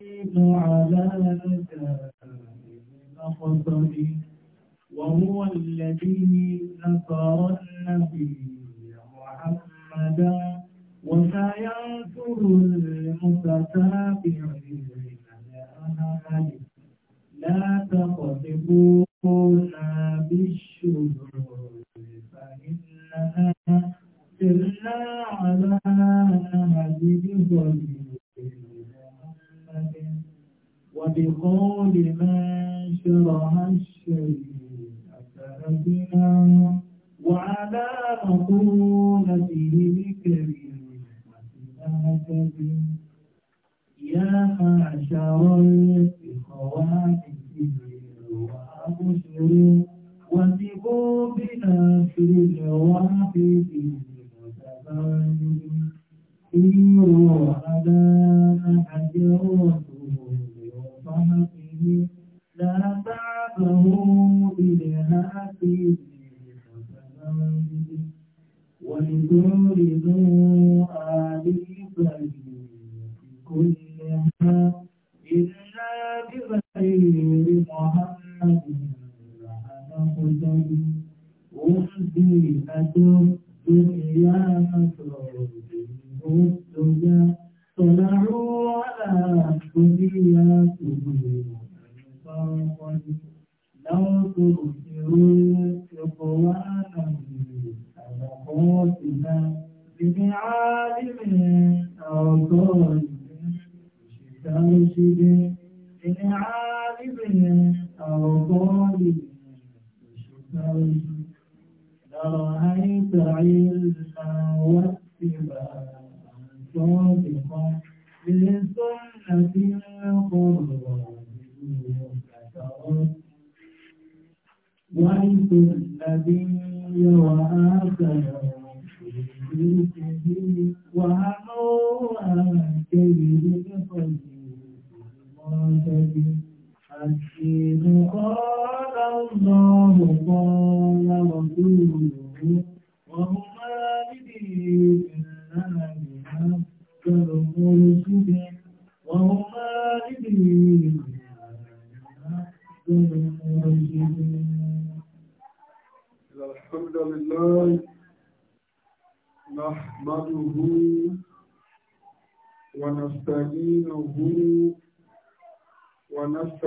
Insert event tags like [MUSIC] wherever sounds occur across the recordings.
على مقصد وهو الذي نصر النبي محمدا وسينصر المتتابعين لأمله لا تقذفونا بالشذوذ فإننا سرنا على نهج بظلم بقول من شرع الشيء أفرجنا وعلى مقولته بكريم يا معشر الإخوات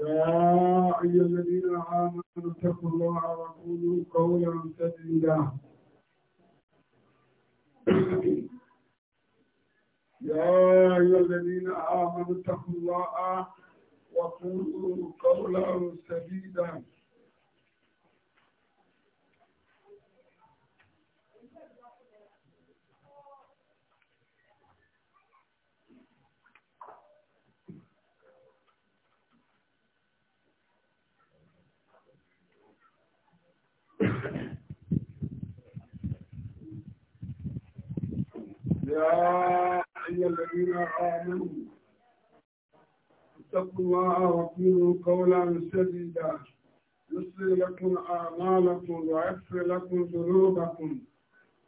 يا أيها الذين آمنوا اتقوا الله وقولوا قولا سديدا يا أيها الذين آمنوا اتقوا الله وقولوا قولا سديدا يا أيها الذين آمنوا اتقوا الله وقولوا قولا سديدا يصلي لكم أعمالكم ويغفر لكم ذنوبكم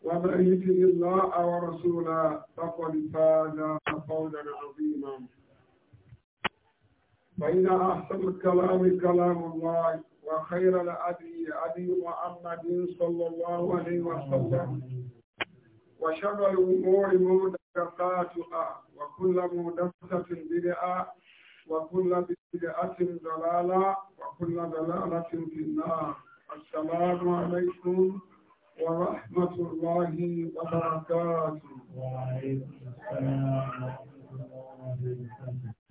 ومن الله ورسوله فقد فاز فوزا عظيما فإن أحسن الكلام كلام الله وخير الأدي أدي محمد صلى الله عليه وسلم وشر الأمور مدقاتها وكل مدقة بدعة وكل بدعة ضلالة وكل ضلالة في النار السلام عليكم ورحمة الله وبركاته وعليكم السلام ورحمة الله وبركاته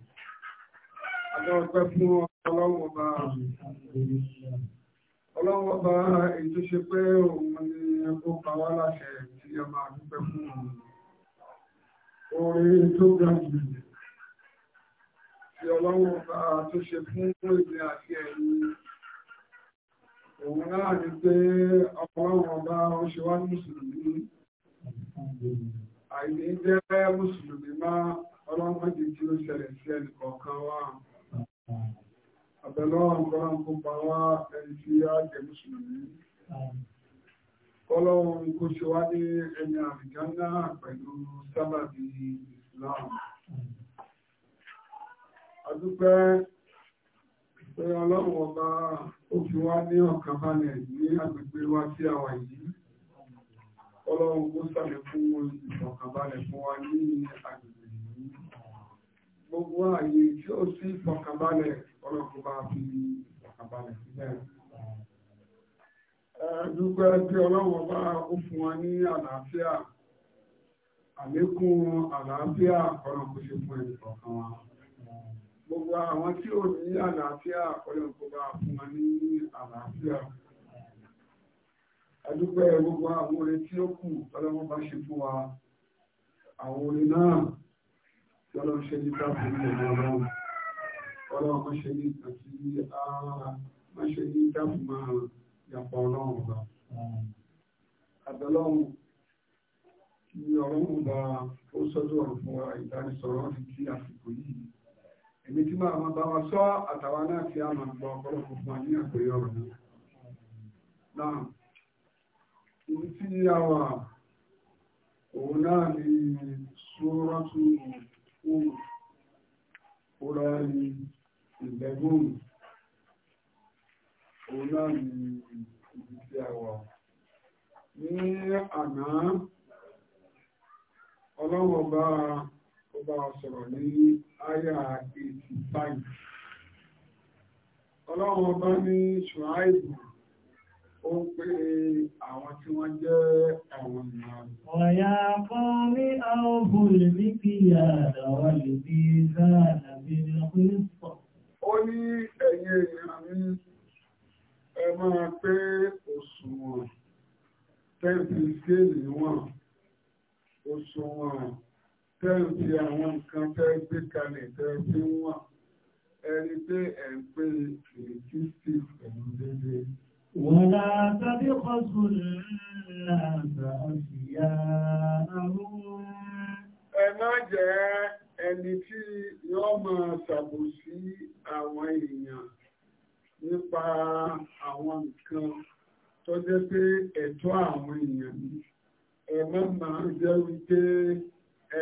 Adọ́ọ̀pẹ́ fún ọlọ́wọ́ bá ọlọ́wọ́ bá èyí tó ṣe pé òun ni ó pa wá láṣẹ tí a máa dúpẹ́ fún òun. Orin tó ga jù tí ọlọ́wọ́ bá tó ṣe fún èdè àti ẹ̀yìn. Òun náà jẹ́ mùsùlùmí máa ọlọ́wọ́ di tí ó ṣẹlẹ̀ sí ẹnì wá àbẹ̀lọ́wọ̀n kọ́lọ́n kó pa wá ẹni tí á jẹ́ mùsùlùmí kọ́lọ́wọ̀n kó ṣe wá ní ẹni àrìjánná pẹ̀lú sábàbí Islam adúpẹ́ pé ọlọ́run ọba ó fi wá ní ọ̀kan balẹ̀ ní agbègbè wa tí a wà yìí ọlọ́run kó sàlẹ̀ fún ìfọ̀kànbalẹ̀ fún wa ní agbègbè gbogbo ààyè tí ó sí ìfọ̀kànbalẹ̀ ọlọ́run bá fi ìfọ̀kànbalẹ̀ sílẹ̀. Dúpẹ́ bí ọlọ́run bá ó fún wa ní àlàáfíà, àlékún àlàáfíà ọlọ́run kò ṣe fún ẹnì kọ̀ọ̀kan wa. Gbogbo àwọn tí ò ní àlàáfíà ọlọ́run fún wa ní àlàáfíà. Adúpẹ́ gbogbo àwọn orin tí ó kù ọlọ́run bá ṣe fún wa. Àwọn orin náà tí ọlọ́run ṣe ní káàkiri ìlú ọlọ́run ọlọ́run má ṣe ní àti ara má ṣe ní dáàbò máa yàpọ̀ ọlọ́run ọba àbẹ̀lọ́run kí ọlọ́run ọba ó sọ́dọ̀ ọ̀rọ̀ fún wa ìdánisọ̀rọ̀ ti di àsìkò yìí èmi tí máa máa bá wa sọ àtàwọn náà tí a máa gbọ́ ọ̀pọ̀lọpọ̀ fún wa ní àpèrè ọ̀rọ̀ náà náà ibi tí a wà òun náà ni sórọ́tù oòrùn òrọ̀ ni ìgbẹ́gbòrùn òun náà ni ibi tí a wà ní àná ọlọ́wọ́ bá ọba sọ̀rọ̀ ní àyà 85 ọlọ́wọ́ bá ní ṣùgbọ́n ó pé àwọn tí wọ́n jẹ́ àwọn ènìyàn. Ọ̀yà kan ní àwọn olè ní kí àdá wà lè bí sáàdà bí ọkùnrin pọ̀. Ó ní ẹ̀yin èèyàn mi, ẹ máa pé òṣùwọ̀n tẹ́ǹtì skéèlì wọn, òṣùwọ̀n tẹ́ǹtì àwọn nǹkan tẹ́ gbé kalẹ̀ tẹ́ fi wọ́n. Ẹni pé ẹ̀ ń pè é kí Steve pẹ̀lú déédéé. ولا تبخسوا الناس أشياءهم ẹ má jẹ́ ẹni tí yóò máa ṣàbòsí àwọn èèyàn nípa àwọn nǹkan tó jẹ́ pé ẹ̀tọ́ àwọn èèyàn ni ẹ má máa jẹ́ wípé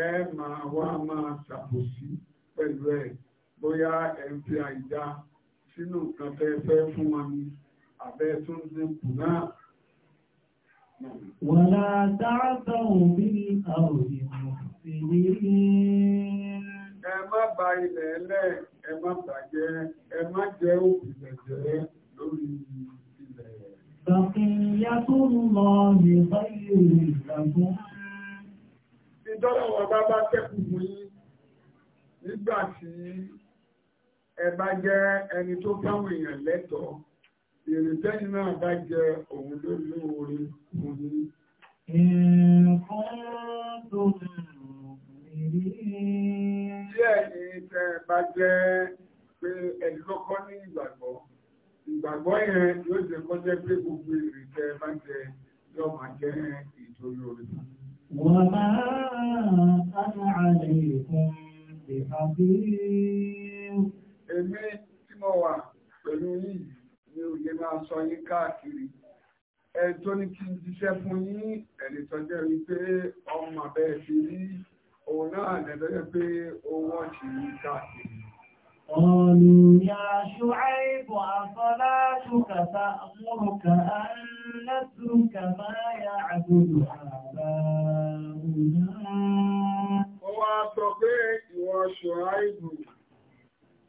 ẹ máa wá máa ṣàbòsí pẹ̀lú ẹ̀ bóyá ẹ ń fi àìdá sínú nǹkan tẹ́ fẹ́ fún wọn ni abẹ́ tó ń lè kù náà. Wàlá dáadáa Ẹ má ba ilẹ̀ ẹlẹ́, ẹ má bàjẹ́, ẹ má jẹ́ òbílẹ̀ jẹ́ lórí ilẹ̀. Bàkìyà tó ń lọ ní báyìí ìgbàgbọ́. Ìjọ́lọ́wọ́ bá bá bá jẹ́ èrè tẹ́yìn náà bá jẹ òun ló lóore fún yín. Díẹ̀ ni tẹ́ bá jẹ́ pé ẹni kọ́kọ́ ní ìgbàgbọ́. Ìgbàgbọ́ yẹn yóò jẹ́ kọ́ jẹ́ pé gbogbo èrè tẹ́ bá jẹ yóò máa jẹ́ ìtòrí orí mi ò máa sọ yín káàkiri ẹni tó ní kí n jíṣẹ́ fún yín ẹni tó jẹ́ wípé ọmọ bẹ́ẹ̀ ti rí òun náà lẹ́dọ́jẹ́ pé owó ti rí káàkiri. قالوا يا شعيب أصلاتك تأمرك أن نترك ما يعبد آباؤنا Ó wá sọ pé ìwọ Ṣùháìbù,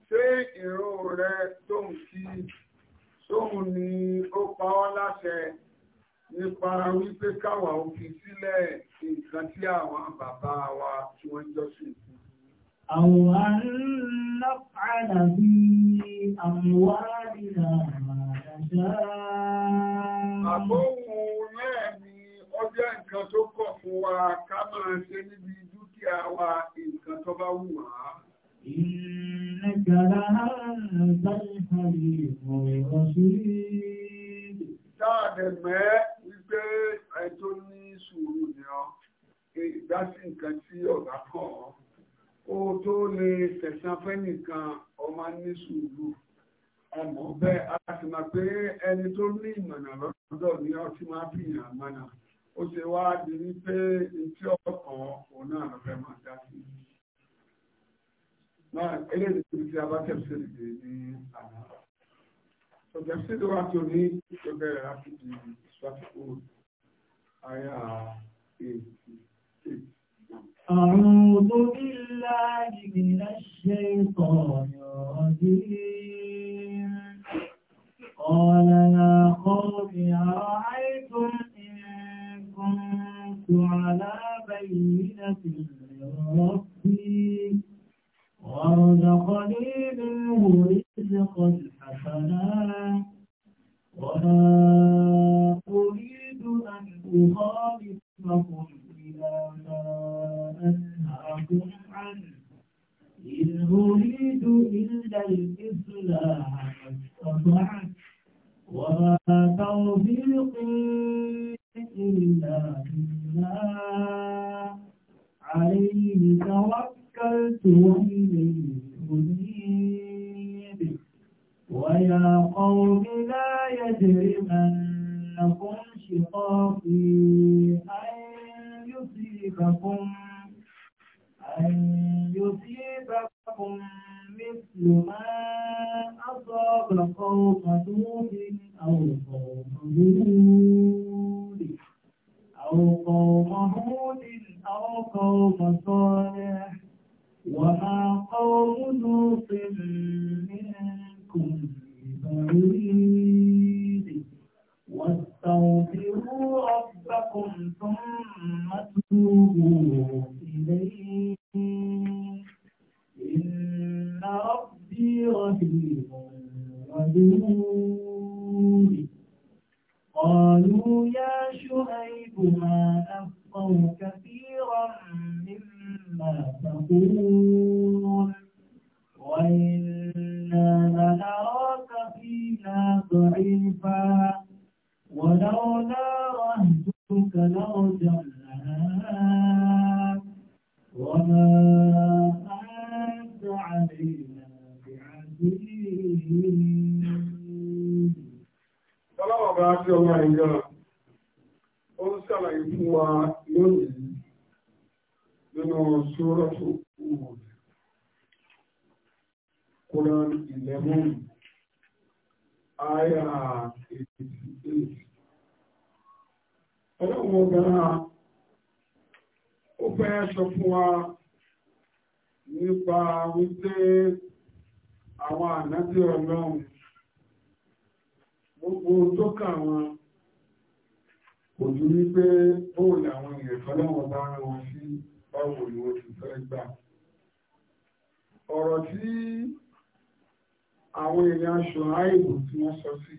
ṣé ìró rẹ tó ń kí tóun ni ó pa ọ́ láṣẹ nípa wípé káwa ò fi sílẹ̀ nǹkan tí àwọn bàbá wa tí wọ́n jọ sí. Àwọn aláfààlà bí àmúwárìnà àṣà. Àbóhùn náà ni ọjọ́ nǹkan tó kọ̀ fún wa ká máa ṣe níbi dúkìá wa nǹkan tó bá wù wá. إنك لأنت الحليم mẹ́ wípé ẹjọ́ ní sùúrù ni ọ́, ìdásí nǹkan tí ọ̀gá kàn ọ́. Ó tó lè tẹ̀sán fẹ́nìkan ọmọ ní sùúrù. Ọmọ bẹ́ẹ̀ a máa pé ẹni tó ní ìmọ̀nà lọ́dọ̀ ni ti máa fi hàn mọ́nà. Ó ṣe wá di wípé náà náà eléyìí tí a bá tẹ̀sí ìdè ní àná ọ̀tẹ̀sí tó wá tó أعوذ بالله من الشيطان الرجيم قال يا قوم أرأيتم من ربي ورزقني منه رزقا حسنا ولا أريد أن أخالفكم إلى ما أنهاكم عنه إن أريد إلا الإصلاح ما استطعت وما توفيقي إلا بالله عليه توكل توكلت وإليه أنيب ويا قوم لا يجرمنكم شقاقي أن يصيبكم أن يصيبكم مثل ما أصاب قوم نوح أو قوم هود أو قوم هود أو قوم صالح وما قوم لوط منكم ببعيد واستغفروا ربكم ثم توبوا إليه إن ربي رحيم ودود قالوا يا شعيب ما نفقه كثيرا عما تقولون وإنا لنراك فينا ضعيفا ولولا رهتك لرجعناك وما أنت علينا بعزيز Ọlọ́wọ̀ bá tí ọmọ ìjọ, ó ń sàlàyé fún wa lónìí nínú ṣúrọ́tù òòrùn Quran 11 aya 88 ọlọ́run ọgbà ó fẹ́ sọ fún wa nípa wípé àwọn ànábì ọlọ́run gbogbo tó kà wọn kò ju wípé bóòlù àwọn ìrẹ̀fọ́lọ́wọ́ bá rán wọn báwo ni wọ́n ti fẹ́ gbà ọ̀rọ̀ tí àwọn èèyàn ṣòháìbò tí wọ́n sọ sí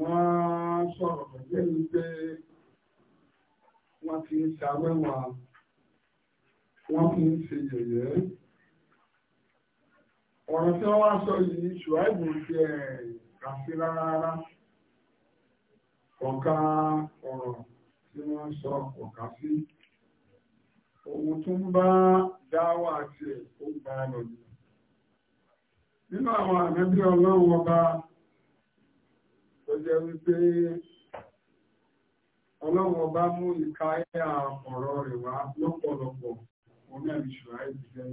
wọ́n sọ̀rọ̀ lẹ́nu pé wọ́n ti ń ṣàwẹ́wà wọ́n fi ń ṣe yẹ̀yẹ́ ọ̀rọ̀ tí wọ́n wá sọ yìí ṣòháìbò ti ẹ̀ kàfí rárá ọ̀ka ọ̀rọ̀ tí wọ́n sọ ọ̀ka òun tún bá dáwà àti ẹ̀kọ́ gbà lọ́dún. Nínú àwọn ànábí ọlọ́run ọba tó jẹ́ wípé ọlọ́run ọba mú ìka ẹ̀yà ọ̀rọ̀ rẹ̀ wá lọ́pọ̀lọpọ̀ omi àbíṣùwà ìbíjẹ́.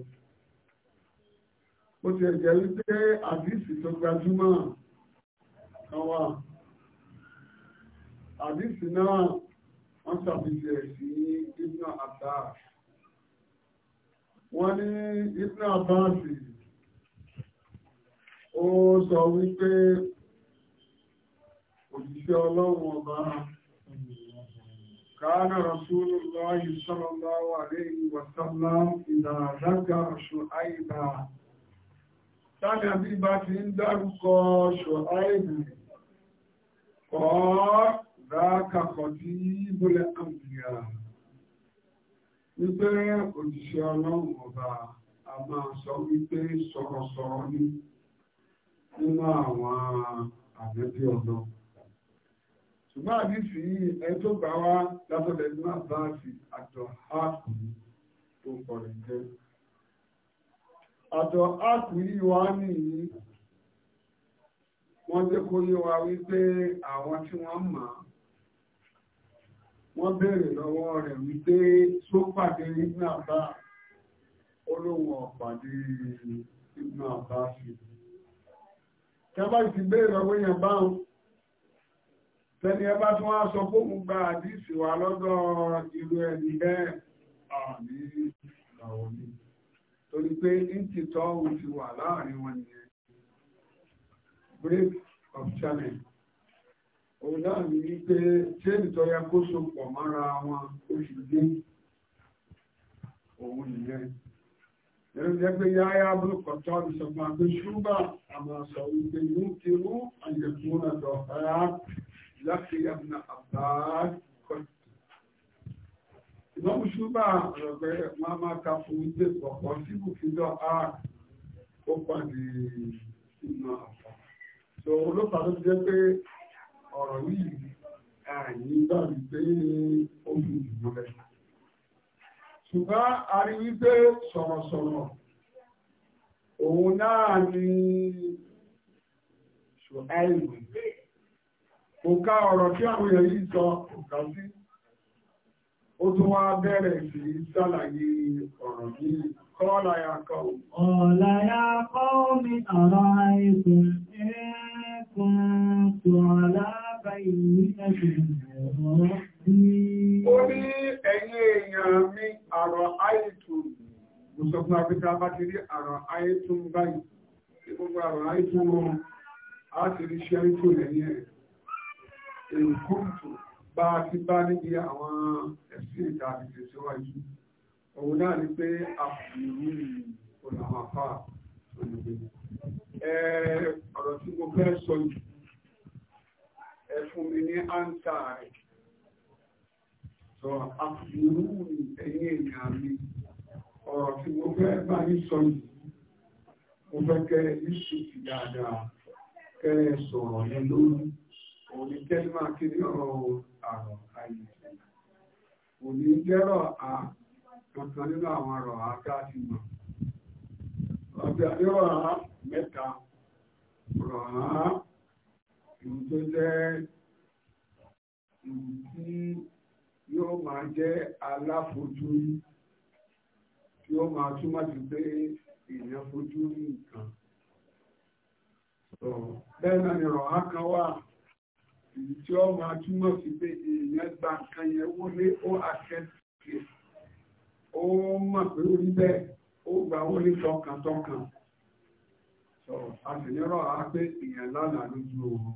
Ó ti ẹ̀jẹ̀ wípé àdísì tó gbajúmọ̀ kan wà. Àdísì náà wọ́n ṣàfihàn sí Ibn Abbas wọ́n ní ibn abbas ó sọ wípé òjíṣẹ́ ọlọ́run ọba كان رسول الله صلى الله عليه وسلم إذا ذكر شعيبا كان أبي بكر داركو شعيب قال ذاك خطيب الأنبياء wípé òjíṣẹ́ ọlọ́run ọba a máa sọ wípé sọ̀rọ̀sọ̀rọ̀ ní nínú àwọn àmẹ́bí ọ̀nà ṣùgbọ́n àdísì ẹni tó gbà wá látọ̀lẹ̀ ní àbáàsì àjọ áàpù tó pọ̀ rẹ̀ jẹ́ àjọ áàpù yìí wá nìyí wọ́n jẹ́ kó yé wa wípé àwọn tí wọ́n máa wọ́n béèrè lọ́wọ́ rẹ̀ wípé tó pàdé ibn àbá olóhùn ọ̀pàdé ibn àbá sí tẹ́bá ti béèrè lọ́wọ́ yẹn báhùn tẹ́ni ẹbá tí wọ́n á sọ pé òun gba àdísì wà lọ́dọ̀ ìlú ẹni bẹ́ẹ̀ àní ìgbàwọ́ ni torí pé ń ti tọ́ òun ti wà láàrin wọn nìyẹn break of challenge òun náà ní wípé ṣé ìtọ́ya kó so pọ̀ mọ́ra wọn oṣù dé òun nìyẹn ẹ̀rọ jẹ́ pé yáyá abúlùkọ̀tọ́ ìṣọ̀gbọ́n àgbẹ̀ ṣúgbà àmọ́ sọ wípé yóò kérú àyẹ̀kún ọ̀dọ̀ ọ̀rá láti ẹ̀mùnà àbá kọ̀tù. ìmọ̀mù ṣúgbà ọ̀rọ̀gbẹ́ wọn máa ka fún wípé pọ̀pọ̀ sí bùkídọ̀ a ó pàdé ìmọ̀ àfà. sọ olóòpàá ló jẹ́ pé ọ̀rọ̀ yìí àyí bá pé ó fi rẹ̀. ṣùgbọ́n a rí wípé sọ̀rọ̀sọ̀rọ̀ òun náà ni ṣùgbọ́n kò ká ọ̀rọ̀ kí àwọn èèyàn sọ kò ká sí ó tún wá bẹ̀rẹ̀ sí ọ̀rọ̀ yìí ya kọ́ mi ọ̀rọ̀ Ó ní ẹ̀yin èèyàn mi àrọ̀ àìtùn, mo sọ fún Afrika bá ti rí àrọ̀ àìtùn báyìí, ní gbogbo àrọ̀ àìtùn wọn, a ti rí ṣe àìtù lẹ́yìn ẹ̀. Èkúntù bá ti bá níbi àwọn ẹ̀sìn ìta àti tẹ̀síwájú. Òun náà ni pé àfìrú ọ̀nà àpá ọ̀nà ọ̀rọ̀ tí mo ẹ fún mi ní áńsà rẹ̀ sọ àfihàn ẹ̀yìn èèyàn mi ọ̀rọ̀ tí mo fẹ́ bá ní sọ yìí mo fẹ́ kẹ́ yíṣu ti dáadáa kẹ́ ẹ sọ̀rọ̀ yẹn lórí òní kẹ́límà kí ní ọ̀rọ̀ àrọ̀ ayé òní jẹ́rọ̀ à kankan nínú àwọn ọ̀rọ̀ àká ti mọ̀ ọ̀bẹ̀ àdéhùn àá mẹ́ta ọ̀rọ̀ àá èyí tó jẹ́ èyí tí yóò máa jẹ́ aláfojúrí tí ó máa túmọ̀ sí pé èèyàn fojú rí nǹkan. bẹ́ẹ̀ náà ni ọ̀rọ̀ kan wà èyí tí ó máa túmọ̀ sí pé èèyàn gba nǹkan yẹn wọlé ó àkẹ́kẹ́ ó mọ̀ pé ó rí bẹ́ẹ̀ ó gbà wọlé tọkàntọkàn. a sì ní ọ̀rọ̀ á pé èèyàn lánàá lójú oorun.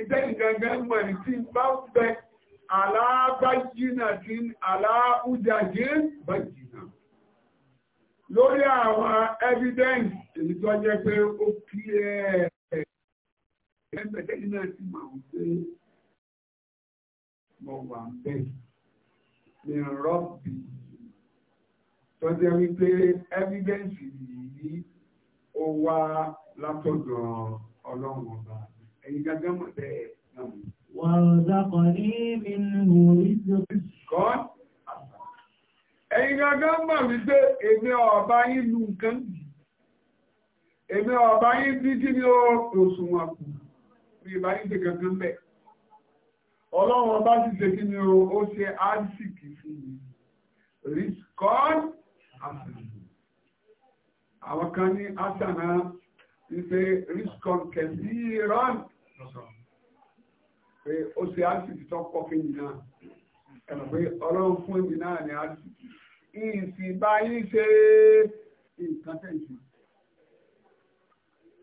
ìtẹ́nìgangan mọ̀ ní tí bá bẹ alábájínà tí aláhújàjé bájínà lórí àwọn evidence èyí tó jẹ́ pé ó kí ẹ̀ ẹgbẹ̀tẹ́ iná ti máa ń pé mọ̀ wà ń bẹ̀ ní rọ́bì tó jẹ́ wípé evidence yìí ó wá látọ̀dọ̀ ọlọ́run ọba ẹ̀yin gángan mọ̀ bẹ́ẹ̀ náà. Wàrùdàkọ̀ní mi ń wò ìjọ. Kọ́ ẹ̀yin gángan mọ̀ wípé èmi ọ̀bá yín lu nǹkan bì. Èmi ọ̀bá yín bí kí ni ó òṣùwọ̀n kù. Mi ìbá yín ṣe kankan bẹ̀. Ọlọ́run ọba ti ṣe kí ni o, ó ṣe áṣìkì fún mi. Rìskọ́n àṣìkì. Àwọn kan ní Asana ń ṣe Rìskọ́n kẹ̀sí Iran pé ó ṣe ásìtì tó pọ̀ kéjì náà ẹ̀nà pé ọlọ́run fún èmi náà ní ásìtì ìsìn bá yín ṣe nǹkan tẹ̀sí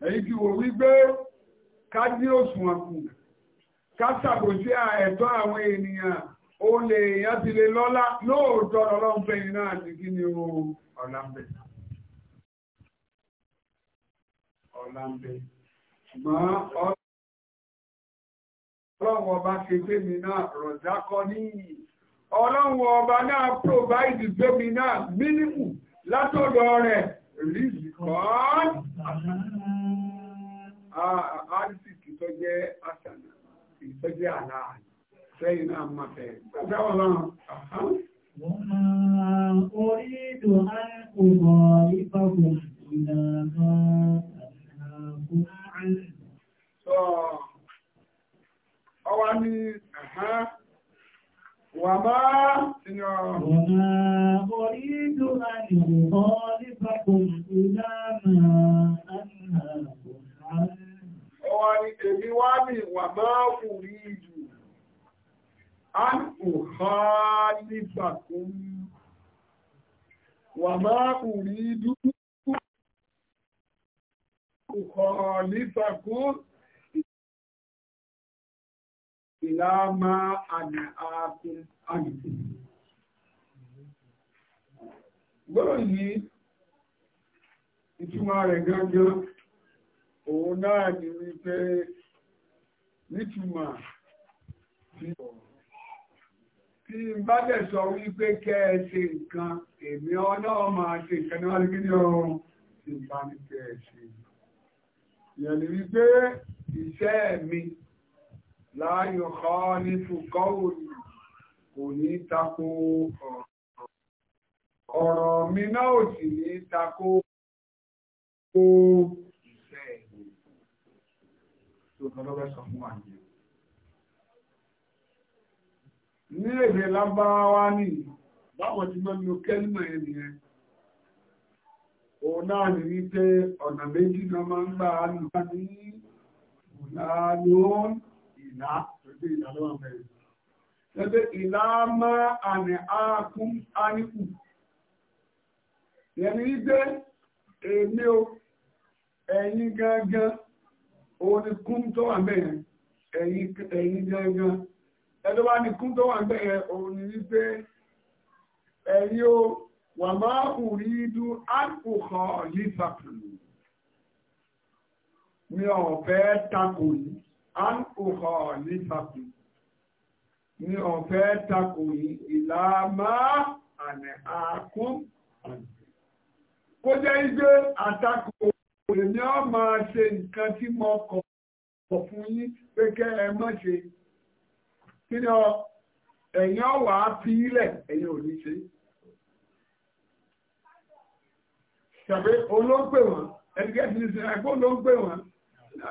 èyí ti wò wípé ká dí òṣùwọ̀n kù ká ṣàbòsí ẹ̀tọ́ àwọn ènìyàn ó lè èèyàn ti lè lọ́lá lóòótọ́ ọlọ́run fẹ́ yín náà ní kí ni o ọ̀la ń ṣùgbọ́n ọ ọlọ́run ọba ṣe gbémi náà rọ̀dákọ́ ní ọlọ́run ọba náà provide gbémi náà mínímù látọ̀dọ̀ rẹ̀ rìsì kan àrísìkì tó jẹ́ àṣànà tó jẹ́ àlàáyé lẹ́yìn náà máa fẹ́ gbàgbé ọlọ́run. وما أريد أن أضايقكم إلى ما ọwá ní ẹ̀hán wà máa sínú ọ̀rọ̀ orí ìlú àìwọ̀ nípapọ̀ ìlànà ọwá ní èmi wá ní wà máa fòrí ìlú àìwọ̀ nípapọ̀ wà máa fòrí ìlú Kùkọ̀ọ̀lífàkún إلى ما أنا آكل أنت gbọ́dọ̀ yìí ìtumọ̀ rẹ̀ òun náà ni wípé nítumọ̀ tí tí n bá dẹ̀ sọ wípé kẹ́ ẹ ṣe nǹkan èmi ọlọ́run máa ṣe nǹkan ní ti bá ní kẹ́ ẹ ṣe láàyò kọ́ ní tukọ́ òní kò ní tako ọ̀rọ̀ ọ̀rọ̀ mi náà ò sì ní tako kó ìfẹ́ ẹ̀mí tó tọ́lọ́bẹ̀ sọ fún wa ní. ní èdè lábáwá ní báwọn ti mọ́ nínú kẹ́lìmọ̀ yẹn nìyẹn òun náà ní wípé ọ̀nà méjì náà máa ń gbà á nù ní ọ̀nà lóòrùn ìlà pẹ̀lú ìlà lọ́wọ́ mẹ́rin. Ẹgbẹ́ ìlà máa àmì ààkún áníkù. Yẹni wípé èmi o, ẹ̀yin gangan, òun ni kún tó wà mẹ́rin, ẹ̀yin gangan. Ẹjọ́ bá ní kún tó wà mẹ́rin, òun ni wípé ẹ̀yin o, wà máa kù rí idú àkùkọ̀ yìí Mi ò takò yìí an òkò nífàkùn ní ọ̀fẹ́ takò yìí ìlàmà àmì àkún kó jẹ́ igbé àtakò èmi ọ máa ṣe nǹkan tí mo kọ̀ pọ̀ fún yín pé kẹ́ ẹ mọ́ ṣe kí ni ọ ẹ̀yin ọ̀wà á fi ilẹ̀ ẹ̀yin ò ní ṣe. ṣàbí olóńgbè wọn ẹnikẹ́ni ti ṣe àìkú olóńgbè wọn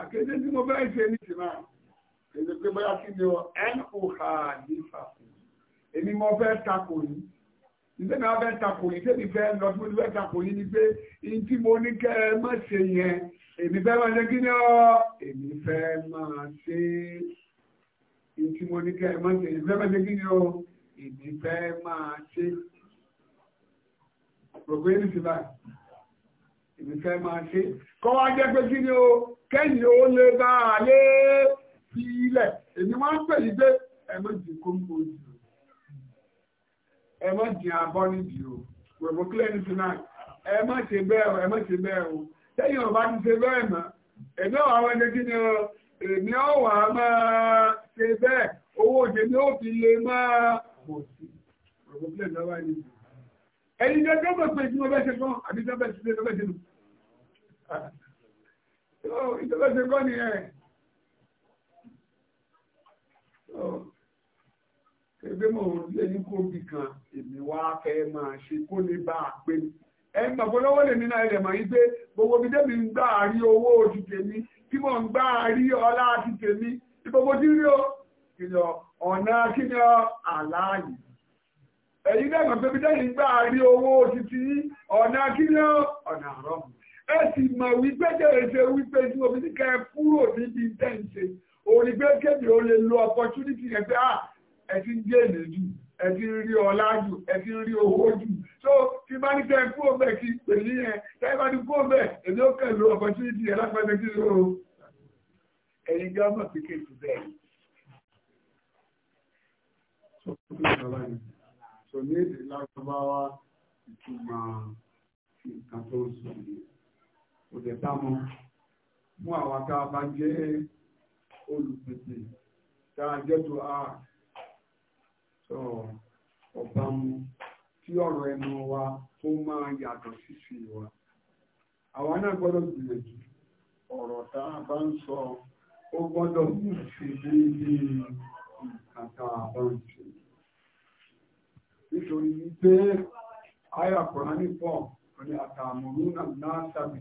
àkéde tí mo bẹ́ẹ̀ ṣe ní ìsìnà èdè pé bóyá kí ni ọ noha nípa èmi mo fẹ́ takò yìí nítorí wọn fẹ́ takò yìí tẹ́bi fẹ́ lọ sí olùfẹ́ takò yìí ni pé ní tí mo ní kẹ́ ẹ má ṣe yẹn èmi fẹ́ máa ṣe kí ni ọ èmi fẹ́ máa ṣe ní tí mo ní kẹ́ ẹ má ṣe èmi fẹ́ máa ṣe kí ni ọ èmi fẹ́ máa ṣe rògbé ní sílá èmi fẹ́ máa ṣe kọ́ wá jẹ́ pé kí ni o kẹ́yìn ó lè bá a lé fi ilẹ̀ èmi wọ́n ń pè yí pé ẹ̀mọ́jì kó ń bójú ẹ̀mọ́jì abọ́ nídìí o wẹ̀bọ̀ kílẹ̀ ní tonight ẹ̀mọ́ ṣe bẹ́ẹ̀ o ẹ̀mọ́ ṣe bẹ́ẹ̀ o tẹ́yìn ọba ti ṣe bẹ́ẹ̀ mọ́ èmi ọ̀ àwọn ẹni kí ni o èmi ọ̀ wà á máa ṣe bẹ́ẹ̀ owó òṣè ni ó fi lè máa bọ̀ sí wẹ̀bọ̀ kílẹ̀ ní ọba ẹni jù ẹni tó gbọ́dọ̀ pé ìjọba ṣe kọ́ ni ẹ̀ ẹgbẹ́ mọ̀ òun lé ní kóbi kan èmi wá fẹ́ máa ṣe kó lè bá a pé ẹ gbàgbọ́lọ́wọ́ lè nínú ẹ̀rẹ̀ mọ̀ wípé gbogbo bí tẹ́mi ń gbà rí owó ti tèmi tí mò ń gbà rí ọlá ti tèmi tí gbogbo tí rí o kìlọ̀ ọ̀nà kíni ọ ọ̀nà ẹ sì mọ̀ wípé jẹ́rẹ̀ṣẹ̀ wípé tí omi ní kẹ́ kúrò níbi tẹ́ǹṣe òní pé kébì ó lè lo opportunity yẹn pé ah ẹ ti ń jèrè jù ẹ ti ń rí ọlá jù ẹ ti ń rí owó jù so tí bá ní kẹ́ kúrò bẹ́ẹ̀ kí pè ní yẹn tẹ́ bá ní kúrò bẹ́ẹ̀ èmi ó kẹ́ opportunity yẹn lápẹ́sẹ̀ kí ló ẹ̀yin gbọ́ mọ̀ pé kéèkì bẹ́ẹ̀. So ní èdè lágbàbáwá ìtumọ̀ nǹkan tó ń sọ kò tẹ̀ tá mọ́ fún àwọn tá bá jẹ́ a jẹ́ tó a sọ ọ̀bá mu kí ọ̀rọ̀ ẹnu wa kó máa yàtọ̀ wa àwa náà gbọ́dọ̀ gbìyànjú ọ̀rọ̀ tá a bá ń sọ ó gbọ́dọ̀ mú sí déédéé ní àtàmùrú náà náà sábì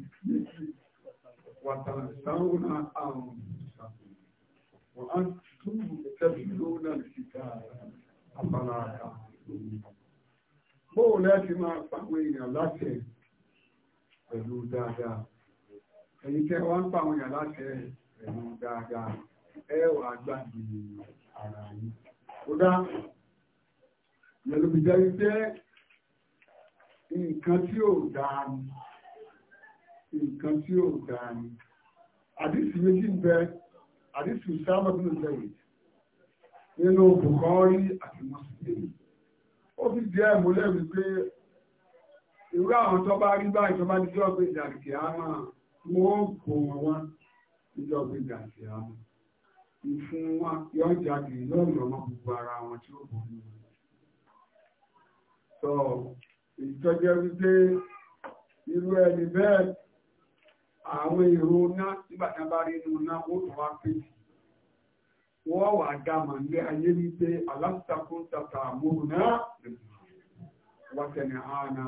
wàtàlùsáwò náà àrùn ìsàbò wọ́n á tún tẹ̀lé lónà síta abala àtàmùrú. Bóò lẹ́ẹ̀tì máa pàwọn èèyàn láti ẹ̀ pẹ̀lú dáadáa. Èyí tẹ́ wá ń pàwọn èèyàn láti ẹ̀ pẹ̀lú dáadáa. Ẹ wà gbàgbé ara yìí. Kódà, ìyẹn ló fi jẹ́ wípé nǹkan tí ò dáa ni nǹkan tí ò dáa ni àdìsí méjì ń bẹ àdìsí ìsáàmà tó ń lẹ́yìn nínú Bukhari àti Muslim ó fi jẹ́ múlẹ̀ wípé irú àwọn tó bá rí báyìí tó bá ní jọ́gbé ìdàkì àmà wọ́n kò wọ́n wá ní jọ́gbé ìdàkì àmà ìfún wa yọ jáde lọ́rùn ọmọ gbogbo ara wọn tí ó bọ̀ nínú rẹ̀ ìtọ́jẹ́ wípé irú ẹni bẹ́ẹ̀ àwọn èrò náà nígbàtà bá rí inú náà ó tọ́wà pèsè wọ́n wà dámà ní ayé wípé aláṣàkún tàtà àmúrù náà wọ́tẹ̀ni àánà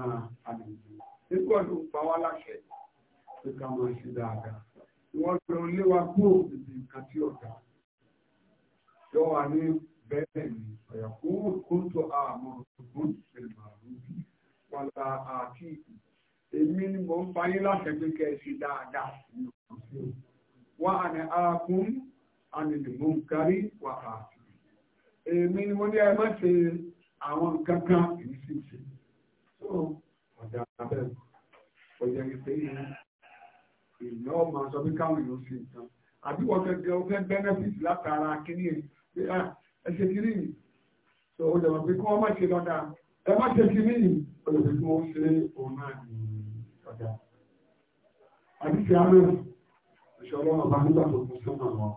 àdìsí nígbà tó ń pa wá láṣẹ tó ká máa ṣe dáadáa wọ́n lọ léwa kúrò níbi nǹkan tí ọ̀gá tó wà ní bẹ́ẹ̀ ni ọ̀yà kúrò kúrò tó àmọ̀ tó kún ìpèlè wàlà àkíkù èmi ni mo ń fayé láti pé kẹ́ ẹ ṣe dáadáa wà á ní arákùn ànìlùmọ́ kárí wà á èmi ni mo ní ẹ má ṣe àwọn kankan èyí sì ṣe tó ọ̀dà abẹ́ ọ̀jẹ̀ ìpè yìí ìná ọmọ sọ pé káwọn èèyàn ṣe nǹkan àbí wọ́n fẹ́ gẹ ọfẹ́ benefit látara kíní ẹ̀ pé ah, ẹ ṣe kíní yìí tó pé kí wọ́n má ṣe lọ́dà ẹ má ṣe kíní yìí olùsí tí wọ́n ṣe òun náà ní ọjà. Àdíkì àmì ìṣọ́lọ́ ọba nígbà tó kún sọ́nà lọ,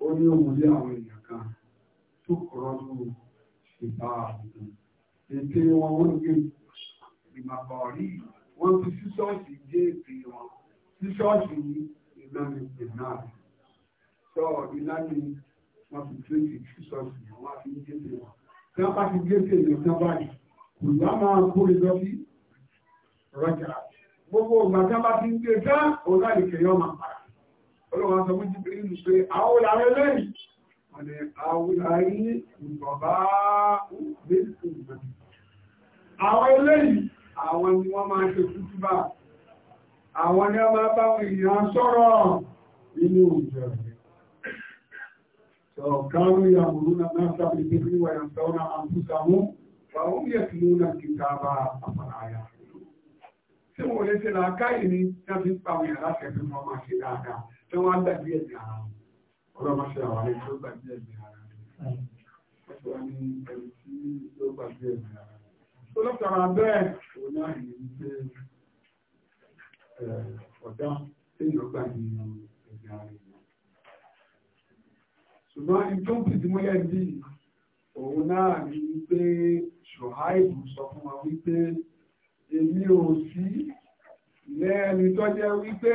ó ní òun lé àwọn èèyàn kan tó kọ̀rọ̀ ló ṣe bá àbùkù. Ète wọn wọ́n ń gbé ìgbàgbọ́ rí wọ́n fi sí ṣọ́ọ̀ṣì dé ète wọn sí ṣọ́ọ̀ṣì ìlànà ìpè náà. Sọ ìlànà wọn fi tún ìṣọ́ọ̀ṣì wọn fi ń gé lámà kúrò lọ́bí rọ́jà gbogbo ògbàtà bá ti ń gbé ká ọláìkẹ̀ yọ máa para olóòwà sọ fún jíbìrì ń pé àwòlà rẹ lẹ́yìn wọn ni àwòlà yí ìgbọ̀bá àwọn ni wọ́n máa ṣe kútú bá àwọn ni wọ́n máa bá wọn èèyàn sọ̀rọ̀ nínú òjò rẹ̀ sọ̀rọ̀ kárú náà sábẹ̀ ìdíkúrú wà yàn fàwọn yẹ kí ló náà ti ká bá àpàrà àyà tí wọn lè ṣe làákàyè ni tí wọn fi ń pa àwọn yàrá ṣẹfẹ fún ọmọ ṣe dáadáa tí wọn á gbàgbé ẹ̀mí ara wọn ọlọmọ ṣe àwọn ẹni tó gbàgbé ẹ̀mí ara wọn wọn ti wá ní ẹni tí ó gbàgbé ẹ̀mí ara wọn tó lọ́sọ̀rọ̀ abẹ́ òun náà yìí ń gbé ọ̀dá téèyàn gbà ní ẹ̀mí ara wọn ṣùgbọ́n ìjọ́ǹpì tí mo yẹ òun náà ní wípé ṣòháìbù sọ fún wa wípé èmi ò sí lẹ́ẹ̀ni tó jẹ́ wípé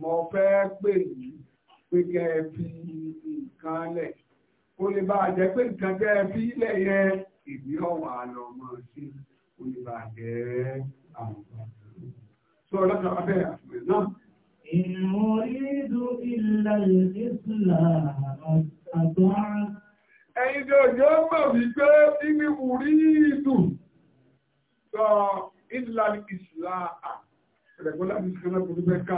mo fẹ́ pè yí pé kẹ́ ẹ fi nǹkan lẹ̀ ó lè bá jẹ́ pé nǹkan tẹ́ ẹ fi lẹ̀ yẹ èmi ọ̀wà lọ mọ̀ sí ó lè bá jẹ́ àwọn tó ọlọ́dọ̀ abẹ́ àfihàn náà. إن أريد إلا الإصلاح أضعت ẹ̀yìn tí òjò mọ̀ wípé níbi wùrí ìdù sọ ìdílàní ìsìlá ẹ̀rẹ̀gbọ́n láti ṣẹlẹ̀ pẹ̀lú bẹ́ẹ̀ká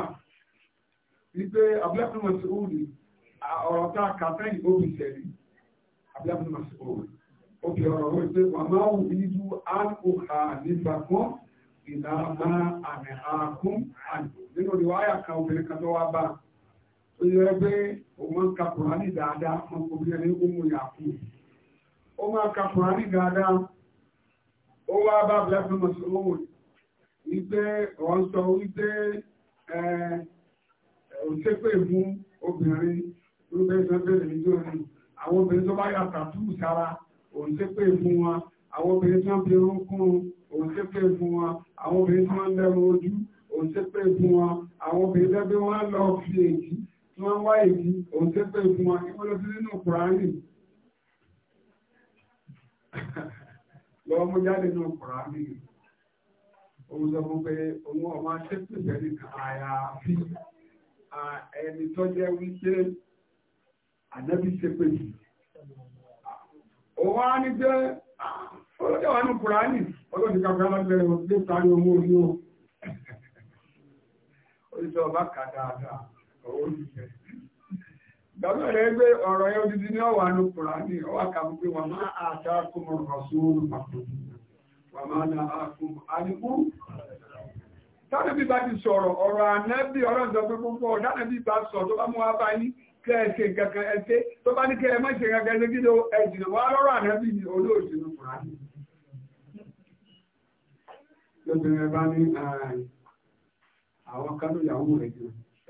wípé abúlẹ́kùn mọ̀síwòrì ọ̀rọ̀ tá a kà sẹ́yìn òbí sẹ́yìn abúlẹ́kùn mọ̀síwòrì ó fi ọ̀rọ̀ wípé wà máa wù ìdú àkókà nígbà kan ìlànà àmì àkún àdùn nínú tó yẹ pé òun ka kùránì dáadáa ọkùnrin ẹni ó mú yàkú ó máa ka kùránì dáadáa ó wá bá bẹ́ẹ̀ mọ̀sọ́wọ́ wípé wọ́n sọ wípé òṣèpè fún obìnrin ló bẹ́ẹ̀ sọ bẹ́ẹ̀ lè jọ ní àwọn obìnrin tó bá yà tàtú sára òṣèpè fún wọn àwọn obìnrin tó ń fi orúnkún òṣèpè fún wọn àwọn obìnrin tó ń lẹ́nu ojú òṣèpè fún wọn àwọn obìnrin tó ń lọ fi èyí tí wọ́n wá ìdí òun tẹ́ pé fún wọn kí wọ́n lọ sí nínú kùránì lọ́wọ́ mú jáde nínú kùránì òun sọ fún pé òun ọmọ aṣẹ́pẹ̀ bẹ́ẹ̀ nìkan àyàfi ẹni tó jẹ́ wípé ànábì ṣépè yìí òun á ní pé olóde wà nínú kùránì olóde kàkà lábẹ́rẹ́ òun gbé sáré owó orí o oríṣi ọba kà Dọ́gbọ̀n rẹ̀ gbé ọ̀rọ̀ yẹn odidi ní ọ̀wà ní Kùránì, ọwà kàbí pé wà máa àtà kúmọ̀ rọ̀súrù wà máa na àkùmọ̀ àníkú. Tánàbí bá ti sọ̀rọ̀ ọ̀rọ̀ ànábì ọ̀rọ̀ ìjọ púpọ̀, tánàbí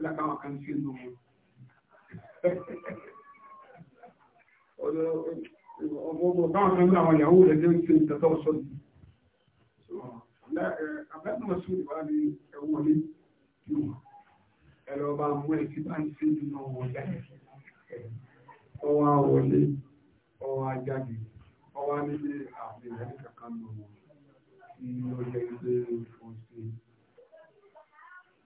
sílá káwọn kan sí inú wọn ọgbọgbọ káwọn kan ní àwọn ìyàwó rẹ̀ ní ṣe ìtẹ̀tọ́ sọ́dún abẹ́nu ọ̀sùn ìwà ni ẹ̀wọ̀n ní ìlú ẹ̀rọ bá mú ẹ̀ tí bá ń sí nínú ọwọ́ jáde ọwọ́ àwọlé ọwọ́ ajáde ọwọ́ nílé àbẹ̀rẹ̀ kankan lọ́wọ́ tí ó jẹ́ ilé ìfọ̀ọ́sí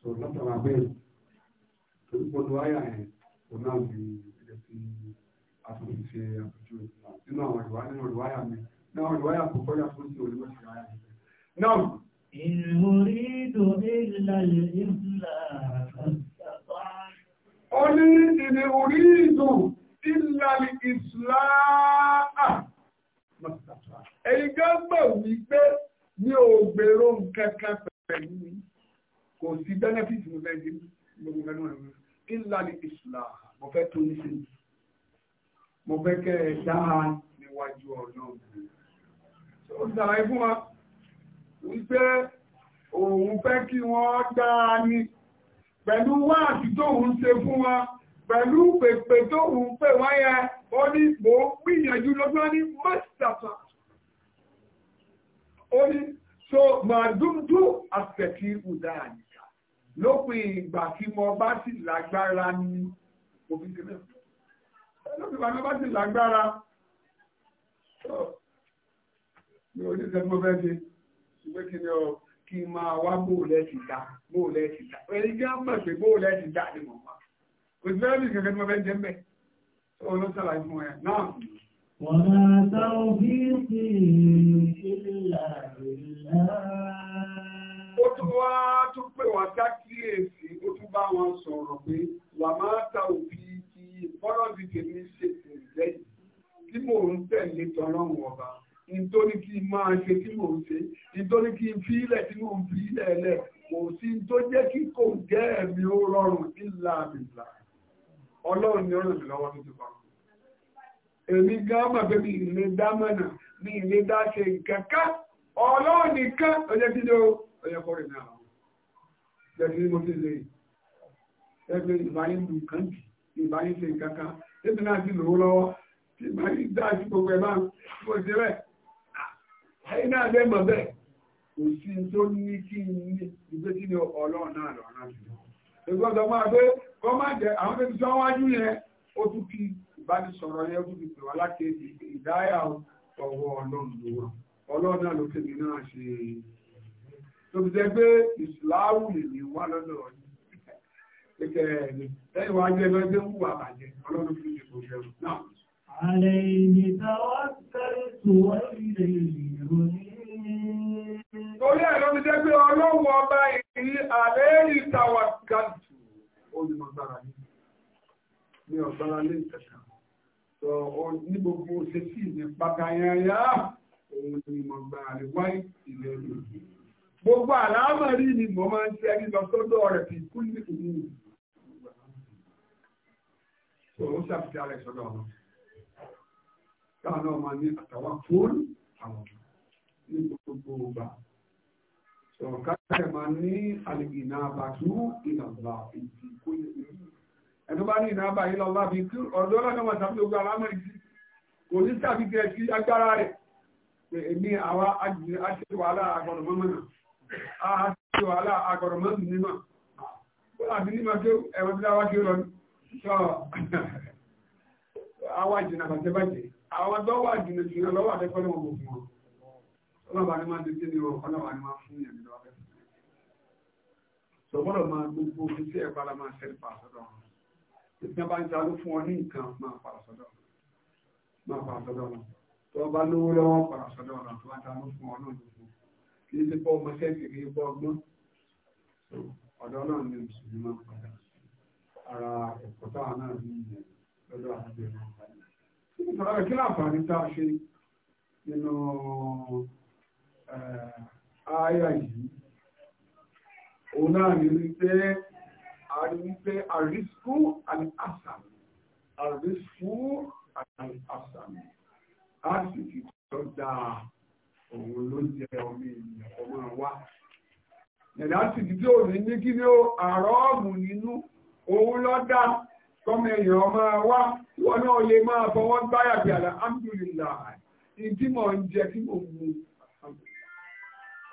sọ látara bẹ́ẹ̀ torí pọ̀lú àyà yẹn òun náà fi ẹ̀jẹ̀ sí àtúnṣe ṣe àtúnṣe nínú àwọn ìwà nínú ìwà àyà mi náà ìwà àyà kò kọ́yà fún sí olùwẹ̀ sí àyà mi. náà. ìrìnrìndò ìlà ìlà ó ní ìrìnrìndò ìlà ìsìlá ẹ̀yìn gán gbà wípé mi kò sí benefit mo fẹ́ di gbogbo mẹ́nu ẹ̀rọ kí n lálẹ́ ìṣúná mo fẹ́ tó ní sí mo fẹ́ kẹ́ ẹ dáa níwájú ọlọ́run ó ṣàlàyé fún wa wípé òun fẹ́ kí wọ́n dáa ní pẹ̀lú wáàtí tóun ṣe fún wa pẹ̀lú pèpè tóun pè wáyẹ ó ní mò ń gbìyànjú lọ́gbọ́n ní mọ́sítàfà ó ní so màdúndú àfẹ̀kí ìdáàní lópin ìgbà tí mo bá sì lágbára ni òfin ti bẹ́ẹ̀ lópin ìgbà tí mo bá sì lágbára mi ò ní sẹ́ni mo fẹ́ ṣe ìwé kìíní ọ kí n máa wá bóòlẹ̀ ti dá bóòlẹ̀ ti dá ẹni jẹ́ mọ̀ pé bóòlẹ̀ ti dá ni mo máa kò sí fẹ́ẹ́ ní ìkẹ́kẹ́ tí mo fẹ́ jẹ́ mẹ́ olóṣèlú àìfún ẹ̀ kíyèsí ó tún bá wọn sọ̀rọ̀ pé wà máa ta òbí kí bọ́rọ̀ ti tèmi ṣe tèmi yìí tí mò ń tẹ̀lé tọ́lọ́run ọba nítorí kí n máa ṣe tí mò ń ṣe nítorí kí n fi ilẹ̀ tí mò ń fi ilẹ̀ lẹ̀ kò sí tó jẹ́ kí kò jẹ́ ẹ̀mí ó rọrùn ìlà àbìlà ọlọ́run ni ó ràn mí lọ́wọ́ tó ti pa. èmi gáàmà pé mi ìlé dámọ̀nà mi ìlé dáṣe nǹkan ká ọlọ́run nìkan ó kí ló ó yẹ náà gẹ́gẹ́ mo ti lè ẹgbẹ́ ìbáyín lu kan ìbáyín ṣe kankan títí náà ti lòó lọ́wọ́ tí ìbáyín dá sí gbogbo ẹ̀ máa ń mo ṣe bẹ́ẹ̀ ẹ̀yin náà lè mọ̀ bẹ́ẹ̀ kò sí tó ní kí n ní ìgbé kí ni ọlọ́run náà lọ́ọ́ náà ti lọ. ìgbọ́dọ̀ máa gbé kọ́ máa jẹ àwọn tó ti sọ wájú yẹn ó tún fi ìbánisọ̀rọ̀ yẹn tún fi pè wá láti ìdáyà ọ̀wọ́ ọlọ́run ló wà ọlọ́run náà ló tóbi jẹ́ pé ìsìláàmù lè wá lọ́dọ̀ ọ̀yìn pẹ̀kẹ́ ẹ̀ẹ́dì lẹ́yìn wá jẹ́ lọ́dọ̀ pé wúwà bàjẹ́ ọlọ́run fi ṣe kò fẹ́ràn náà. ààrẹ ìní táwọn sẹ́rẹ̀ tó wá ilé ìròyìn. torí ẹ̀ ló jẹ́ pé ọlọ́run ọba ìní ààrẹ ìní táwọn gàdù olùmọ̀gbára ní ní ọ̀gbára lé ìtẹ̀ka sọ ní gbogbo ṣe sí ìní pátá yẹn òun ni mọ̀gbára rẹ̀ wáyé ìlẹ̀ ìlú gbogbo àlámọ̀rí ni mo máa ń tẹ́rí lọ sọ́dọ̀ rẹ̀ fi kú ní ìlú òun ṣàfihàn rẹ̀ sọ́dọ̀ ọ̀nà táwọn náà máa ní àtàwà fún àwọn ní gbogbo ọba sọ̀rọ̀ káàkiri máa ní àlejò náà bá tú ìlànà ìdí kú ní ìlú ẹni bá ní ìnáàbà yìí lọ́wọ́ bí kí ọ̀dọ́ lọ́dọ̀ máa tàbí ogun àlámọ̀rí àti wàhálà agbọ̀rọ̀ mọ́sùn nímọ̀ àti nímọ̀ tó ẹ̀wọ̀n tí láwá kí ó lọ sọ àwa jìnà bàjẹ́ bàjẹ́ àwọn tó wà jìnà jìnà lọ́wọ́ àtẹ́kọ́ náà wò fún ọ ọlọ́ba ni máa ń tẹ́tí ní ọkọ náà wà ní máa fún yẹn nílò abẹ́ kì í ti bọ́ ọmọṣẹ́ kì í bọ́ ọgbọ́n ọ̀dọ́ náà ni mùsùlùmí máa ń padà ara ẹ̀kọ́ táwa náà ní ìyẹn lọ́dọ̀ àdúgbò náà padà. nítorí rẹ̀ kí láǹfààní tá a ṣe nínú eh, àyà yìí òun náà ní wípé àríwípé àrísíkú àti àsàmì àrísíkú àti àsàmì àti ìtọ́jà òun ló jẹ ọmọ ènìyàn kọ máa wá ẹ̀dá sì ti tí òní ní kí ni ó àrọ́ọ̀mù nínú òun lọ dá tọmọ èèyàn máa wá wọn náà lè máa fọwọ́ gbáyà bí àlà ámdùlìlà ìdí mọ̀ ń jẹ tí mo mú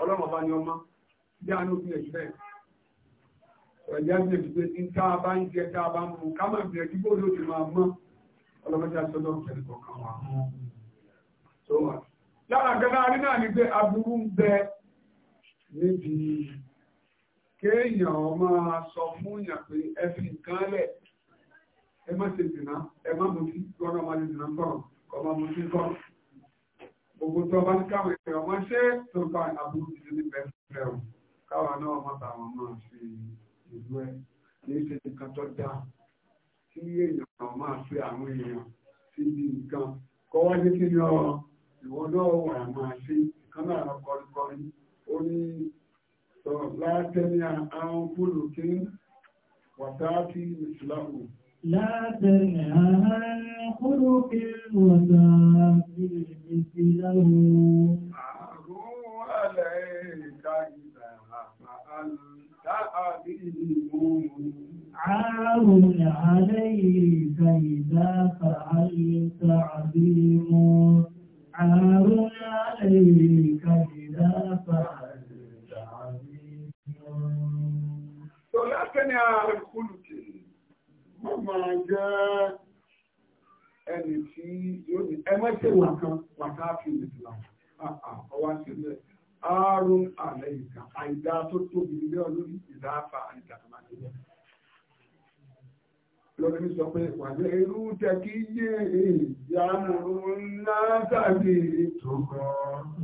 ọlọ́mọ bá ní ọmọ bí a ní òfin ẹ̀jú bẹ́ẹ̀ ẹ̀jẹ̀ ń jẹ̀bi pé ní tá a bá ń jẹ tá a bá ń mú ká má bẹ̀rẹ̀ kí bóòlù ti máa mọ́ ọlọ́mọdé àti ọlọ́mọdé kọ̀ọ̀kan wà lára gẹ́gẹ́ arí náà ni pé aburú ń bẹ níbi kéèyàn máa sọ fún yàn pé ẹ fi nǹkan lẹ̀ ẹ má ṣe dìnnà ẹ má mú sí gbọ́dọ̀ má ṣe dìnnà gbọ́dọ̀ kọ́ má mú sí gbọ́dọ̀ gbogbo tó bá ní káwọn èèyàn wọ́n ṣe tó bá aburú ti ní bẹ́ẹ̀ fẹ́ o káwọn kí ni ọ̀rọ̀ ìwọ́n lọ́wọ́ àmà ṣe kánà ọkọ̀ọ̀kọ̀rin ó ní látẹ́ni àwọn fúlù kí wàtá kí ìsìláàmù. látẹ́ni àwọn fúlù kí wàtá kí ìsìláàmù. àrùn عليك إذا فعلت عظيم عار عليك إذا فعلت عظيم ولكن يا الخلق مما جاء ẹni tí yóò ní ẹmọ́ ṣe wàkan wàkan fi nìtìlá ọwá sílẹ̀ ààrùn àlẹ́ ìkà àìdá tó tóbi nílé ọlórí ìdáàfà àìdá àmàlẹ́yẹ lórí sọ pé wàlẹ̀ irú tẹ̀kí yé ìyàmùrú náà tàbí ìtòkọ̀.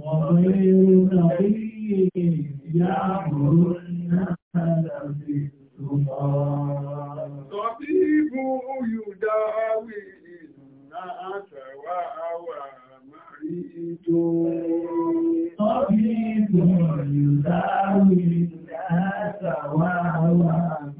wàlẹ̀ irú tàbí ìyàmùrú náà tàbí ìtòkọ̀. tọ́bí ibú tọ́bí ibú yùdá wí ìnà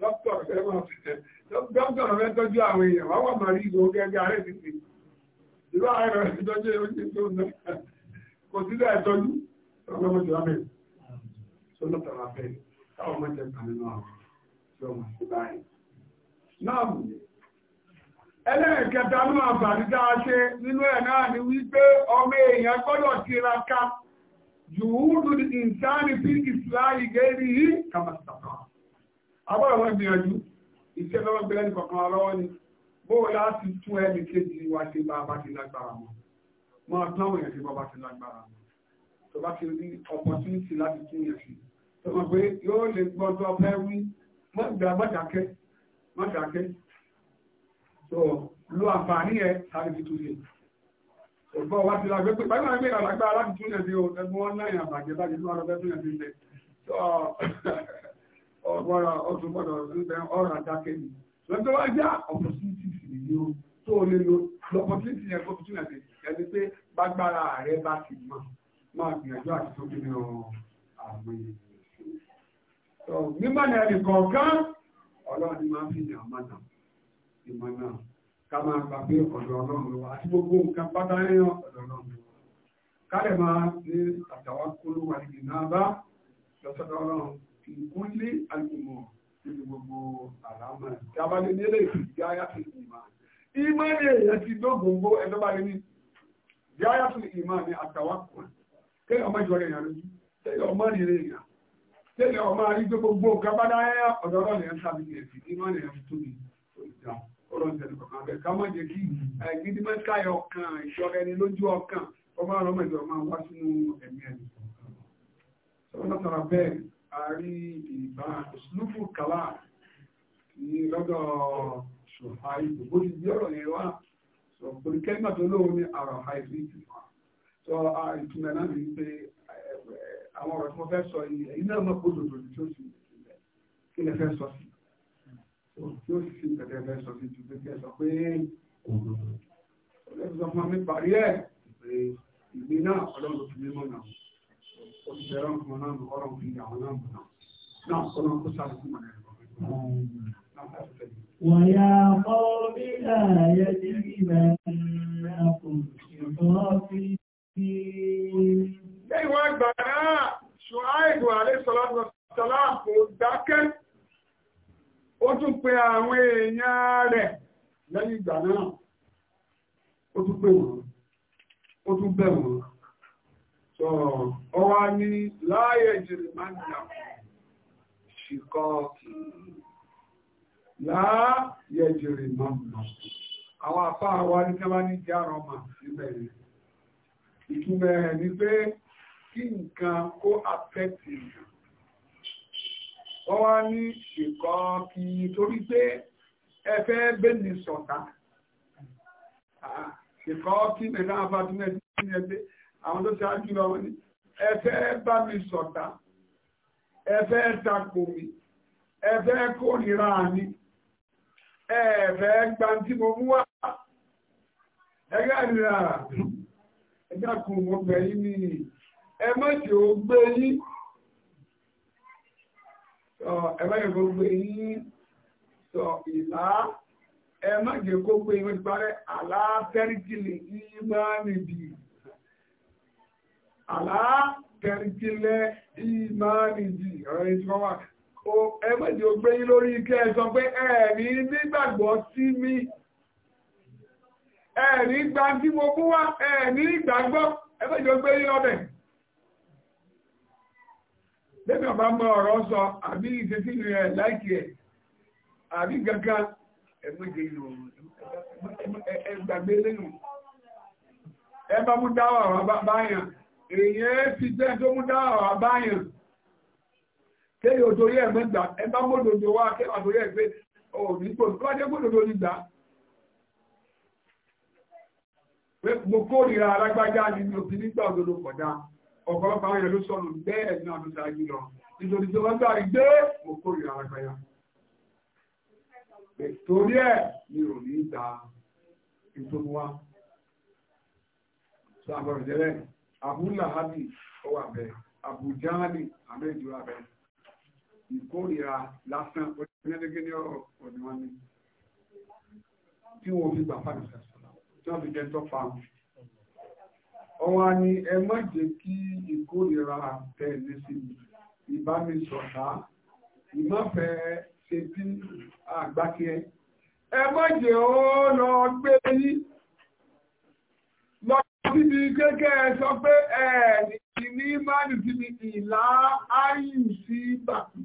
dókítà ọ̀fẹ́ máa fẹ́ dókítà ọ̀fẹ́ tọ́jú àwọn èèyàn wá wà máa rí ìgò gẹ́gẹ́ ààrẹ ti pè ìlú ààrẹ rẹ̀ tọ́jú oúnjẹ tó ń náà kò sílẹ̀ ìtọ́jú ọlọ́mọdé wà mẹ́rin sọ́lọ́tà wà fẹ́ káwọn ọmọ jẹ kàn nínú àwọn tí wọ́n máa ṣe báyìí. náà ọmọ agbọ́dọ̀ wọn gbìyànjú iṣẹ́ lọ́wọ́ gbé lẹ́nu kọ̀ọ̀kan lọ́wọ́ ni bó o láti tún ẹnì kejì wa ṣe bá a ti lágbára wọn máa tún àwọn bá a bá ti lágbára wọn tó bá ti rí opportunity láti tún yẹn sí tó mọ̀ pé yóò lè gbọ́ tó ọpẹ́ wí má gbà má dákẹ́ má dákẹ́ tó lo àǹfààní ẹ tàbí fi tún ṣe ọgbọ́n wa ti la gbé pé báyìí máa ń gbé ìrànlágbára láti tún o ẹgbẹ́ wọn náà yàn bàjẹ́ bàjẹ́ tó wà lọ fẹ́ tún yẹn sí [LAUGHS] ọgbọ́ra ọtún gbọ́dọ̀ níbẹ̀ ọ̀rọ̀ àdákẹ́ ni lọ́jọ́ wá já opportunity sì ni o tó o lè lo opportunity yẹn fún opportunity yẹn pé gbàgbára rẹ bá ti mọ máa gbìyànjú àti tó gbìyànjú àwọn èèyàn. nígbà yẹn ni kọ̀ọ̀kan ọlọ́run ni máa ń fi ìyàn mọ́nà ìmọ̀nà ká máa gbà pé ọ̀dọ̀ ọlọ́run lọ àti gbogbo nǹkan pátá yẹn ọ̀dọ̀ ọlọ́run lọ. ká lè máa ní àtàwọn kólówà ìgbìmọ̀ àbá lọ́sọ̀dọ̀ ọlọ́run ìkúnlé ya nínú gbogbo àlámà ìjábálẹ̀ nílé ìfìdí ayá ìmọ̀ ìmọ̀ ni èèyàn ti ní ìmọ̀ ni kéèyàn ọmọ ìjọ rẹ̀ yàn lójú kéèyàn ọmọ rẹ̀ rẹ̀ yàn kéèyàn ọmọ gbogbo nǹkan bá dáyà ọ̀dọ̀ ọ̀rọ̀ sábì ní ẹ̀sìn ìmọ̀ ni ẹ̀sìn tóbi ìjà ọ̀rọ̀ ìjẹ̀lẹ̀ ká má àrí ìbá ìṣlúfù kàlá ní lọ́dọ̀ ṣùhà ìbò bó ti yọ́rọ̀ yẹn wá sọ pé kẹ́gbà tó lóun ní àrọ̀ àìsí ìtìmá sọ ìtumẹ̀ náà ní pé àwọn ọ̀rọ̀ tí mo fẹ́ sọ yìí èyí náà mọ̀ kó dòdò tí ó sì kí lè fẹ́ sọ sí tí ó sì fi ìpẹ̀tẹ̀ fẹ́ sọ sí ju pé kí ẹ sọ pé kò dòdò ó lè sọ fún mi parí ẹ̀ ìgbé náà ọlọ́run ló mímọ́ náà òṣìṣẹ́ ọ̀rọ̀ kan náà ọ̀rọ̀ fi àwọn náà mọ̀ náà náà kọ́nà kó sáré fún mọ̀lẹ́ Wàyà kọ́ bí láàyè ní ìgbà náà kò ṣùgbọ́n fi sí. Lẹ́yìn wá gbà náà, ṣùháìdù àlẹ́ sọ́lọ́dọ̀ Ó tún pe àwọn èèyàn rẹ̀ lẹ́yìn ìgbà náà. Ó tún pè wọ́n. Ó tún bẹ̀ wọ́n ọwá ní láyé jìrìmáńdà ṣìkọ́ọ̀kì láyé jìrìmáńdà àwọn àpá àwá ní kí wọ́n ní járọmà síbẹ̀ ìtumẹ̀ ní pé kí nǹkan kó àpẹ́tì ọwá ní ṣìkọ́ọ̀kì torí pé ẹfẹ́ bẹ́ni sọ̀tá ṣìkọ́ọ̀kì ah, mẹ́ta fàtímẹ́ àwọn tó ṣáájú lọ wọ́n ní ẹ fẹ́ bá mi ṣọ̀tá ẹ fẹ́ takò mi ẹ fẹ́ kórìíra mi ẹ fẹ́ gba tí mo mú wá ẹgbẹ́ ìrìnà ẹgbẹ́ kù mo bẹ̀ yín ní ẹ mọ̀jẹ̀ ó gbé yín ẹ mọ̀jẹ̀ kó gbé yín sọ ìlà ẹ mọ̀jẹ̀ kó gbé yín wọ́n ti parẹ́ àlá tẹ́rìtìlì yín máa nìdí àlá kẹrìntìlẹ̀ ìmánìjì ọ̀rọ̀ èyí tí wọ́n wà ó ẹgbẹ́jì ó gbé yín lórí ike ẹ sọ pé ẹ̀rí nígbàgbọ́ sí mi ẹ̀rí gba tí mo mú wá ẹ̀rí ìgbàgbọ́ ẹgbẹ́jì ó gbé yín lọ́bẹ̀ lẹ́bí ọba mọ ọ̀rọ̀ sọ àbí ìṣesí rẹ̀ láìkí ẹ̀ àbí gangan ẹgbẹ́jì ìlú ẹgbàgbé lẹ́nu ẹ bá mú dáwà wá báyàn èèyàn fi jẹ́ tó mú dáàwà báyàn kéyò torí ẹ̀ mẹ́gbà ẹbá gbódòdó wá kéwà torí ẹ̀ pé òní gbódòdó nígbà pé mo kórìíra alágbájá ni mi ò fi nígbà òdodo kọ̀dá ọ̀pọ̀lọpọ̀ àwọn èèyàn ló sọnù bẹ́ẹ̀ ní ọdún ṣáájú lọ nítorí tó wọ́n gbà gbé mo kórìíra alágbájá torí ẹ̀ mi ò ní ìgbà ìtòmúwa sọ àbọ̀rọ̀ jẹ́rẹ́ abúlà hábì ọwà bẹ́ẹ̀ àbújáàlì àmẹ́jọ abẹ́ ìkórìíra lásán onídẹ́gẹ́dẹ́ ọ̀dùn wọn ni tí wọ́n fi gbà fáwọn ìṣẹ̀sọ̀lá tí wọ́n fi jẹ́ tọ́pa ọwọ́ ni ẹ má jẹ́ kí ìkórìíra tẹ̀lé sí ìbámisọ̀tá ìmọ̀fẹ́ ṣe bí àgbákẹ́ ẹ má jẹ́ ó lọ gbé yín títí kéèké sọ pé ẹ̀ẹ̀ni ní mánì tí ni ìlà áyìn sí bàtí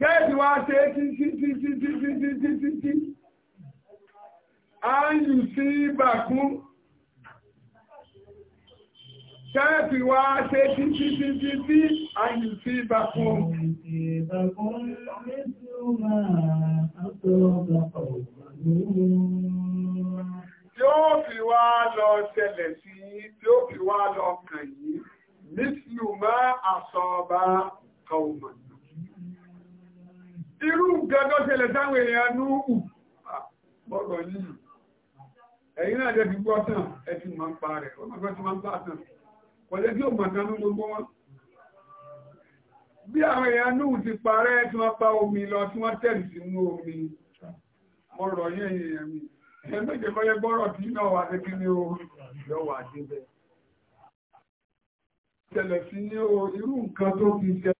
kéèkì wá ṣe títítítítítítítítí áyìn sí bàkún kéèkì wá ṣe títítítítí áyìn sí bàkún Ìbàkún lọ́rẹ́ tí ó máa àtọ́ ọ̀gbà ọ̀gbà lóòrùn tí ó fi wá lọ ṣẹlẹ̀ sí tí ó fi wá lọ kàn yìí nítorí máa àsọ̀ọ̀bá kọ̀ọ̀mọ̀ irú gẹ́gọ́ ṣẹlẹ̀ sáwọn èèyàn núhù bọ́rọ̀ yìí ẹ̀yìn náà jẹ́ ti gbọ́ tàn ẹ̀tì máa ń pa rẹ̀ pa omi lọ tí wọ́n omi mọ́rọ̀ yìí èèyàn mi ẹgbẹ́jẹ kọ́yẹ gbọ́rọ̀ tí náà wà ní kí ni o lọ́wọ́ àdébẹ̀. Ìṣẹ̀lẹ̀ sí ní o irú nǹkan tó fi jẹ́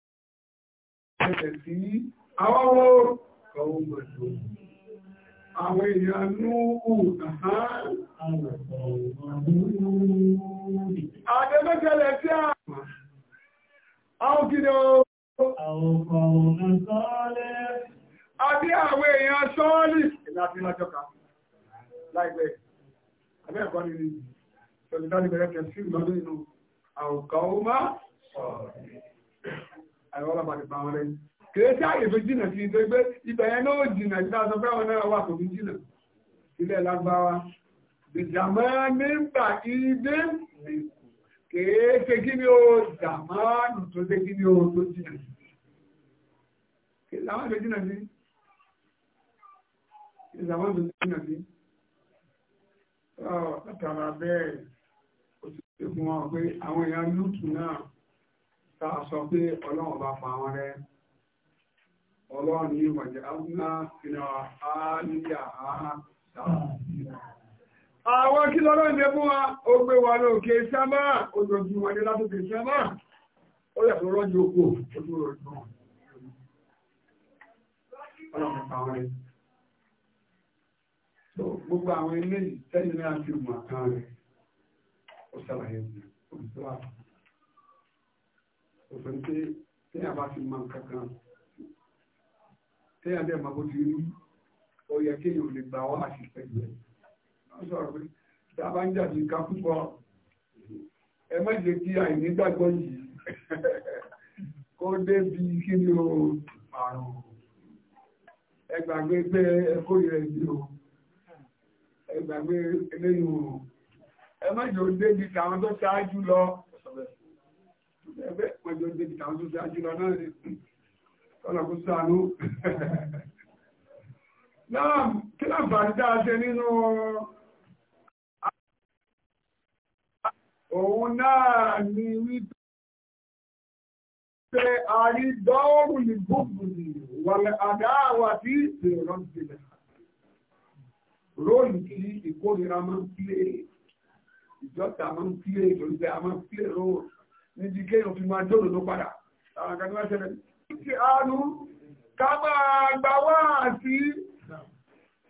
ìṣẹ̀lẹ̀ sí àwọ́wọ́ ọ̀hún gbẹ̀dọ̀. Àwọn èèyàn núhù náà. Àdébẹ̀ṣẹ̀lẹ̀ sí àwọn. Àwọn kí ni o? Àwọn ọkọ̀ òun sọ́ọ́lẹ̀. Àbí àwọn èèyàn sọ́ọ́lì. Ìlàtí máa jọ́ka láìpẹ́ abẹ́ ẹ̀kọ́ ni sọ̀tìtàdì bẹ̀rẹ̀ tẹ̀sí lọ́dún inú àwùkọ́ ọmọ sọ̀rọ̀ àìwọ́ lọ́ba ti pa wọn lẹ́yìn kìí sí àyè tó jìnà sí nítorí pé ibẹ̀ yẹn náà jìnà sí láti sọ pé àwọn náà wà tó fi jìnà sílẹ̀ lágbára bìjàmọ́ nígbà ìdé kìí ṣe kí ni ó jàmọ́ tó ṣe kí ni ó tó jìnà sí kìí làwọn tó jìnà sí kìí làwọn tó jìnà sí látara bẹ́ẹ̀ ó ti ṣe fún wọn pé àwọn èèyàn lùtù náà tá a sọ pé ọlọ́run bá pa wọn rẹ́ ọlọ́run ní ìwàjẹ́ abúlá ìlà àálíyà àádá àwọn kí lọ́rọ̀ ìdẹ fún wa ó gbé wa ní òkè sábà ojòjú wọn ní látòkè sábà ó yẹ tó rọ́jì oko ojú rẹ̀ náà so gbogbo àwọn eléyìí tẹ́yìn náà ti mọ̀ kan rẹ̀ ó ṣàlàyé olùsọ́wà òfin pé téèyàn bá ti mọ̀ kankan téèyàn dẹ̀ mọ̀ bó ti rí ó yẹ kéèyàn lè gbà wá àti pẹ̀lú a bá ń jàdí ká púpọ̀ ẹ má jẹ́ kí àìní gbàgbọ́ yìí [LAUGHS] kó dé bí kí ni o àrùn ẹ gbàgbé pé ẹ o ẹgbàgbé eléyìí oòrùn ẹ mọ́jọ débi tàwọn tó ṣáájú lọ ẹgbẹ́ mọ́jọ débi tàwọn tó ṣáájú lọ náà ni kọ́nà kó sàánú náà kí náà bá ní dáa ṣe nínú òun náà ni wípé ṣe àrídọ́rùn ní gbogbo wàlẹ̀ àdáwà tí ìrọ̀lẹ́ róòlù tí ìkórira máa ń pílé ìjọta máa ń pílé ìtòlùfẹ́ a máa ń pílé róòlù níbi kéèyàn fi máa jòlò ló padà àwọn akẹ́kọ̀ọ́ bá ṣẹlẹ̀ ti àánú ká máa gbà wá àti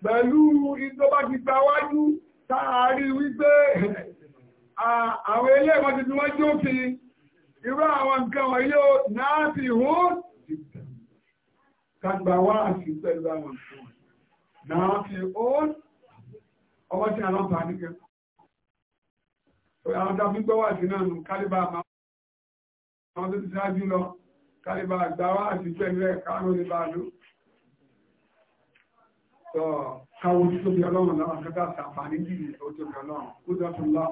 pẹ̀lú ìjọba ti gbà wájú táàrí wípé àwọn ilé ìwọ̀n fi ó ọwọ́ tí àwọn bá ní kẹ́kọ̀ọ́ àwọn tàbí gbọ́ wà sí náà nù kálíbà máa wọ́n tó ti ṣáájú lọ kálíbà àgbáwá àti pẹ̀lẹ́ káàrùn ní bàálù tọ́ káwọn tó tóbi ọlọ́run náà kẹta sàǹfààní jìnnì òtòkè ọlọ́run kó tó tó lọ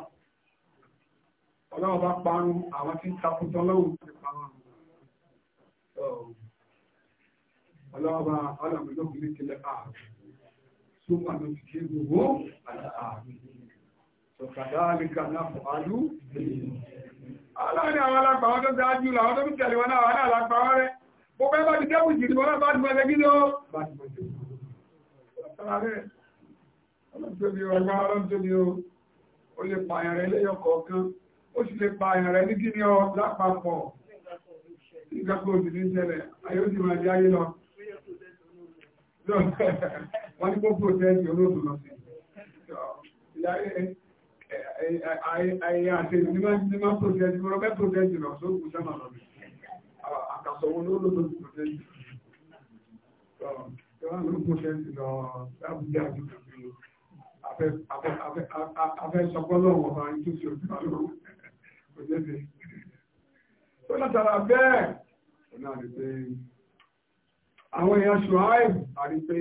ọlọ́run bá parun àwọn tí ń takùtọ ọlọ́run ti parun ọlọ́run bá ọlọ́run lókùnrin tilẹ̀ ààrùn ثم نسكنه الآن فكذلك نفعل Aláàrin àwọn alágbàwọ́ tó dájú làwọn tó ń tẹ̀lé wọn náà wà náà lágbàwọ́ rẹ̀. Ó pẹ́ bá ti dẹ́kùn jìdì wọn náà bá ti mọ́jẹ gídé ó. Bá ti mọ́jẹ. Ọ̀tọ́ra rẹ̀. Ọlọ́ntóbi ọgbà ọlọ́ntóbi ó. Ó lè pààyàn rẹ̀ léyọ kọ̀ọ̀kan. Ó sì lè pààyàn rẹ̀ ní kíní ọ lápapọ̀. Ìgbàgbọ́ òsì ní ìṣẹ̀lẹ̀. Ayé ó sì máa di ayé [LAUGHS] wọ́n ní kó protest olóòtú lọ sí àyè àti ní máa protest mọ́rọ́ bẹ́ protest lọ sí òkú sẹ́mà lọ sí àkàsọ̀wọ́n olóòtú protest wọ́n lọ lábújá àdúgbò afẹ́ sí àwọn èèyàn ṣùháìb àti pé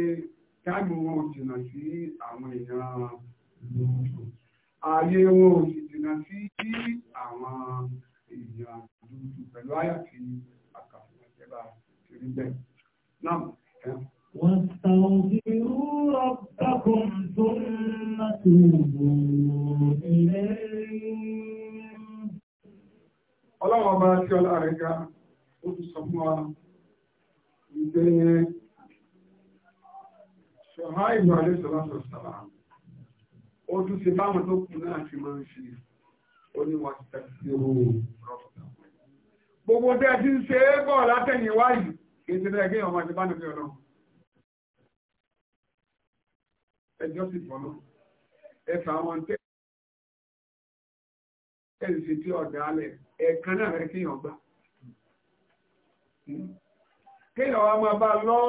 táìmù wọn ò jìnà sí àwọn èèyàn lóòótọ́ ààyè wọn ò sì jìnà sí àwọn èèyàn lóòótọ́ pẹ̀lú àyà tí àkàfùn ìjẹba ti rí bẹ́ẹ̀ Ọlọ́run ọba tí ọlá rẹ̀ ga, ó ti sọ fún wa ìgbé ṣọ̀há ìlú alẹ́sọ̀lọ́sọ̀ sára ó tún ṣe báwọn tó kù náà fi máa ń ṣe oníwà tẹ̀síwò rọ̀pọ̀tà gbogbo tẹ́ ti ń ṣe é bọ̀ látẹ̀yìn wáyìí kí n ti rẹ̀ gẹ́yàn ọmọ ìbánu fi ọ̀nà ẹjọ́ sì pọ̀ náà ẹ̀fà àwọn tẹ́ ẹ̀sìn tí ọ̀dà alẹ̀ ẹ̀ẹ̀kan náà rẹ̀ kéèyàn gbà kéèyàn wá máa bá lọ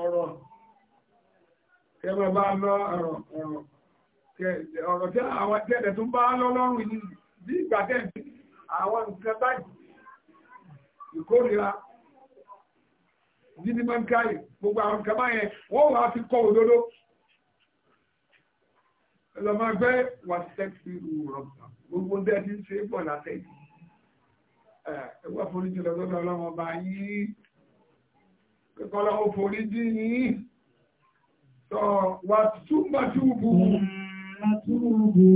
ọ̀rọ̀ kẹ máa bá lọ ọ̀rọ̀ ọ̀rọ̀ ọ̀rọ̀ tí àwọn tẹ́lẹ̀ tó bá lọ lọ́rùn yìí bí ìgbà tẹ́lẹ̀ àwọn nǹkan báyìí ìkórira yìí máa ń káyè gbogbo àwọn nǹkan báyẹn wọ́n wà á fi kọ́ òdodo ẹlọ́mọ ẹgbẹ́ wà sẹ́kì rọ̀ gbogbo ń bẹ́ẹ̀ ti ń ṣe é pọ̀ látẹ̀yìn ẹ̀ ẹ̀ wọ́n forí jùlọ lọ́dọ̀ ọlọ́mọba yìí kọ́lá ó forí dí yìí tọ́ wà túnbà túbù túnbà túbù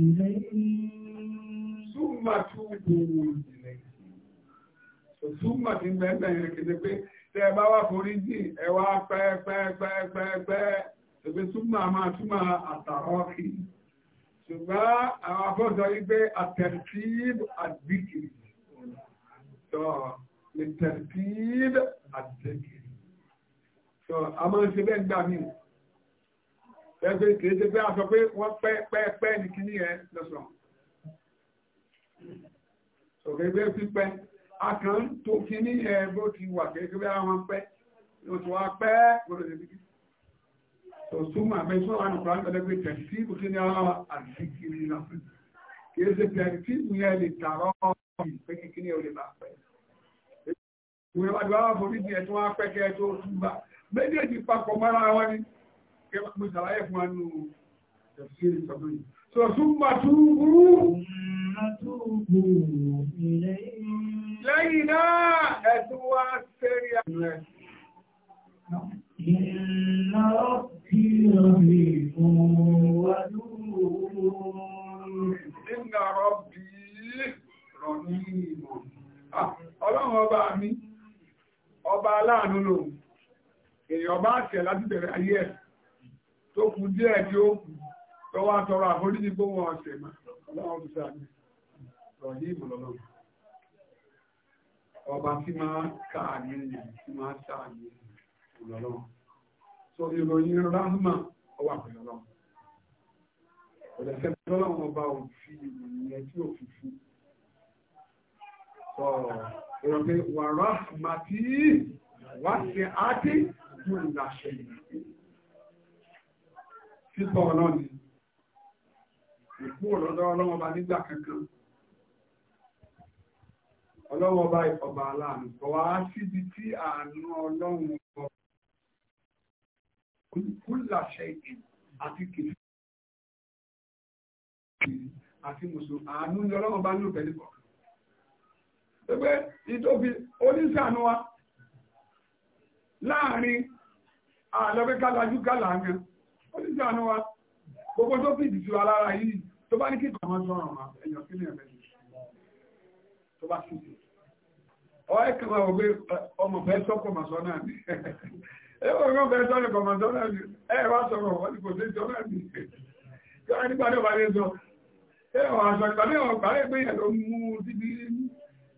ilẹ̀ túnbà tí mẹ́gbẹ̀ yẹn kìí pé tẹ́ ẹ bá wà forí dí ẹ wá pẹ́ẹ́pẹ́ẹ́pẹ́ẹ́pẹ́ tẹ̀pẹ́ túnbà máa túnbà àtàrọ́ kì ṣùgbọ́n àwọn afọ́sọ yìí pé àtẹ̀tìb àdìkì tọ́ ìtẹ̀tìb àdìsẹ́kìrì so a máa ń ṣe bẹ́ẹ̀ gbà mí ẹgbẹ́ kìí ṣe pé a sọ pé wọ́n pẹ́ pẹ́ pẹ́ ní kíní ẹ lọ́sàn òkè pé pípẹ́ a kàn ń to kíní ẹ bó ti wà kékeré àwọn pẹ́ wọ́n ti wá pẹ́ gbọ́dọ̀ débi kí so súnmọ́ àmẹ́sọ́ àwọn ọ̀pọ̀lọpọ̀ ẹgbẹ́ tẹ̀síìbù kí ni àwọn àdìsẹ́kìrì lọ́sàn kìí ṣe tẹ̀síìbù yẹn lè tààrọ́ ọ̀hún ìpé kíní ẹ ò lè máa pẹ́ ìwé wájú wá foríjì ẹ̀ tó wá pẹ́kẹ́ tó túbà méjèèjì papọ̀ mọ́ra wọn ah, Ọlọ́run ọba mi, ọba aláàánú lòun èèyàn bá tẹ̀ láti bẹ̀rẹ̀ ayé ẹ̀ tó kù díẹ̀ tí ó kù tó wá tọrọ àforíjì gbóhùn ọ̀sẹ̀ mà ọlọ́run ti sáà ní rọ̀yí ìmọ̀lọ́lọ́ ọba tí máa káàní ẹ̀yìn tí máa sáàní ìmọ̀lọ́lọ́ so ìròyìn ráhùmà ọwà pẹ̀lọ́lọ́ ọ̀dẹ̀fẹ́ lọ́lọ́run ọba òfin ìròyìn ẹ̀ tí ò fi fún sọ̀rọ̀ ìwọ̀n pé wàrà màtí wá sí àti fún ìlàṣẹ títọ̀ náà ni ìkú ọ̀lọ́dọ́ ọlọ́wọ́ba nígbà kankan ọlọ́wọ́ba ọba aláàánú kọ̀ wá síbi tí àánú ọlọ́run kọ kúlàṣẹ àti kìí àti mùsùlùmí àánú ni ọlọ́wọ́ba ní òbẹ̀lẹ̀ pé ìtòfi oníṣàánú wa láàrin àlọ́pẹ́ kálájú kálàáńgá oníṣàánú wa gbogbo tó fi ìdìtì wa lára yìí tó bá ní kí kàmá tó ọ̀ràn wa èèyàn sílẹ̀ ẹ̀mẹ́ tó bá sì sí ọ̀ ẹ̀ kàn máa wọ pé ọmọ fẹ́ sọ́kọ̀ màsọ náà ni ẹ̀ wọ́n kàn fẹ́ sọ́kọ̀ kọ̀mọ̀sọ náà ni ẹ̀ wá sọ̀rọ̀ wọ́n ti kò sí sọ náà ni [LAUGHS] kí wọ́n nígbà tó bá dé sọ ẹ̀ wọ́n àṣọ ìpàdé wọn pàdé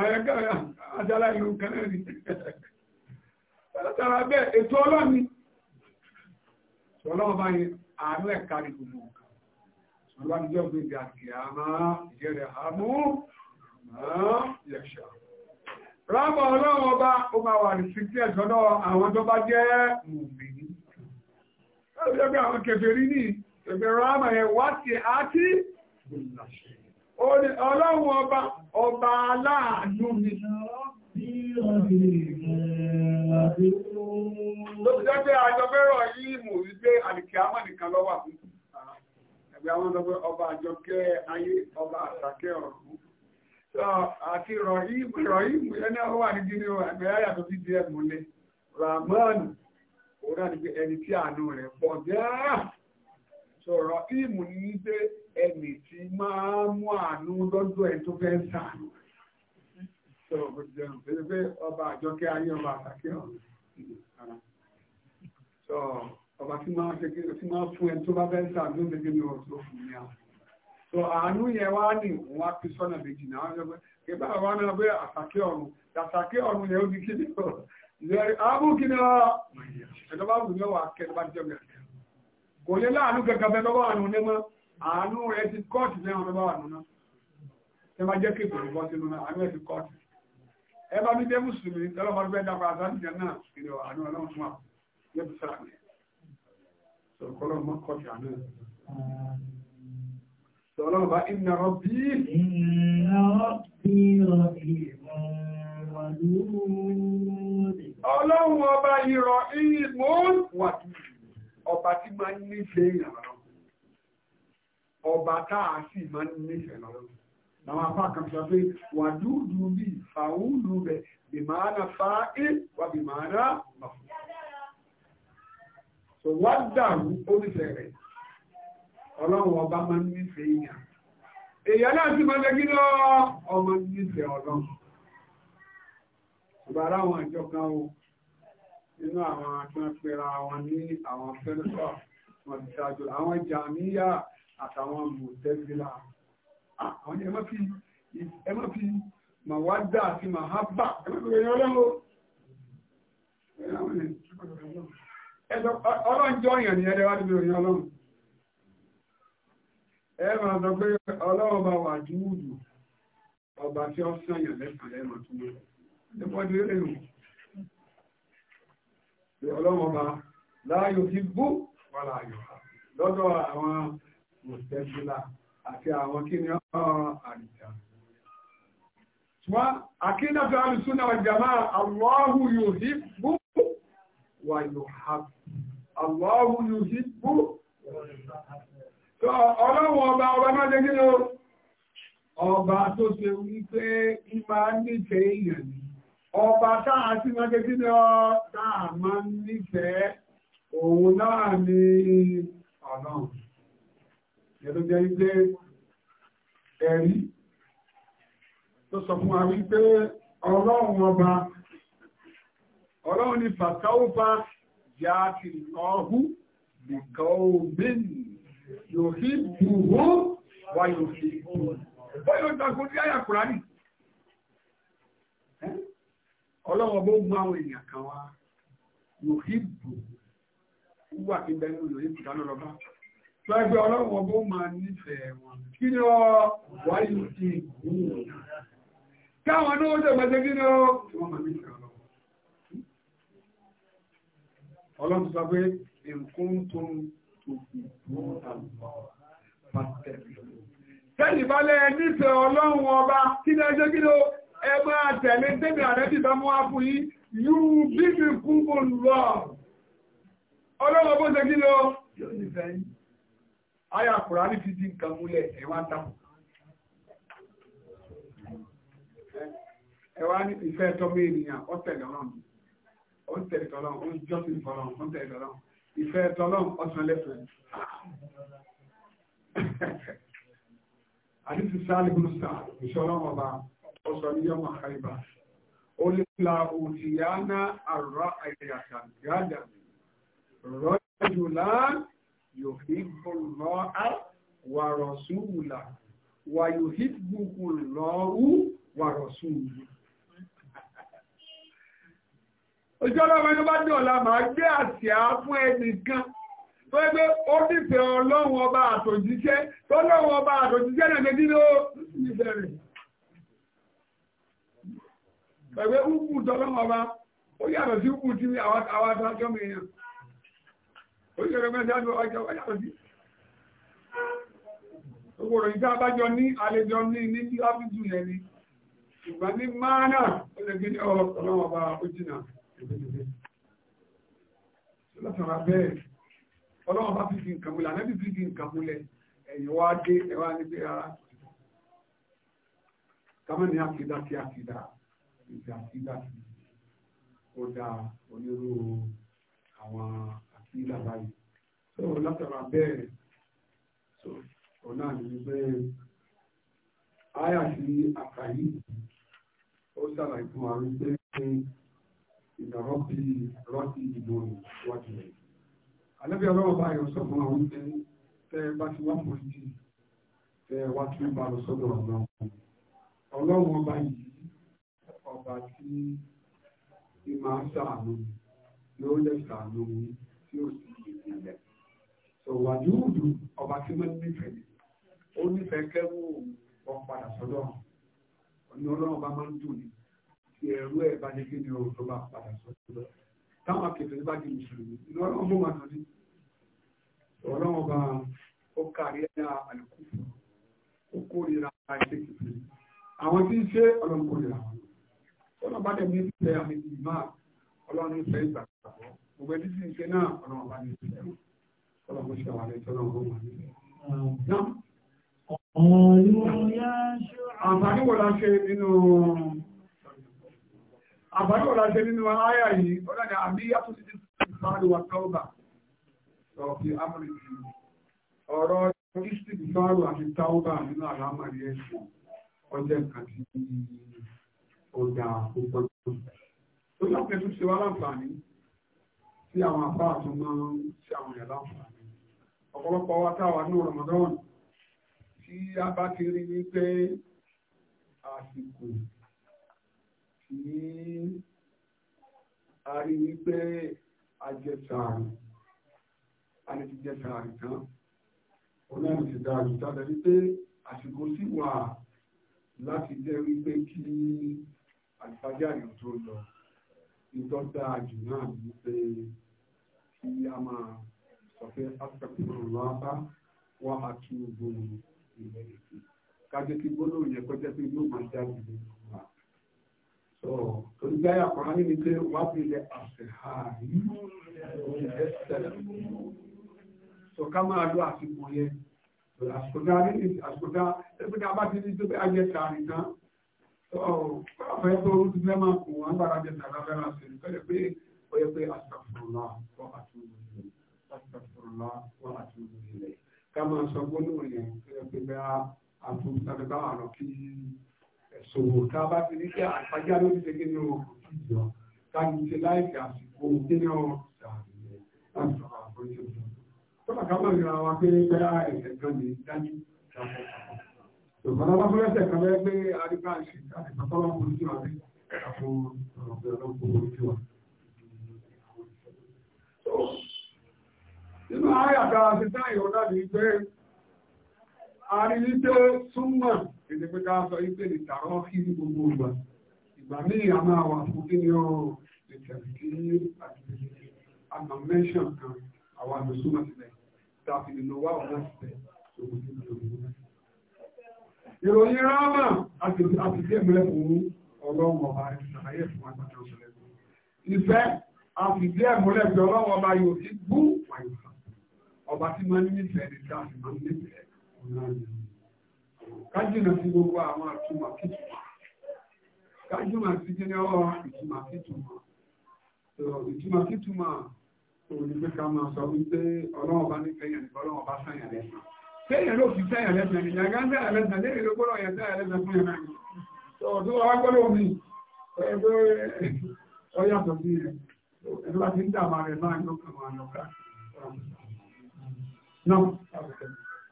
àyẹ́gára àjálá ìlú kẹrẹ́rì látara bẹ́ẹ̀ ètò ọlọ́ni ṣọlọ́wọ́ bá yẹn àánú ẹ̀ kárí gbogbo nǹkan ṣọlọ́wọ́ ni yóò gbé ìgbà kìá máa ìyẹ̀rẹ̀ àánú máa yẹ̀ṣà rábọ̀ ọlọ́wọ́ bá ó máa wà ní Ọlọ́run ọba, ọba aláàánú ni. Lọ́pìtẹ́ àjọbẹ́rọ̀ yìí mú wípé àdìkẹ́ àwọn nìkan ló wà fún. Ẹgbẹ́ àwọn ọdọ́gbẹ́ ọba àjọkẹ́ ayé ọba àtàkẹ́ ọrụ, Àti rọ̀yìmù ẹni ní gíní ẹgbẹ́ sí díẹ̀ Ramọ́nù, ẹni tí àánú rẹ̀ pọ̀ ẹnì tí máa mú àánú lọ́dọ̀ ẹ̀ tó fẹ́ sàánú. Sọ̀rọ̀ kò jẹun pé pé ọba àjọkẹ́ ayé ọba àtàkẹ́ ọ̀rọ̀. Sọ ọba tí máa ṣe tí máa fún ẹni tó bá fẹ́ sàánú ló gbé ní ọ̀rọ̀ tó fún ní àwọn. Sọ àánú yẹn wá ní òun wá fi sọ́nà méjì náà. Kébà wa náà pé àtàkẹ́ ọ̀run. Àtàkẹ́ ọ̀run yẹn ó di kíni ọ̀. Ààbò kíni ọ̀. Ẹ̀dọ́ bá wù ní ọ̀wà kẹ́ àánú rẹ ti kọ́ọ̀tù lẹ́wọ̀n bá wà nínú ẹ jẹ́ kéèkì òrùbọ́ sínú náà àánú rẹ ti kọ́ọ̀tù ẹ bá mi dé mùsùlùmí tọ́lọ́mọ ọlọ́run ọba ìrọ̀ ìmọ̀ wà ọba tí máa ń ní ṣe ìrànlọ́ ọba tá a sì máa ń nífẹ̀ẹ́ lọ́rùn làwọn apá kan sọ pé wàdúùdù bíi fàúlù rẹ̀ bìmọ̀ọ́nà fàáké wà bìmọ̀ọ́nà màfù. sọ wá dàrú onífẹ̀ẹ́ rẹ̀ ọlọ́run ọba máa ń nífẹ̀ẹ́ èèyàn èèyàn náà sì máa ń gbẹ́gí lọ ọmọ nífẹ̀ẹ́ ọlọ́run ọba aláwọn ìjọ kan o nínú àwọn tí wọ́n pera ní àwọn fẹ́lẹ́sọ̀ wọn ti ṣáájú àwọn jàmíyà àtàwọn mọ̀tẹ́bílà ah, àwọn ẹmọ́ fi ẹmọ́ fi màwádà àti màhábà ẹmọ́ fi rẹ̀ ọlọ́wọ́ ni ẹ̀rẹ́ wá níbi òyìn ọlọ́run ẹ máa sọ pé ọlọ́run bá wà júùdù ọba tí ó sànyàn lẹ́sàn-án ẹ̀mọ̀ mọ́ ẹ̀dẹ́gbọ́dé lè rùn láàyò ti bú wà láàyò lọ́dọ̀ àwọn mùsẹ́gílà àti àwọn kíni ọ̀rọ̀ àdìjà. Ṣùgbọ́n àkídàtọ̀ alùsúnà wà jàmá Allahu yuhibbu wà yuhabbu. Allahu yuhibbu wà yuhabbu. Ọlọ́run ọba ọba náà jẹ́ kíni ọba tó ṣe wípé ìmá nífẹ̀ẹ́ èèyàn ni. Ọba táà sí máa jẹ́ kíni ọ táà máa nífẹ̀ẹ́ òun náà ni ọlọ́run ẹ̀lú jẹ́ ilé ẹ̀rí tó sọ fún wa ọlọ́run ọba ọlọ́run ni fàtàwọ́fà yà ti ọ̀hú nìkan omen yóò fi bùhó wà yóò fi bùhó bóyá ìgbàgbọ́ ní àyà kùránì ọlọ́run ọba ó mú àwọn èèyàn kan wá yóò fi bùhó wà kí bẹ́ẹ̀ Lọ́gbẹ́ ọlọ́run ọgbó máa nífẹ̀ẹ́ wọn. Kí ni ọ wáyé ti ìgbìmọ̀? Káwọn ní ó jẹ́ gbẹ́jẹ́ kí ni ó tí wọ́n máa nífẹ̀ẹ́ ọlọ́run. Ọlọ́run sọ pé nǹkan tó ń tòkì fún àwọn pàtẹ́lì. Tẹ́lì bá lẹ́ nífẹ̀ẹ́ ọlọ́run ọba kí ni ẹjẹ́ kí ni ó ẹ máa tẹ̀lé débi àrẹ́bì bá mú wá fún yín yóò bí mi kú mo lọ. Ọlọ́run ọbọ̀ ṣe kí ni yóò nífẹ̀ẹ́ yín àyà kùránì ti di nǹkan múlẹ̀ ẹ̀wà dáhùn ẹ̀wà ní ìfẹ́ tọ́mọ ènìyàn ó tẹ̀lé ọlọ́run ó tẹ̀lé tọ́lọ́run ó jọ́sìn fọlọ́run ó tẹ̀lé tọ́lọ́run ìfẹ́ tọ́lọ́run ọ̀sán lẹ́fẹ̀ẹ́ àdìsí sáàlì gúnúsà ìṣọ́lọ́wọ́ ọba ọ̀sọ̀ ní yọmọ àkàríbà ó lè la òtìyá náà àrọ́ àìyàtà yòhìbù lọ́ọ́ wà rọ̀ṣúùlà wà yòhìbù lọ́ọ́ wà rọ̀ṣúùlù. Ojú ọlọ́run ẹni bá dùn ọ̀la máa gbé àsíá fún ẹnìkan tó ẹgbẹ́ ó nífẹ̀ẹ́ ọlọ́run ọba àtòjíṣẹ́ tó lọ́run ọba àtòjíṣẹ́ náà lẹ́bí ló nífẹ̀ẹ́ rẹ̀. Pẹ̀lú ukùn tọ́lọ́run ọba ó yàtọ̀ sí ukùn tí àwọn àtàkọ́mọ èèyàn oríṣẹ́rẹ́ mẹ́sàn-án ọjọ́ ọjọ́ sí gbogbo ròyìn tí a bá jọ ní àlejò ni ìgbà ní máànà ó lè gbé ní ọlọ́wọ́ bá ó jìnà ìgbésẹ̀ látara bẹ́ẹ̀ ọlọ́wọ́ bá fi fi nǹkan múlẹ̀ ànábì fi fi nǹkan múlẹ̀ ẹ̀yìn wá dé ẹwà níbi ara kàmá ní àkídá sí àkídá ìgbà àkídá sí ó dáa onírúurú àwọn nígbà báyìí so látara bẹ́ẹ̀ so ọ̀nà àdìyí bẹ́ẹ̀ àyà sí àkàyí ó ṣàlàyé fún wa wípé ìdàrọ́ bí rọ́ọ̀tì ìdìbò wájú rẹ̀ àlẹ́bí ọlọ́wọ́ báyọ̀ sọ fún wa wípé tẹ́ ẹ bá ti wá pòlìtì tẹ́ ẹ wá tún bá lọ sọ́dọ̀ ọ̀nà ọlọ́wọ́ báyìí ọba tí ìmọ̀ àṣà àánú ni ó lè ṣàánú yìí tí ó sì yé ní ilẹ̀. Sọ̀wájú òdu ọba tí wọ́n nífẹ̀ẹ́ ni. Ó nífẹ̀ẹ́ kẹ́wò wọn padà sọ́dọ̀. Ọ̀nà ọlọ́run bá máa ń dùn ní. Ti ẹ̀rú ẹ̀ bá ní kí o tó bá padà sọ́dọ̀. Táwọn akẹ́kẹ̀ẹ́ bá di mùsùlùmí. Ìlú ọlọ́run mú wa tán ní. Ọlọ́run bá ó kárí ẹ̀dá àlùkù fún. Ó kórìíra àìsè kìfìrí. Àwọn tí ń ṣe ọlọ́run kórìíra wọn. Ọlọ́run bá dẹ̀ ní ìfẹ́ àmì ìmáà. Ọlọ́run ń fẹ́ ìgbàgbọ́ gbogbo ẹni sì ń ṣe náà ọ̀nà ọ̀bá ní ìpínlẹ̀ wọn kọ́lá mo ṣe àwọn àlejò náà wọ́n wà nílẹ̀. àǹfààní wo la ṣe nínú àǹfààní wo la ṣe nínú àyà yìí ó dàgbà àbí yàtọ̀ sí ti ìfáàdù wa tọ́ọ̀bà sọ fi amúlẹ̀ jù ọ̀rọ̀ ìsìnkú ìfáàdù àti tọ́ọ̀bà nínú àlámàrí ẹ̀sìn ọjọ́ nǹkan tí ó dà púpọ̀ tó yàtọ̀ tó ṣe wá láǹfààní tí àwọn àbá àtún máa ń ṣe àwọn èèyàn láǹfààní ọ̀pọ̀lọpọ̀ wa táwa ní Ramadan tí a bá ti rí ní pé àsìkò tí a rí ní pé ajẹsàárì a lè ti jẹsàárì tán ọlọ́run ti dáa jù tàbí wípé àsìkò sì wà láti jẹ́ wípé kí àlùfáàjà yóò tó lọ ìtọ́jú àjù náà wípé kí a máa sọ pé afẹ́kùnrin ọ̀rọ̀ apá wà á tún gbóhùn ilẹ̀ èdè kájọ kí gbólóhùn yẹn kọjá pé yóò máa jáde nínú wa. sọ torí bí àyà kan nínú pé wà á bèèrè àṣehàárí oúnjẹ sẹlẹ̀. sọ ká máa lo àsìkò yẹn àsìkò dá àsìkò dá ẹgbẹ́ dá bá ti ní tó bẹ́ ajẹ́ta nìkan. sọ kọ́ àfẹ́ tó ti fẹ́ máa kù wọ́n gbára jẹ́ta lábẹ́rẹ́ àṣírí pẹ́lẹ́ ó yẹ pé astaghfirullah wa atubu ilayh astaghfirullah wa atubu ilayh ká máa sọ gbólóhùn yẹn ó yẹ pé bá àtúntàbí bá wà lọ kí ẹ̀sọ̀wò tá a bá ti ní kí àpájá ló ti ṣe kí ni o kò tí ì jọ ká ní ṣe láìpẹ́ àsìkò kí ni o ṣàlùyẹ láti sọ̀rọ̀ àforíṣẹ́ òjò tó bàtà máa yọra wa pé bẹ́ẹ̀ ẹ̀sẹ̀ gan ni dájú ìjàpọ̀ ìgbàlá bá fẹ́rẹ́ tẹ̀kan lẹ́gbẹ́ àríkà ìṣẹ̀ká ìgbàtọ́lọ́pù ojú àrí àpò ọ̀rọ̀ ọ̀gbẹ̀rẹ̀ ọ̀gbẹ̀rẹ̀ ojú àrí Nínú àyàtà àti táyọ̀ láti pé a rí wípé súnmọ̀ èdè pé ká sọ wípé lè tààrọ́ kí ní gbogbo ìgbà. Ìgbà ní ìyá máa wà fún kí ni ó lè tẹ̀lé sí àti àmà mẹ́ṣàn kan àwọn àmì súnmọ̀ sílẹ̀. Tàbí lè wá ọ̀nà sílẹ̀ lókùn sí ìlú. Ìròyìn rámà àti àti sí ẹ̀mẹ́fún ọlọ́run ọba ìfẹ́ àfìdí ẹ̀mọ́lẹ̀ bí ọlọ́wọ́ ọba yóò ti gbú wàyífà ọba tí máa ń nífẹ̀ẹ́ ní dáa sì máa ń nífẹ̀ẹ́ ọ̀nàmì kájìnà sí gbogbo àwọn àtúmọ̀ kìtùmọ̀ kájìnà sí kíní ọ̀rọ̀ ìtumọ̀ kìtùmọ̀ ìtumọ̀ kìtùmọ̀ òun ni pé ká máa sọ wípé ọlọ́wọ́ ọba nífẹ̀ẹ́ yẹn nípa ọlọ́wọ́ ọba sáyẹn lẹ́sàn kéèyàn ló fi sáyẹn lẹ́sàn ní ń sáyẹn lẹ́sàn léèrè ló gbọ́dọ̀ yẹn ẹ̀rọ bá ti ń dàmà rẹ̀ máa yọ kàn máa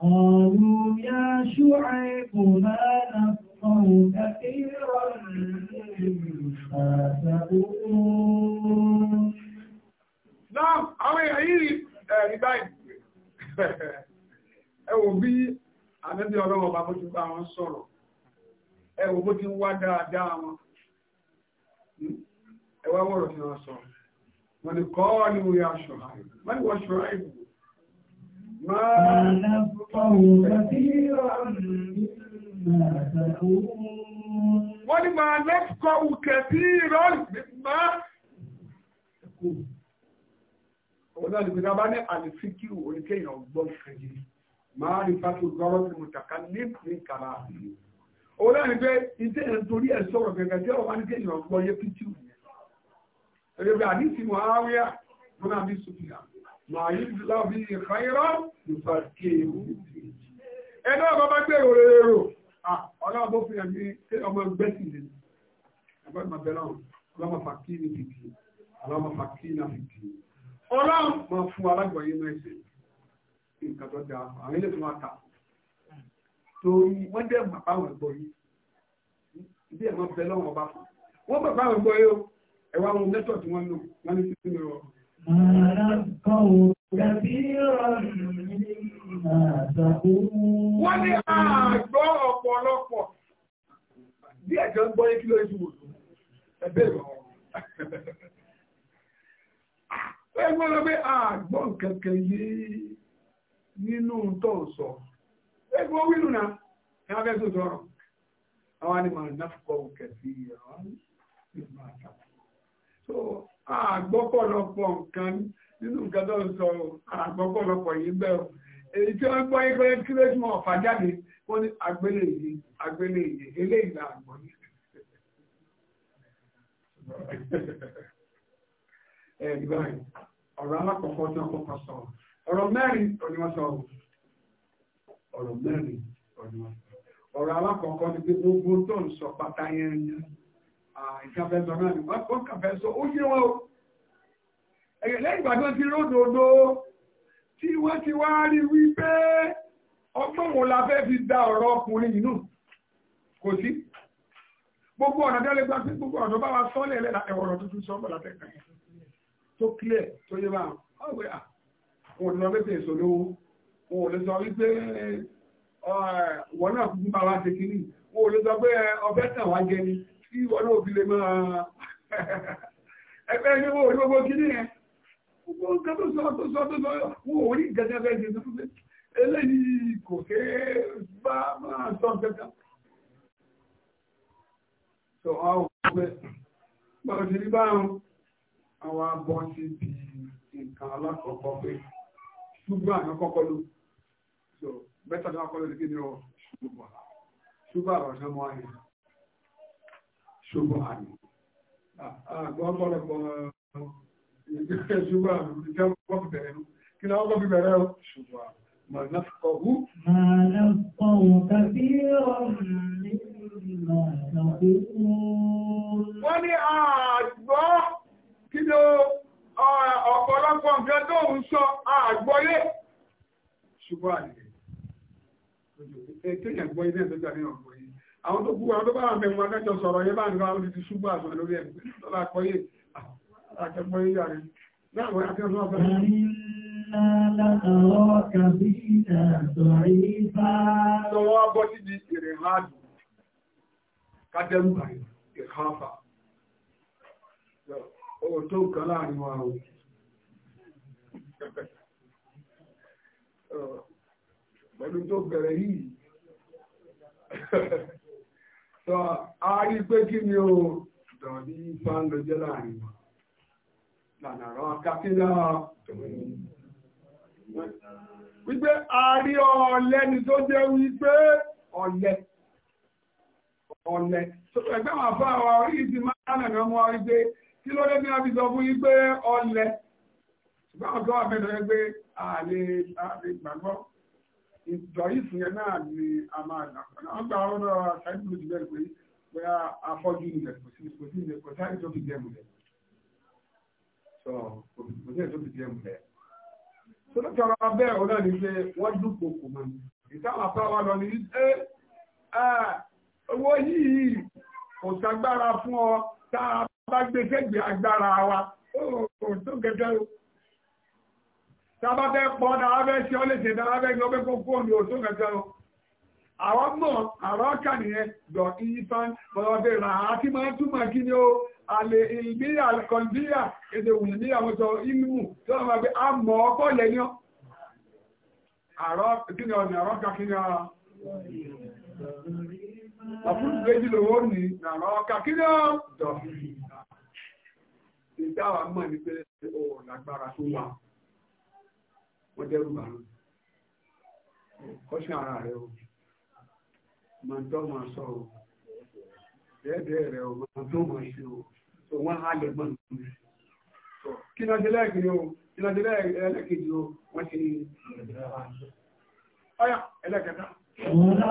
قالوا يا شعيب ما نفقه كثيرا مما تقول نعم àwọn èyí ẹ̀rí báyìí ẹ wò bí ànábì ọlọ́wọ́ bá bó ti bá wọn sọ̀rọ̀ wọ́n ni kọ́ọ̀lù ya ṣọ̀háì wọ́n ni wọ́n ṣọ̀háì máa wọ́n ni máa lọ́pọ̀ kẹfì rọ́ọ̀lù máa ọ̀wọ́n náà nígbà bá ní àlìfíkìrù oníkẹ́yìn ọgbọ́n kẹjì máa rí fásitì gọ́rọ́ sí mùtàkà ní kàrà àbí ọ̀wọ́n náà nígbà ìdí ẹ̀ torí ẹ̀ sọ̀rọ̀ gẹ̀gẹ̀ jẹ́ ọ̀wọ́n nígbà ìyàn ọgbọ́n yẹ pítì òní ẹgbẹ́ àdísì mọ̀háwíà mọ́nà bí sùfìyà máa yí lábí ìkáyírá ìfàkè ẹgbẹ́ ọba bá gbé òrè rò ọlọ́run bó fi hàn ní ṣé ọmọ ẹgbẹ́ sì lè ẹgbẹ́ ọmọ bẹ́ẹ̀ náà ọlọ́mọ fàkì ní fìdí ọlọ́mọ fàkì ní fìdí ọlọ́run máa fún alágbọ̀nyé náà ṣe nǹkan tó dáa àwọn ilé tó máa ta torí wọ́n dẹ̀ mọ̀ báwọn gbọ́ yìí ilé ẹ̀ máa bẹ lọ́wọ́ ọba fún wọ́n mọ̀ báwọn ẹwà wọn lẹ́tọ̀ tí wọ́n lò wọ́n ní títí lọ. wọ́n ní àgbọ̀ ọ̀pọ̀lọpọ̀ bí ẹ̀jọ̀ ń gbọ́ yé kí ló ti wò ló ẹ̀bẹ̀ lọ. [LAUGHS] ẹ gbọ́dọ̀ pé àgbọ̀ kẹ̀kẹ́ yé nínú tó sọ ẹ gbọ́ náà ẹ wá fẹ́ tó sọ̀rọ̀ àwọn ìgbà àtàkùn. so àgbọ́pọ̀lọpọ̀ nǹkan nínú nǹkan tó ń sọ àgbọ́pọ̀lọpọ̀ yìí bẹ́ẹ̀ o èyí tí wọ́n gbọ́ yín pé kí ló tún ọ̀fà jáde wọ́n ní agbélé yìí agbélé eléyìí là àgbọ̀ ẹ ẹ ọ̀rọ̀ alákọ̀ọ́kọ́ tí wọ́n kọ́kọ́ sọ ọ̀rọ̀ mẹ́rin òní ìkàfẹ́sọ ah, náà ni wọ́n kàfẹ́sọ ó yé wọn o ẹ̀yẹ̀ lẹ́yìn ìgbà tó ti ródòdó tí wọ́n ti wá rí wípé ọgbọ́n wo la fẹ́ fi da ọ̀rọ̀ ọkùnrin yìí nù kò sí gbogbo ọ̀nà tẹ́lẹ̀ gbà sí gbogbo ọ̀nà bá wa sọ́lẹ̀ lẹ́la ẹ̀wọ̀rọ̀ tuntun sọ́mọ̀ látẹ̀ kan tó clear tó yé bá ọ̀wẹ́ à ah, wọn ò lọ pé pèsè olówó wọn ò lè sọ wípé wọn náà fún bá wa ṣe kínní wọn ò lè sọ pé ọbẹ̀ tàn wá jẹ ni wọ́n náà fi lè máa ẹgbẹ́ ní wọ́n orí gbogbo kí ní ẹ gbogbo nǹkan tó sọ tó sọ tó sọ wọ́n orí gẹ́gẹ́ bẹ́ẹ̀ jẹ́ tó fẹ́ eléyìí kò ké bá máa sọ nǹkan so àwọn òkúgbẹ́ gbọ́dọ̀ ti rí báwọn àwọn abọ́ ti di nǹkan alákọ̀ọ́kọ́ pé ṣùgbọ́n àwọn kọ́kọ́ ló so bẹ́tà náà kọ́kọ́ ló kí ni ọ ṣùgbọ́n àwọn ọ̀sán mọ́ àyè ṣùgbọ́n àmì àgbọ̀ ọ̀pọ̀lọpọ̀ ìgbésẹ̀ ṣùgbọ́n àmì ìjẹ́ ọ̀pọ̀ bẹ̀rẹ̀ kí ni ọkọ̀ bíbẹ̀rẹ̀ ṣùgbọ́n àmì màá nàfọ̀kọ̀hú. màá nàfọ̀hún kàbí ọ̀rùn nígbà wọ́n ní àgbọ̀ kí ni ọ̀pọ̀lọpọ̀ nǹkan tó ń sọ àgbọ̀yé ṣùgbọ́n àmì ètò ìyàgbọ́ ilé ẹ̀dọ́jà àwọn tó kú àwọn tó bá wà mẹ́rin adájọ́ sọ̀rọ̀ yẹn bá nǹkan àwọn ti ṣubú àgbà lórí ẹ̀mí lọ́la àkọyé àjẹpọ̀ yìí yàrá náà wọ́n yàtọ̀ náà bẹ̀rẹ̀. Sọ̀rọ̀ wá bọ́ síbi ìrìnláàdù kádẹ́rùbà ìkáfà. Ó tó nǹkan láàrin wa o. Pẹ̀lú tó bẹ̀rẹ̀ yìí. [LAUGHS] sọ àárí pé kí ni o dọ̀bí ifá ń lọ́jọ́ láàrin wọn lànà àwọn akásílá wípé àárí ọ̀lẹ ni tó jẹ́ wípé ọ̀lẹ ọ̀lẹ ẹgbẹ́ wọn fún àwọn orí ti máa nàná mú ọ wípé kí ló dé bí wọn fi sọ fún wípé ọ̀lẹ ṣùgbọ́n àwọn tó wà mẹ́tọ́ pé àlè àlè gbàgbọ́ ìdọ̀rífù yẹn náà ni a máa nà pẹ̀lú àwọn gba ọ̀nà sáyẹ́dì ló ti bẹ́ẹ̀ pé bóyá afọ́jú ilẹ̀ kò sí kò sí ilẹ̀ kò sáyẹ́dì tó fi jẹ́ mulẹ̀ sọ kò sí ilẹ̀ tó fi jẹ́ mulẹ̀. tó ló tọrọ bẹ́ẹ̀ ọ̀nà ni pé wọ́n dúpọ̀ kò mọ́ ìtàwọn afẹ́ lọ ní ẹ owó yìí kò sagbára fún ọ tá a bá gbé sẹ́gbẹ̀ẹ́ agbára wa ó tó gẹ́gẹ́ o tábà fẹ́ pọ́ dára fẹ́ ṣe ọ́ lè ṣe dára fẹ́ gbọ́ pé kó fóònù òṣó kẹta lọ. àwọn mọ̀ àrọ́ kà nìyẹn dọ̀ ìyípan bọ̀lọ́dẹ̀ rà á tí máa túmọ̀ kí ni ó àlè ìbíyà kọ̀ǹbíyà èdè òun ní àwọn sọ ní àrọ́ kà kí ni mọ̀ ní pé ó lágbára tó wà ó dẹ́rù bá ń kọ́ṣán ara rẹ̀ o máa tọ́ máa sọ o bẹ́ẹ̀ rẹ̀ o máa tó máa ṣe o tó wọ́n á lè mọ́ nínú rẹ̀ kí lọ́jọ́ lẹ́ẹ̀kejì o kí lọ́jọ́ lẹ́ẹ̀kejì o wọ́n ti ní ọ̀yà ẹlẹ́kẹta. Ọ̀la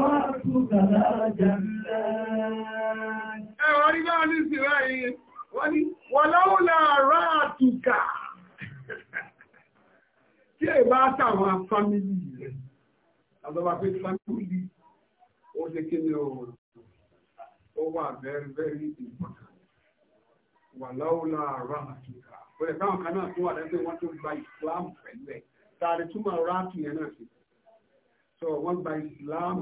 wà tún kàlá jàǹdà. wá sàwọn fámìlì rẹ̀ àtọ́wà pé fámìlì ó ṣe kí ni ọ̀rọ̀ ó wà very very important wà láwùlà ráàtìkà ó lè báwọn kan náà tó wà lẹ́gbẹ̀ẹ́ wọ́n tó gba ìsìláàmù pẹ̀lú ẹ̀ tààrí túmọ̀ ráàtì yẹn náà sí so wọ́n gba Islam.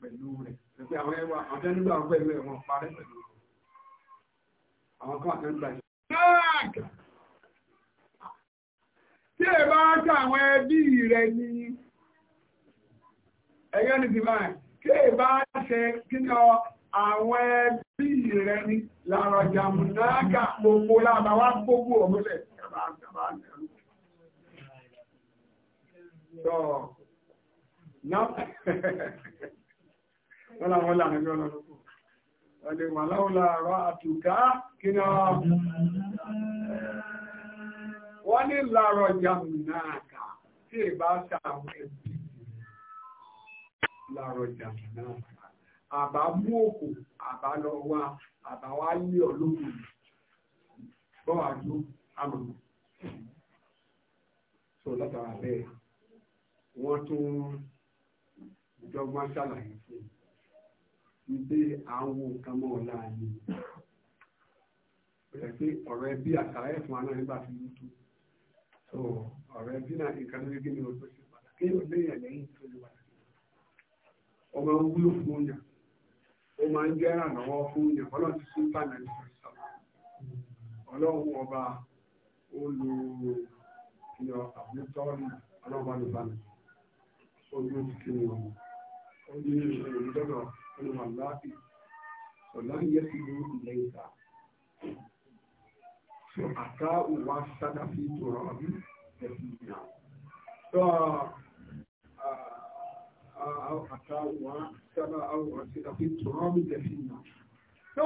pẹ̀lú rẹ̀ pẹ̀lú àwọn ẹwà àwọn tẹ́ nígbà wọn pẹ̀lú ẹ̀ wọn parẹ́ pẹ̀lú àwọn kan àtẹ́ ń gba ìsìláàmù tí ẹ bá ń ká àwọn ẹbí rẹ̀ ní ẹ̀yọ́ ní divine kí ẹ bá ń ṣe kí ni ọ àwọn ẹbí rẹ̀ ní làrọ̀ jàmùnáàgà gbogbo lábàá wá gbogbo ọ̀gbọ́lẹ̀ ẹ̀bá ń Wọ́n láwọn láàrin ọjọ́ lọ́rọ̀kú. Ọdí wà láwọn láàrọ̀ àtùká kí náà wọ́n ní làrọ̀ jàmù náà kà tí ì bá ṣàwọn ẹbí làrọ̀ jàmù náà kà àbá mú òkú àbá lọ wá àbá wá lé ọlọ́run bọ́ àjò àmọ̀ tó látara bẹ́ẹ̀ wọ́n tún ìjọba ṣàlàyé fún un pé àwọn nǹkan mọ́ ọ̀la ni ó yẹ pé ẹ̀fọn aná nígbà tí wọ́n tún so ọ̀rọ̀ ẹbí náà nǹkan ló gé ní ọjọ́ sí pàtàkì yóò léèyàn lẹ́yìn tó lè pàtàkì ó máa ń wúlò fún yàn ó máa ń jẹ́ ìrànlọ́wọ́ fún yàn ọlọ́run ti sún tànà ní sọ ọlọ́run ọba ó lo ìyọ àbútọ́ọ̀lù ọlọ́run ló bá mi ó ní oṣù kìíní ọmọ ó ní ìrìn lọ́dọ̀ ọlọ́run láti ọ̀la ń yẹ sí so àká òwà sádàfí tó rọrùn ní ẹ̀sìn ìyá so àká òwà sádàfí tó rọrùn ní ẹ̀sìn ìyá so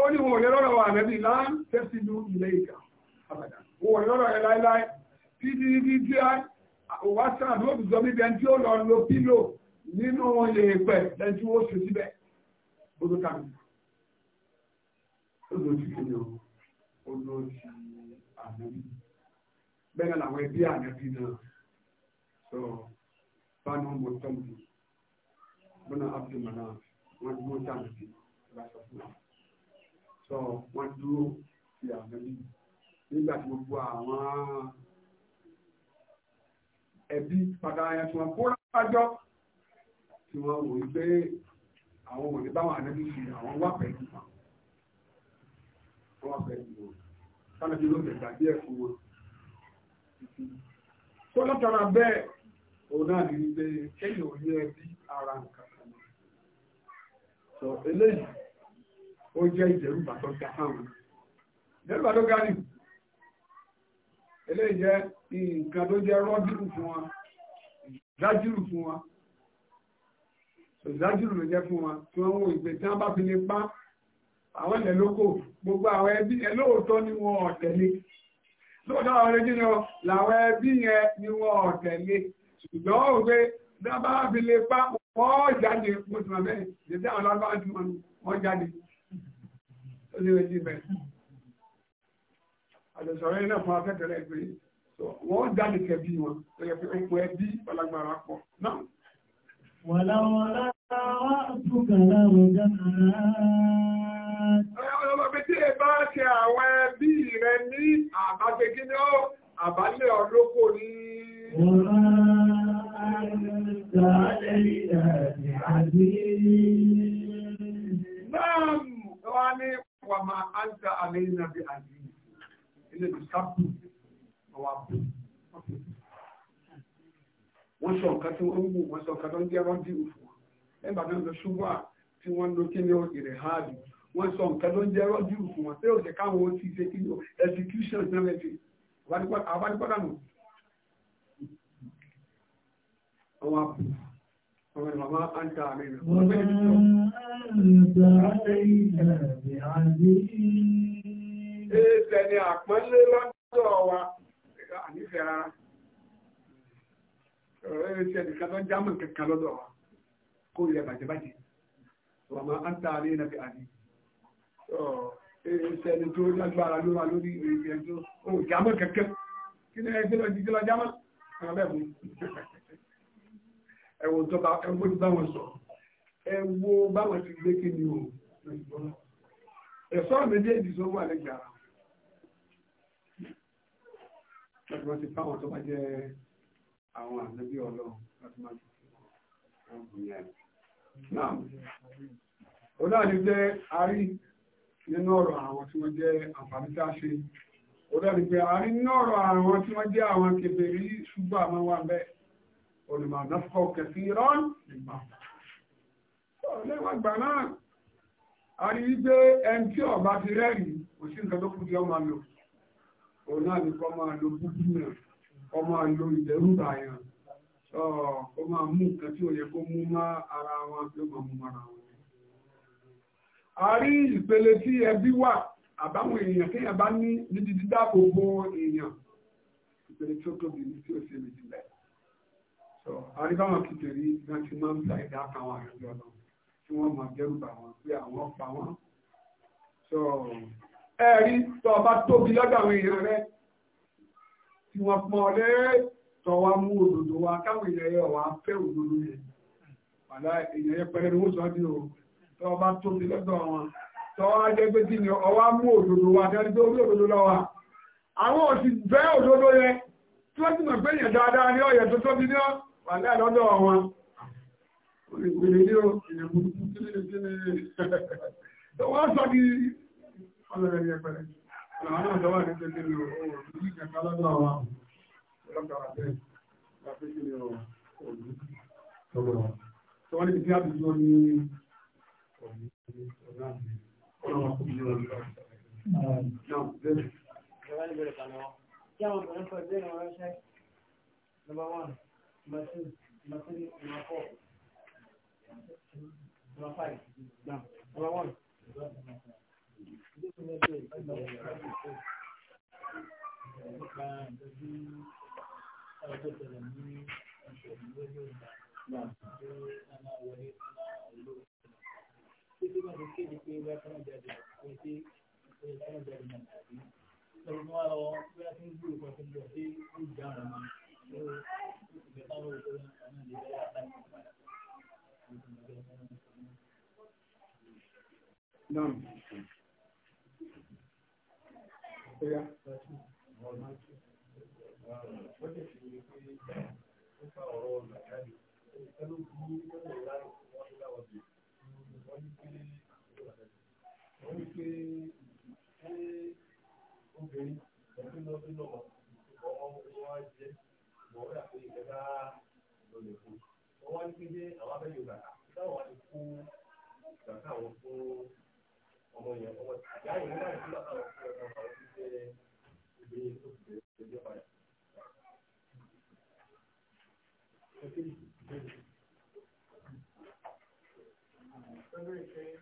ó ní wọn ò lè lọ́rọ̀ wà lẹ́bí láń tẹ́sí ní ilé ìgbà àbàdà wọn ò lè lọ́rọ̀ ẹ̀ láíláí títí títí tí òwà sádàfí ó bùzọ́ bíbẹ́ o ó lọ lo pílò nínú ilé ìpẹ́ lẹ́yìn tí wọ́n ṣe síbẹ̀ ó ló kàmí ó ti kéde ọ̀hún ó dúró ti ànábì bẹ́ẹ̀ náà làwọn ẹbí ànábì náà sọ bánú mọ́tọ́mù bọ́nà abdulmana wọ́n dúró ti ànábì fún wa sọ wọ́n dúró ti ànábì nígbà tí gbogbo àwọn ẹbí padà ayé tí wọ́n kó lájọ́ tí wọ́n wò ó pé àwọn òní báwọn ànábì fi àwọn wà pẹ̀lú wọn wà pẹ̀lú wọn sáàbí ló bẹ̀gbà díẹ̀ fún wọn tó látara bẹ́ẹ̀ òun náà ní pé kéèyàn ò ní ẹbí ara nǹkan kan sọ eléyìí ó jẹ́ ìjẹ̀rúbà tó ga fáwọn ìjẹ̀rúbà tó ga nì eléyìí jẹ́ nǹkan tó jẹ́ rọ́dìrù fún wọn ìdájìrù fún wọn ìdájìrù ló jẹ́ fún wọn tí wọ́n ń wo ìgbé tí wọ́n bá fi lè pa àwọn ilẹ̀ lóko gbogbo àwọn ẹbí yẹn lóòótọ́ ni wọ́n ọ̀tẹ̀lé lóòótọ́ àwọn ẹbí yẹn làwọn ẹbí yẹn ni wọ́n ọ̀tẹ̀lé ṣùgbọ́n ó gbé dábàá fi lè pa wọ́n jáde mo ti mọ̀ bẹ́ẹ̀ jẹ́jẹ́ àwọn lágbára ti mọ̀ wọ́n jáde ó lè rẹ̀ sí bẹ́ẹ̀ àjọsọ̀rọ̀ yẹn náà fún akẹ́kẹ̀rẹ́ ìgbé wọ́n jáde kẹbí wọn tó yẹ pé ó pọ̀ ẹbí ọlágbára pọ̀ náà. wàlàwàlà wà á tún kàlà wọ̀ bá ṣe àwọn ẹbí rẹ ní àbájegí ní ó àbálẹ̀ ọlọ́kò ní. Wọ́n ní wà máa ń ta àlẹ́ ìnàbí àjí ilé ìsápù ọwà sọ nǹkan tí wọ́n ń wọ́n sọ nǹkan tó ń jẹ́ wọ́n òfò. Ẹgbàá lọ ṣubú tí wọ́n ń lo kí ni wọ́n sọ nǹkan ló ń jẹ́ rọ́jú fún wọn tí ó jẹ́ káwọn ó ti ṣe kí ló execution náà mẹ́fì àbádìpọ́dà nù. àwọn àpò àwọn ìmọ̀mọ́ àǹtà rẹ̀ rẹ̀ wọ́n bẹ́ẹ̀ ní sọ. ẹ̀ẹ́dẹ̀ ni àpọ́nlé lọ́dọ̀ wa ànífẹ́ rárá ọ̀rẹ́ ṣe ẹnìkan tó ń jámọ̀ kankan lọ́dọ̀ wa kó ilẹ̀ bàjẹ́ bàjẹ́ wàmọ̀ àǹtà rẹ̀ rẹ̀ bí àdìyẹ ẹni tó lágbára ló wà lórí ìrìn ẹjọ́ ohun ìjámọ́ kẹ́kẹ́ kí ní ẹgbẹ́ lọ jíjẹ́ lọ jámọ́ àwọn bẹ́ẹ̀ fún ẹwọ́n tó bá ẹwọ́n bá wọn sọ ẹwọ́ bá wọn ti gbé kí ni o ẹ̀sọ́ méjèèjì tó wà lẹ́gbẹ̀ẹ́ ara láti wọ́n ti fáwọn tó bá jẹ́ àwọn ànábí ọlọ́run láti má jù wọn bù nínú ọ̀rọ̀ àwọn tí wọ́n jẹ́ àǹfààní tá a ṣe ó dàbí pé àárín nínú ọ̀rọ̀ àwọn tí wọ́n jẹ́ àwọn kèbèrí ṣùgbọ́n àmọ́ wà ń bẹ́ olùmọ̀ náfọ́ kẹfì rán nígbà lẹ́wọ̀n gbà náà a rí wípé ẹni tí ọba ti rẹ́rì kò sí nǹkan tó kù tí ọmọ lò òun náà ni kọ́ máa lo búburú náà kọ́ máa lo ìdẹ́rùbà yẹn kọ́ máa mú nǹkan tí ò yẹ kó mú má ara wọn ló máa mú mọ́ra wọn a rí ìpele tí ẹbí wà àbáwọn èèyàn kéèyàn bá ní níbi dídáàbò bo èèyàn ìpele tí ó tóbi ní tí ó ṣe lè jùlẹ̀ so a rí báwọn kìtìrí náà ti máa ń ta ìdá àwọn àjọ lọ tí wọ́n máa dẹ́rù bà pé àwọn pa wọ́n so ẹ rí tó o bá tóbi lọ́dọ̀ àwọn èèyàn rẹ tí wọ́n pọ́n lé tó wá mú òdòdó wa káwọn èèyàn yẹ wà fẹ́ òdòdó yẹn wàlá èèyàn yẹ pẹrẹ ni wọ́n sọ ọ́ tó ọba tóbi lọ́dọ̀ wọn tó wá jẹ́ pé kí ni ọwá mú òdodo wa tẹ́lí pé orí òdodo lọ́wà àwọn òsì bẹ́ òdodo yẹ tí wọ́n ti mọ̀ pé èèyàn dáadáa ní ọ̀yẹ̀ tó tóbi ní wà ní àlọ́dọ̀ wọn ìpele ní o ìyẹn burúkú kí ni kí ni wọ́n sọ ní ọlọ́rẹ̀ yẹn pẹ̀lẹ́ àwọn náà tó ní pé kí o òbí kẹta lọ́dọ̀ wọn lọ́dọ̀ wọn bẹ́ẹ̀ wọ́n pé kí ni o Number one, number two, number three, number four, number five, number one. Yeah títí wọn ti kéde pé wọn fẹ́ràn jáde wọn ti wọn fẹ́ràn jáde náà tàbí lọ́wọ́ wọn lọ bí wọn ti ń gbúrò kan tó ń bọ̀ sí ìjà ọ̀rọ̀ wípé ṣé obìnrin ẹbí lọ bí lọ ọmọ wọn jẹ wọn rà pé ìjọba ló lè fún wọn wá ní kéde àwọn abẹ́ yorùbá táwọn wá ti kó gbàgbà àwọn fún ọmọ yẹn ọmọ ìyá yìí nígbà tí wọn fún ọmọ àwọn ti jẹ obìnrin tó ti bẹ̀rẹ̀ tó jẹ padà. Thank you.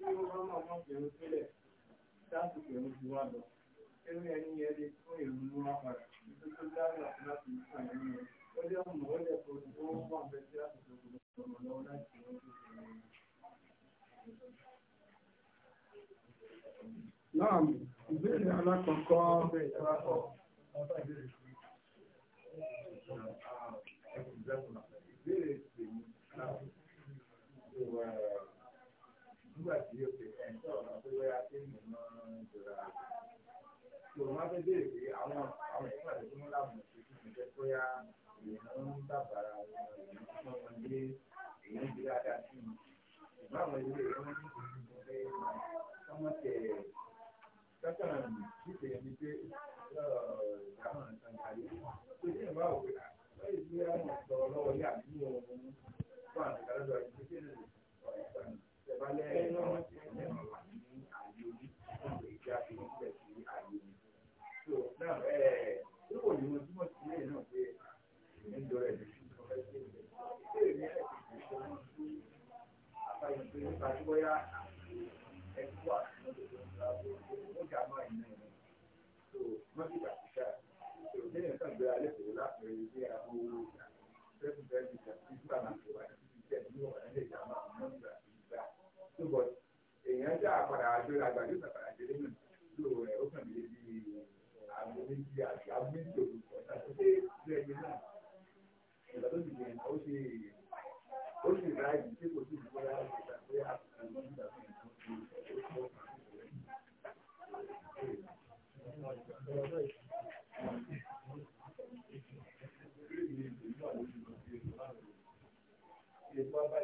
Náà ìbéèrè alákọ̀ọ́kọ́ ìbéèrè tèmi nígbà tí o pè ẹ̀ ń tí mò ń rán tí o máa fẹ́ béèrè pé àwọn àwọn ìgbà tó mú láwọn ìṣe tí mo fẹ́ bóyá èèyàn ń bàbàrà èèyàn tí wọ́n wọn lé èèyàn bí dáadáa sí i ìgbà àwọn ilé ìwé wọn ní ìlú ìgbọ̀nfẹ́ ọmọ tẹ̀ sátán ìṣèjọba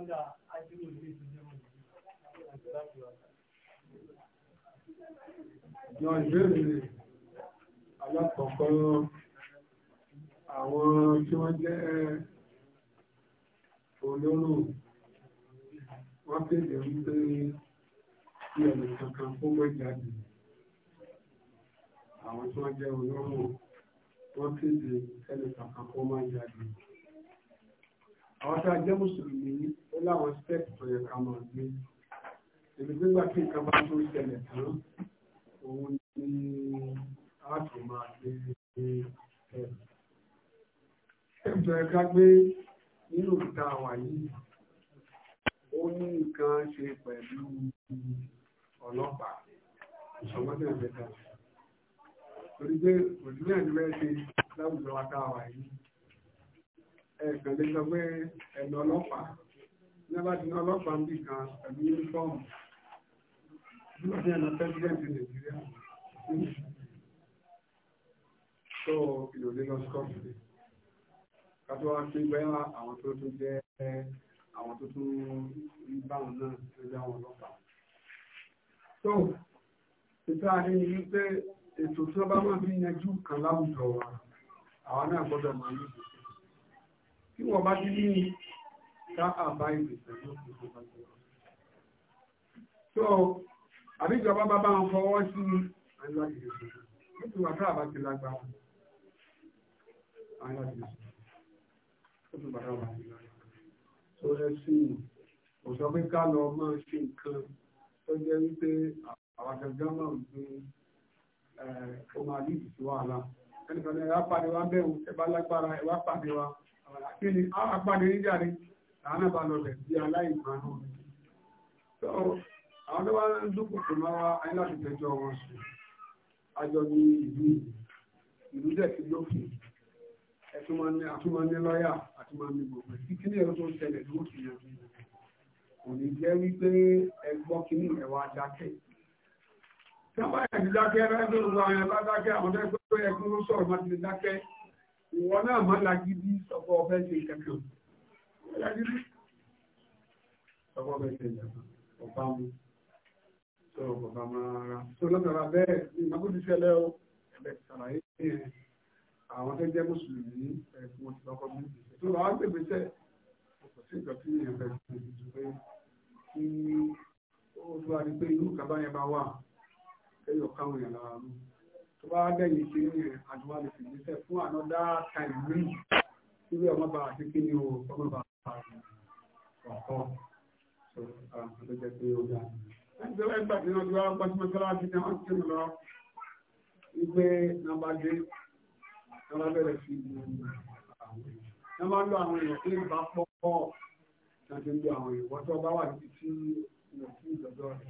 Yọ ìbéèrè alákọ̀ọ́kọ́ àwọn tí wọ́n jẹ́ olóró wọ́n kéde wípé kí ẹ̀nà kankan kó mọ́ jáde. Àwọn tí wọ́n jẹ́ olóró wọ́n kéde ẹ̀nà kankan kó mọ́ jáde àwọn tá a jẹ́ mùsùlùmí ó láwọn step tó yẹ ká máa gbé èmi gbégbà kí nǹkan bá tó ṣẹlẹ̀ tán òun ni a tó máa gbé ẹ̀. step tó yẹ ká gbé nínú ìta wà yìí ó ní nǹkan ṣe pẹ̀lú ọlọ́pàá ìṣọ̀gbọ́n tẹ̀lé tẹ̀lé torí pé òdìlẹ̀ ìdílé ṣe láwùjọ wa tá yìí ẹ̀kàn lè sọ pé ẹ̀nà ọlọ́pàá nígbà tí ọlọ́pàá ń bì kan pẹ̀lú yúnífọ́ọ̀mù nígbà tí ẹ̀nà pẹ́sidẹ́ǹtì nàìjíríà tó ìròlé lọ skọ́ọ̀tì kátó wá pé bẹ́ẹ̀ àwọn tó tún jẹ́ àwọn tó tún rí báwọn náà tó jẹ́ àwọn ọlọ́pàá tó ìta ní wípé ètò tí wọ́n bá máa fi yanjú kan láwùjọ wa àwọn náà gbọ́dọ̀ máa yíjú tí wọ́n bá dídí ní ká àbá ìgbésẹ̀ ló ti ṣe bá jẹ́ so àbíjọba bá bá ń fọwọ́ sí aláàdìsí ó ti so ẹsìn kò sọ pé ká lọ máa ṣe nǹkan tó jẹ́ wípé àwọn àgbẹ̀gbẹ̀ máa ń gbé ó máa ní ìdìsí wàhálà ẹnìkan ní ẹ wá pàdé wa bẹ́ẹ̀ ẹ bá wá kí ni àwọn apáni níjà ni àwọn àbá lọ bẹ̀ bí aláìmọ̀ náà ni. tó àwọn tó bá ń dúkùkù máa wá ayé láti tẹjọ́ wọn sùn àjọ ní ìlú ìlú dẹ̀ ti lófin àtúmọ̀ní lọ́yà àtúmọ̀ní gbogbo títí ní ẹ̀rọ tó ń ṣẹlẹ̀ ló ti yàn kò ní jẹ́ wípé ẹgbọ́ kínú ẹ̀wà dákẹ́ tí wọ́n bá yẹ̀ ní dákẹ́ rẹ́ tó lọ́wọ́ àwọn ẹ̀bá ìwọ náà má lágídí sọ́kọ́ ọ̀fẹ́ ṣe ìkẹ́kọ̀ọ́ lágídí sọ́kọ́ ọ̀fẹ́ ṣe ìjàmbá ọ̀pá mu tó ọ̀pá máa ra tó lọ́kàrà bẹ́ẹ̀ ní ìmọ̀kúndì ṣẹlẹ̀ o ẹ̀bẹ̀ sàlàyé yẹn àwọn tó jẹ́ mùsùlùmí ẹ̀kún wọn ti lọ́kọ́ mú ìgbésẹ̀ tó lọ́wọ́ gbègbè tẹ̀ kò sí ìjọ tí ìyẹn fẹ́ẹ́ fi ju pé kí ó tó wá ní pé irú kaba bá wà kẹ́yọ̀ káwọn yẹn lára mú tó bá wá bẹ̀yìn sí ní rẹ̀ àdúrà lè fi gbèsè fún ànọ́dá táì rí irú ọmọ bá àti kí ni o ọmọ bá àti ọ̀kọ́ tó ló jẹ́ pé ó dáa. ẹni tó lẹ́gbà tí wọ́n ti wá pọ́sí mọ́sálásí ni wọ́n ti lọ wípé nàbà dé nàbà bẹ̀rẹ̀ sí ní nàbà lọ àwọn èèyàn tí ìbá pọ̀ pọ̀ láti lo àwọn èèyàn tó bá wà níbi tí ìlọsí ìdọ́dọ́ rẹ̀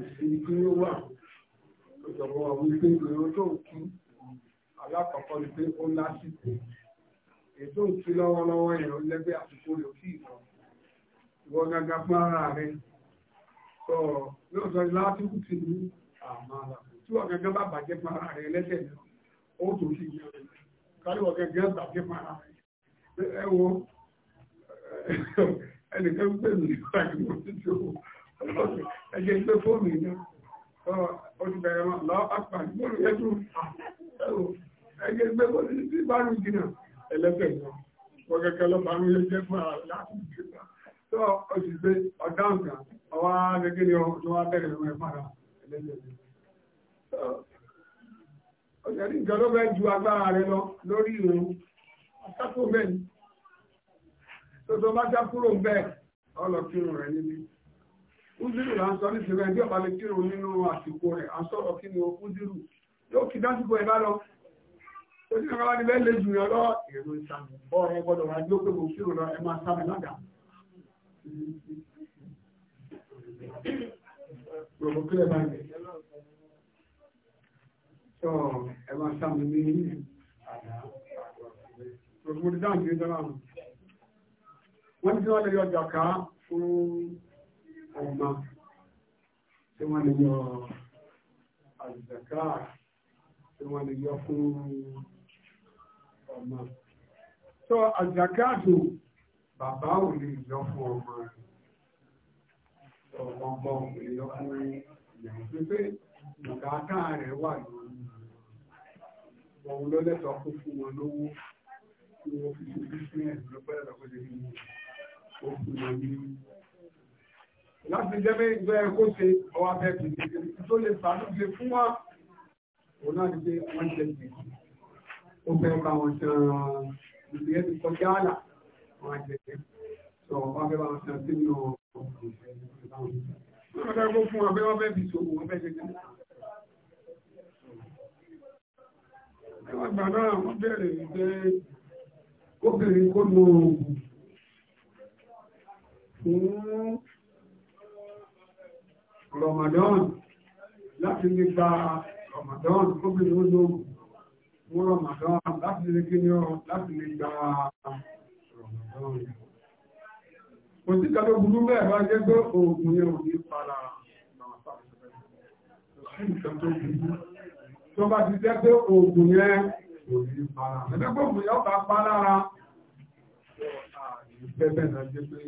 ìsinmi tí ó wà ìjọba wà wípé èrò tó ń kú alákọ̀ọ́kọ́ ni pé ó lásìkò ètò ń kú lọ́wọ́lọ́wọ́ yẹn ó lẹ́gbẹ́ àsìkò rẹ̀ sí ìtọ́ ìwọ gaga fún ara rẹ̀ sọ yóò sọ lásìkò ti ní àmà àlàkù tí wọ́n gaga bá bàjẹ́ fún ara rẹ̀ lẹ́sẹ̀ náà ó tó sì yẹ káríwọ̀ gaga bàjẹ́ fún ara ẹnìkan ń pè mí láti mọ títí o ẹjẹ gbé fóònù iná ó ti bẹ̀rẹ̀ wọn lọ apá fóònù yẹn tún ẹjẹ gbé fóònù títí bá mi jìnnà ẹlẹ́sẹ̀ náà wọ́n kẹ́kẹ́ lọ́ba mi yẹn jẹ́ fún àwọn láti jìnnà tó o sì gbé ọ̀dá nǹkan ọwọ́ gẹ́gẹ́ ni ọdún wa bẹ̀rẹ̀ lọ́wọ́ ẹ̀ fara ẹlẹ́sẹ̀ náà. ọ̀sẹ̀ ní ìjọba ju agbára rẹ lọ lórí ìrìn àtàkùn mẹ́rin tó bá já kúrò bẹ́ẹ̀ ọlọ kírun rẹ̀ níbi uziru là ń sọ ní ìṣẹ̀lẹ̀ ẹbí ọba lè kírun nínú àsìkò rẹ̀ à ń sọ̀rọ̀ kí ni uziru yóò kí dásìkò ẹ bá lọ ojú kan wá ní bẹ́ẹ̀ lè jù yàn lọ èrò ìsàmì bọ́ọ̀rọ̀ ẹ gbọ́dọ̀ wá jókè mọ̀ kírun lọ ẹ máa sàmì lọ́dà gbogbo kílẹ̀ báyìí sọ ẹ máa sàmì ní àdá gbogbo dídáǹkì ìjọba àwọn wọ́n ti wọ́n lè yọ jàká fún ọmọ tí wọ́n lè yọ àjàká tí wọ́n lè yọ fún ọmọ. So àjàká àdó bàbá ò lè yọ fún ọmọ rẹ̀. Ọ̀pọ̀ ò lè yọ fún ìyàwó pípé ìgbàká rẹ̀ wà lórí. Òun ló lẹ́tọ̀ọ́ fún wọn lówó tí wọ́n fi ṣe bísí ẹ̀ lọ́pẹ́ ẹ̀rọ pé láti jẹ́ pé ìjọ ẹ̀kọ́ ṣe ọwọ́ abẹ́ ti ṣe tó lè sàánú lè fún wa òun náà ti pé wọ́n ṣe ṣe ó fẹ́ bá wọn ṣe ìdí ẹ̀ ti kọjá àlà wọn ṣe ṣe sọ wọn fẹ́ bá wọn ṣe ṣe nínú ọ̀gbọ̀n ọ̀gbọ̀n ọ̀gbọ̀n bẹ́ẹ̀ wọ́n fẹ́ ṣòwò wọn fẹ́ ṣe ṣe. ẹ̀wọ̀n gbàdúrà wọn bẹ̀rẹ̀ ìgbẹ́ kóbìnrin kó lo oògùn fún Ramadan láti lè gba Ramadan obìnrin olóògùn fún Ramadan láti lè kíní ọ láti lè gba Ramadan. Kò sí kàtó burú bẹ́ẹ̀ bá jẹ́ pé oògùn yẹn ò ní para tó bá ti jẹ́ pé oògùn yẹn kò ní para. Ẹgbẹ́ gbogbo yóò bá pa lára. Bẹ́ẹ̀ náà jẹ́ pé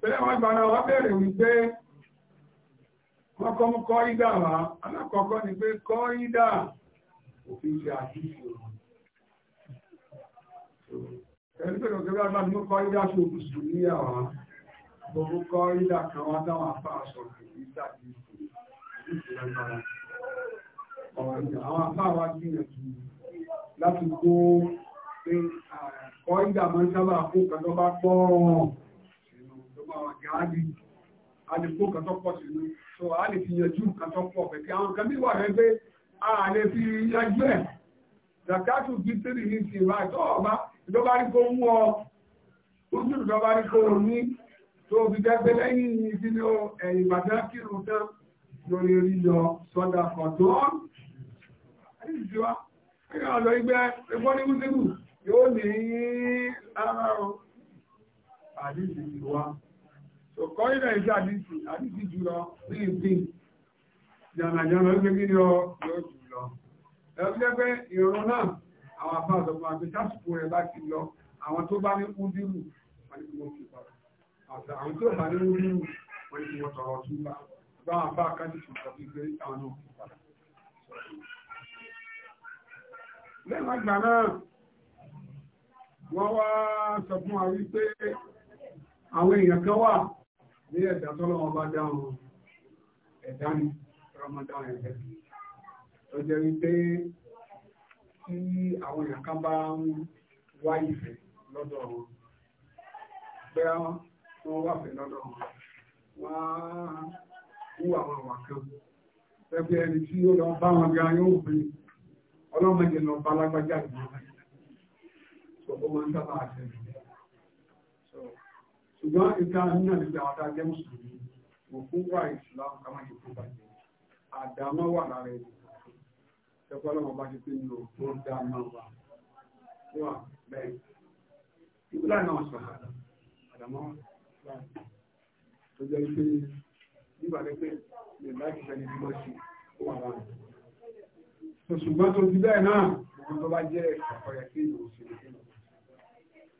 Bẹ́ẹ̀ wọ́n gbàna wá bẹ̀rẹ̀ wípé wọ́n kọ́ mú kọ́ ìdá wá, alákọ̀ọ́kọ́ ni pé kọ́ ìdá òfin ṣe àdíṣe òun. Ẹni pẹ̀lú ọ̀gẹ́gẹ́ bá mú kọ́ ìdá ṣe òkùsù ní àwá, gbogbo kọ́ ìdá kan wá dáwọn afá aṣọ Àwọn afá wa gbìyànjú láti gbó pé ààrẹ kọ́ ìgbà máa ń sábà fún kan tó bá pọ̀ sínú tó bá wà gáàdì a lè fún kan tó pọ̀ a lè fi yanjú kan pọ̀ pẹ̀kẹ́ àwọn kan bí wà rẹ̀ pé a lè fi yanjú ẹ̀ zakatu gitiri ní ti ìwà tó ọba ìjọba rí kó mú ọ ojú ìjọba rí kó ní tó fi dẹ́gbẹ́ lẹ́yìn ìdílé ẹ̀yìn bàtà kírun tán lórí rí yọ sọ́dà kọ̀tọ́ ẹ̀yìn ìjọba ẹ̀yìn yóò ní ara ọ àdìsí ti wá ṣòkọ́ ilẹ̀ iṣẹ́ àdìsí àdìsí jùlọ ní ìpín jàǹdàjàǹdà ló gbé lọ yóò jùlọ ẹgbẹ́ pé ìrún náà àwọn àfáàsọ fún àgbẹ̀ sásìkò rẹ̀ bá ti lọ àwọn tó bá ní kúndínlù wọn ni kí wọ́n fi padà àwọn tó bá ní kúndínlù wọn ni kí wọ́n tọrọ tún bá bá àwọn afá kan ti ṣùgbọ́n bí gbé àwọn náà fi padà lẹ́nu àgbà náà wọ́n wá sọ fún wa wípé àwọn èèyàn kan wà ní ẹ̀dá tọ́lọ́wọ́n bá dá wọn ẹ̀dá ni ramadan ẹ̀dá tó jẹ́ wípé tí àwọn èèyàn kan bá ń wá ìfẹ́ lọ́dọ̀ wọn pé wọ́n wà fẹ́ lọ́dọ̀ wọn wọ́n á wú àwọn àwà kan pẹ́pẹ́ ẹni tí ó lọ bá wọn gan yóò fi ọlọ́mọdé lọ bá lágbájá ìmọ̀ràn ó máa ń sábà àṣẹjù ṣùgbọ́n ìta nínú àlejò àwọn adájẹ́ mùsùlùmí wò fún wà ìsìláàmù ká má ti kó bàjẹ́ àdámọ́ wà lára ẹ̀dùn ẹ̀kọ́ ọlọ́mọ bá ti pín ní o tó dá máa wà wà bẹ́ẹ̀ ìgbìlá náà sọ̀rọ̀ àdámọ́ wà tó jẹ́ pé nígbà pé lè láti fẹ́ni tí wọ́n ṣe ó wà lára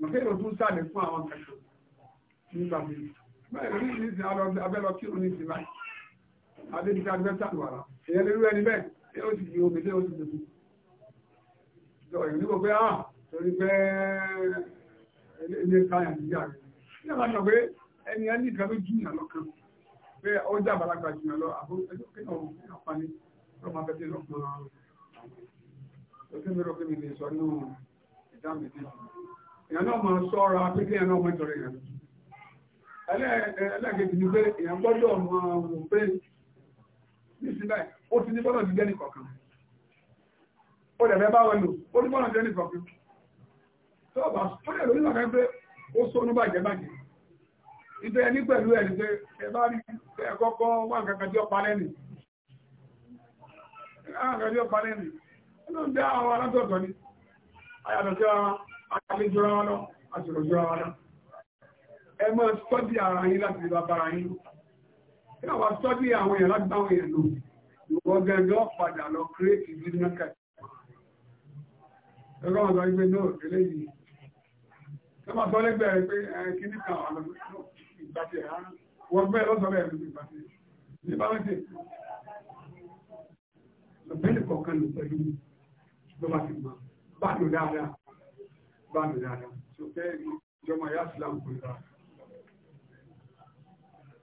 mọ̀tẹ́ ìlú tún sàmì fún àwọn kẹsàn nígbà mi bẹ́ẹ̀ ní ní ti abẹ́lọ kí òun ní ti báyìí adébíkà gbẹ́ sàlùwàrà èyẹ lérú ẹni bẹ́ẹ̀ tí ó sì fi omi tí ó sì dùn lọ ìlú kò pé ah torí pé ilé sáyà ti jà rẹ̀ ní àwọn àgbà pé ẹni ẹni ìgbà tó jìyàn lọ́kàn pé ó jà balagba jìyàn lọ àbó ẹjọ́ kí náà ó pa ní lọ́ máa fẹ́ lọ́kàn ọ̀rọ̀ òkè mi rọ̀ pé mi lè sọ nínú ìdáhùn ìdíjì èèyàn náà máa ṣọ́ra pé kí èèyàn náà mọ̀ ìjọra èèyàn ẹlẹ́gẹ̀ẹ́gì ni pé èèyàn gbọ́dọ̀ máa wò pé nísìnyí ó ti ní bọ́dọ̀ ti jẹ́ nìkọ̀ọ̀kan ó dẹ̀ fẹ́ bá lò ó tó ó dẹ̀ lórí pé ó bàjẹ́ bàjẹ́ pẹ̀lú pé ẹ bá rí ẹ kọ́kọ́ tí ó àlejòra wọn lọ àtìròjòra wọn lọ ẹ mọ́ sọ́dí ara yín láti lè bàbára yín kí náà wá sọ́dí àwọn èèyàn láti báwọn èèyàn lò ìwọ gẹ́gẹ́ padà lọ kírètì business card ẹgbẹ́ wọn sọ wípé náà eléyìí tó máa sọ lẹ́gbẹ̀ẹ́ pé kíní kan wà lọ́wọ́ ìgbà tí ẹ̀ wọ́n gbẹ́ lọ́sọ̀ bẹ́ẹ̀ lọ́sọ̀ ìgbà tí ẹ̀ ní bá wọ́n ti lọ́bẹ̀ẹ́lì kọ̀ọ̀kan lò pẹ̀lú ló bá ti mọ̀ bá lò dáadáa bá mi dáadáa tó fẹ́ ìjọmọ ìyá islam kò lè dáadáa.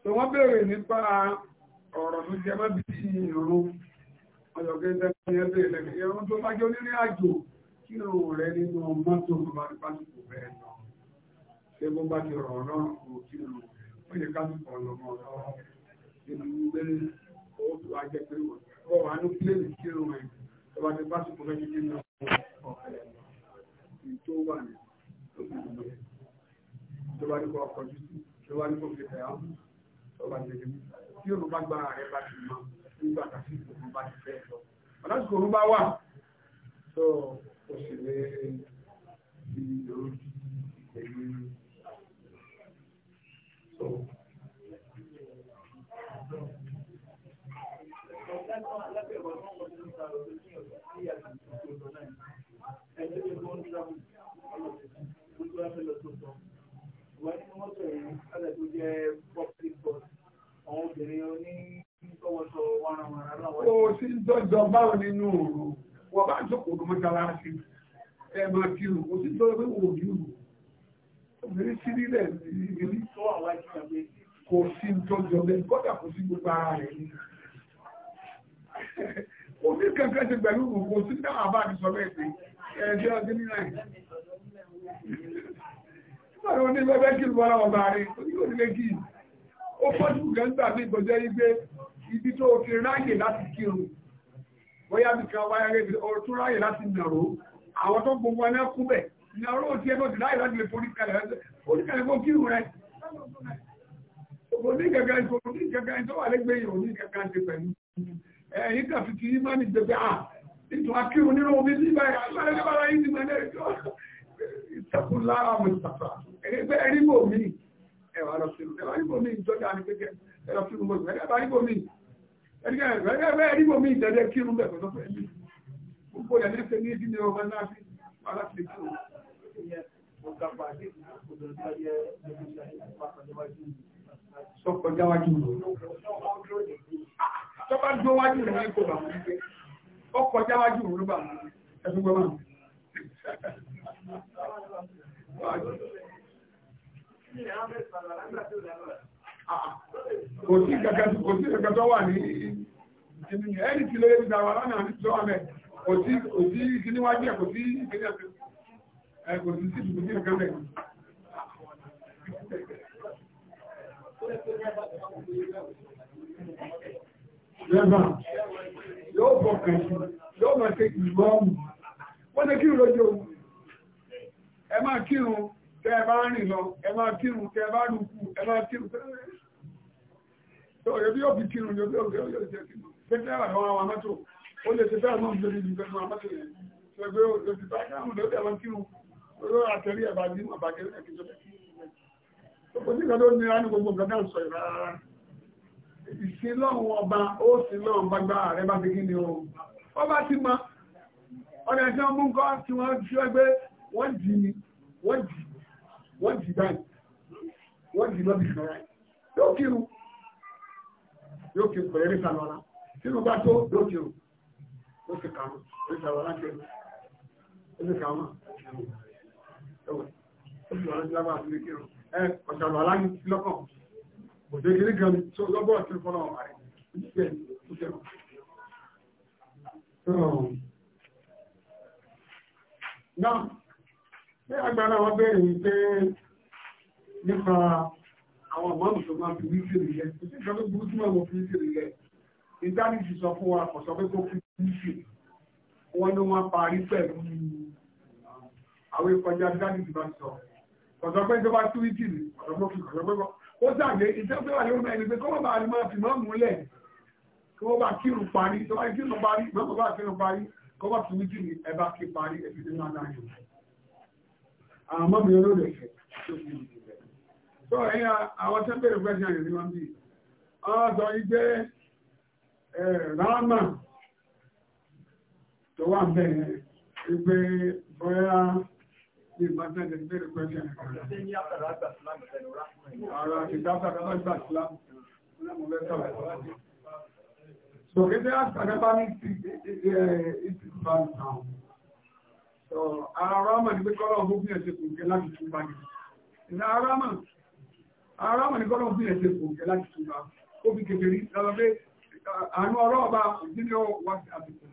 tó wọ́n béèrè nípa ọ̀rọ̀ tó jẹ mọ́ bíi ìrún ọjọ́gbé tẹ́lẹ̀ yẹn béèrè lẹ́nu ìrún tó bá jẹ́ onírìn àjò kí ìrún rẹ nínú mọ́tò tó bá ní pásítọ̀ bẹ́ẹ̀ lọ ṣé bó bá ti rọ̀ ọ́ lọ́rùn kò kí ìrún ó yẹ ká ti pọ̀ lọ́mọ lọ́wọ́ nínú ilé ó tó wá jẹ́ pé wọ́n wà ní pílẹ̀nì kí ìrún rẹ̀ tó bá ti pásítọ̀ bẹ́ẹ̀ tó wà ní tó bá ní kọ́ ọkọ̀ jù sí tó bá ní kó fi fẹ́ àwọn tó bá ní ẹgbẹ́ tí òun bá gbára rẹ̀ bá ti mọ nígbà tàbí òun bá ti fẹ́ lọ. ọ̀làsìkò òun bá wà tó o sì lè fi ìdòrò ẹ̀yìn. bá fẹ́ lọ tó sọ ìwà nínú mọ́tò yẹn kálẹ̀ tó jẹ́ public bus àwọn obìnrin oní tọwọ́sọ wàràwàrà láwọn. ó sì ń dọ́jọ́ báwo nínú òru wọ́n bá jókòó ló mọ́ta láti ẹ máa kírun ó sì dọ́jọ́ pé wò ó yúrù obìnrin sí nílẹ̀ ìrírí kò sí ń tọ́jọ́ bẹ́ẹ̀ kọ́dà kò sí gbogbo ara rẹ̀ ni, omi kankan ti pẹ̀lú òkú sí náà àbá àti sọ bẹ́ẹ̀ pé ẹ̀ẹ́dẹ́ ọdún nílẹ̀ Àwọn onígbẹ́gbẹ́ kí lọ́wọ́ ọba rẹ̀, onígbẹ́ kí ó fọ́jú gẹ́gbà bí ìgbọ́jẹ́ wípé ibi tó fi ráyè láti kírun. Bóyá bí kan wáyé rẹ̀ tó ráyè láti nàró, àwọn tó gbogbo ẹni kúbẹ̀, nàró tí ẹgbẹ́ ti ráyè láti lè foríkalẹ̀ oníkalẹ̀ fún kírun rẹ̀. Onígẹ̀gẹ̀ tó wà lẹ́gbẹ̀ẹ́ onígẹ̀gẹ̀ ti pẹ̀lú. Ẹ̀yìn kàfi ti yí má ní gbẹgbẹ́ à, ìtò akírun ah, nínú omi sí ìbáyà, ìtàkùn lára àwọn ìtàkùn ẹgbẹ́ ẹ̀rígbò mi ẹ̀wà lọ sí ẹ̀wà ẹ̀rígbò mi ìjọba ní kékeré ẹ̀rọ fún mi ẹ̀rọ ẹ̀rígbò mi ẹ̀rọ ẹ̀rígbò mi ìdẹ̀dẹ̀ kírun bẹ̀ pẹ̀lú pẹ̀lú gbogbo ìyàlẹ́ ṣe ní ìdí ni ọmọ náà fi wà láti kí o. sọ kọjá wájú mi. Ah, tọ́ba dúró wájú mi ní kò bá wọn. ọkọjá wájú mi ló bá wọn. ẹ̀sùn gbọ́dọ̀. Kò sí kankan tó wà ní ìsinmi ẹni tí lórí ìgbà wà lánàá ní tó wà mẹ́. Kò sí ìkíní wájú ẹ̀ kò sí ìkíní ẹ̀ kò sí sí ìkíní kankan mẹ́. Lẹ́bà yóò fọkàn yóò máa ṣe ìgbọ́ọ̀mù. Wọ́n ṣe kí ìrọ̀jọ́ ẹ máa kírun tẹ́ ẹ bá rìn lọ ẹ máa kírun tẹ́ ẹ bá rúkú ẹ máa kírun tẹ́ ẹ bá yóò fi kírun yóò yóò yóò yóò ṣe kírun pé tẹ́ àwọn àwọn amátò ó lè ṣe bẹ́ẹ̀ náà lórí ibi pẹ̀lú amátò yẹn ṣe pé ó ti bá káwọn ló dẹ̀ wọn kírun ló àtẹ̀rí ẹ̀ bá ní àbájẹ́ ẹ̀ kí n tó bẹ̀ kí kò tó nira ní gbogbo nǹkan náà sọ wọ́n dì í wọ́n dì í wọ́n dì í báyìí wọ́n dì í lọ́bì kan ráì yóò kírun yóò kírun pẹ̀lú ẹ̀rí sàlọ́lá sínú bá tó yóò kírun ó sì kàwọn ẹ̀rí sàlọ́lá kẹrin ó sì kàwọn ẹ̀wẹ̀ ó sì lọ́lá sílábà sílé kírun ẹ̀ ọ̀sàlọ́ aláyé lọ́kàn kò dé kiri tó lọ́bọ̀ tí fọ́nà ọ̀mà rẹ̀ ó ti bẹ̀rẹ̀ ó ti Now, Ṣé agbára wọn bẹ̀rẹ̀ ní pé nípa àwọn ọmọ tó máa fi wíṣìrì yẹ? Kò sí ìjọba burú tí wọ́n fi wíṣìrì yẹ. Ìdáni ti sọ fún wa kò sọ pé kó fi wíṣìrì. Wọ́n ló máa parí pẹ̀lú àwọn ìkọjá ìdáni ti bá sọ. Kò sọ pé tó bá tú wíṣìrì, ọ̀dọ́ mọ́ fi kò sọ pé kọ́. Ó dàgbé ìjọba yóò mẹ́rin pé kọ́ mọ́ bá a máa fi máa múlẹ̀ kí wọ́n bá kírun parí tó bá kírun parí mọ́kànlá kírun parí kọ́ bá tún wíjì ní ẹbá kí parí ẹ̀fìdínláàdáyò àwọn mọ́bí olóòdẹ̀kẹ̀ tó fi ìgbẹ̀. tó ẹ̀yà àwọn tẹ́bẹ̀rẹ̀ fẹ́sìn àyẹ̀rí wọn bí ọ́sọ ìgbẹ́ ráàmà tó wà bẹ̀rẹ̀ ìgbẹ́ bọ́yá ìgbàtẹ́lẹ̀ tẹ́bẹ̀rẹ̀ fẹ́sìn àyẹ̀rí So, if they ask, I'm about to ara rámà ní pé kọ́lọ̀ ọ̀hún bí ẹ̀ṣẹ̀ kò ń kẹ́ láti tún bá ní ìná ara rámà ní kọ́lọ̀ ọ̀hún bí ẹ̀ṣẹ̀ kò ń kẹ́ láti tún bá ó fi kèfèrí lọ́wọ́ pé àánú ọ̀rọ̀ ọba òjìní ó wá sí àbùkù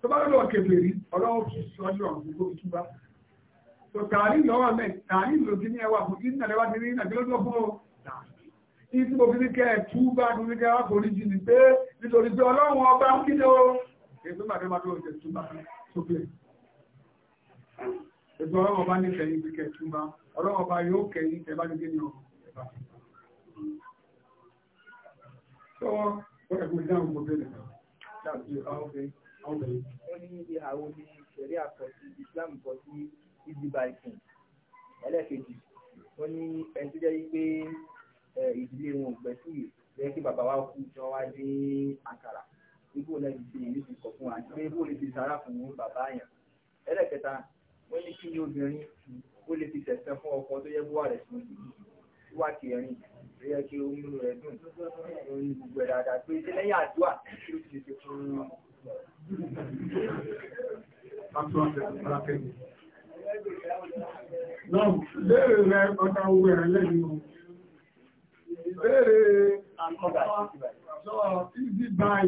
tó bá lọ́wọ́ kèfèrí ọlọ́wọ́ fi sọ́jú ọ̀rọ̀ gbogbo tún bá tó tààrí lọ́wọ́ mẹ́ tààrí ló kí ní ẹwà fún ìdínà lẹ́wà ti rí ìrìnà gbé lọ́wọ́ fún ìdí mo fi ní kẹ́ ẹ̀ tú bá ní kẹ́ wá kò ní jì ní pé nítorí ẹgbẹ́ ọlọ́wọ́ bá ní kẹyìn tí kẹtùmbá ọlọ́wọ́ bá yóò kẹyìn tẹ bá ní kí ni ọ̀rọ̀ ẹ̀bá tó wọ́n ẹ̀kùn ìdáhùn gbogbo rẹ̀ láti àwọn obìnrin. ó ní ní ṣẹ̀rí àkọsí Islam kọ sí ìdìbàìsìn ẹlẹ́ẹ̀kejì wọ́n ní ẹni tó jẹ́ wípé ìdílé wọn ò gbẹ̀sù yìí lẹ́yìn kí bàbá wa kú tí wọ́n wá dé àkàrà ibò náà ti ṣe ìlú ti kọ̀ fún wa àti pé ibò lè fi sára fún bàbá yẹn ẹlẹ́ẹ̀kẹta wọ́n ní kí ni obìnrin ó lè fi tẹ̀sẹ̀ fún ọkọ tó yẹ búwà rẹ̀ sí wà kẹrin tó yẹ kí omi rẹ̀ dùn ní gbogbo ẹ̀ dáadáa pé ṣe lẹ́yìn àdúrà kí ó ti ṣe fún un. Náà, léèrè rẹ̀ ọ̀tá owó ẹ̀rẹ́ lẹ́yìn o. Ìbéèrè àkọ́kọ́ sọ easy buy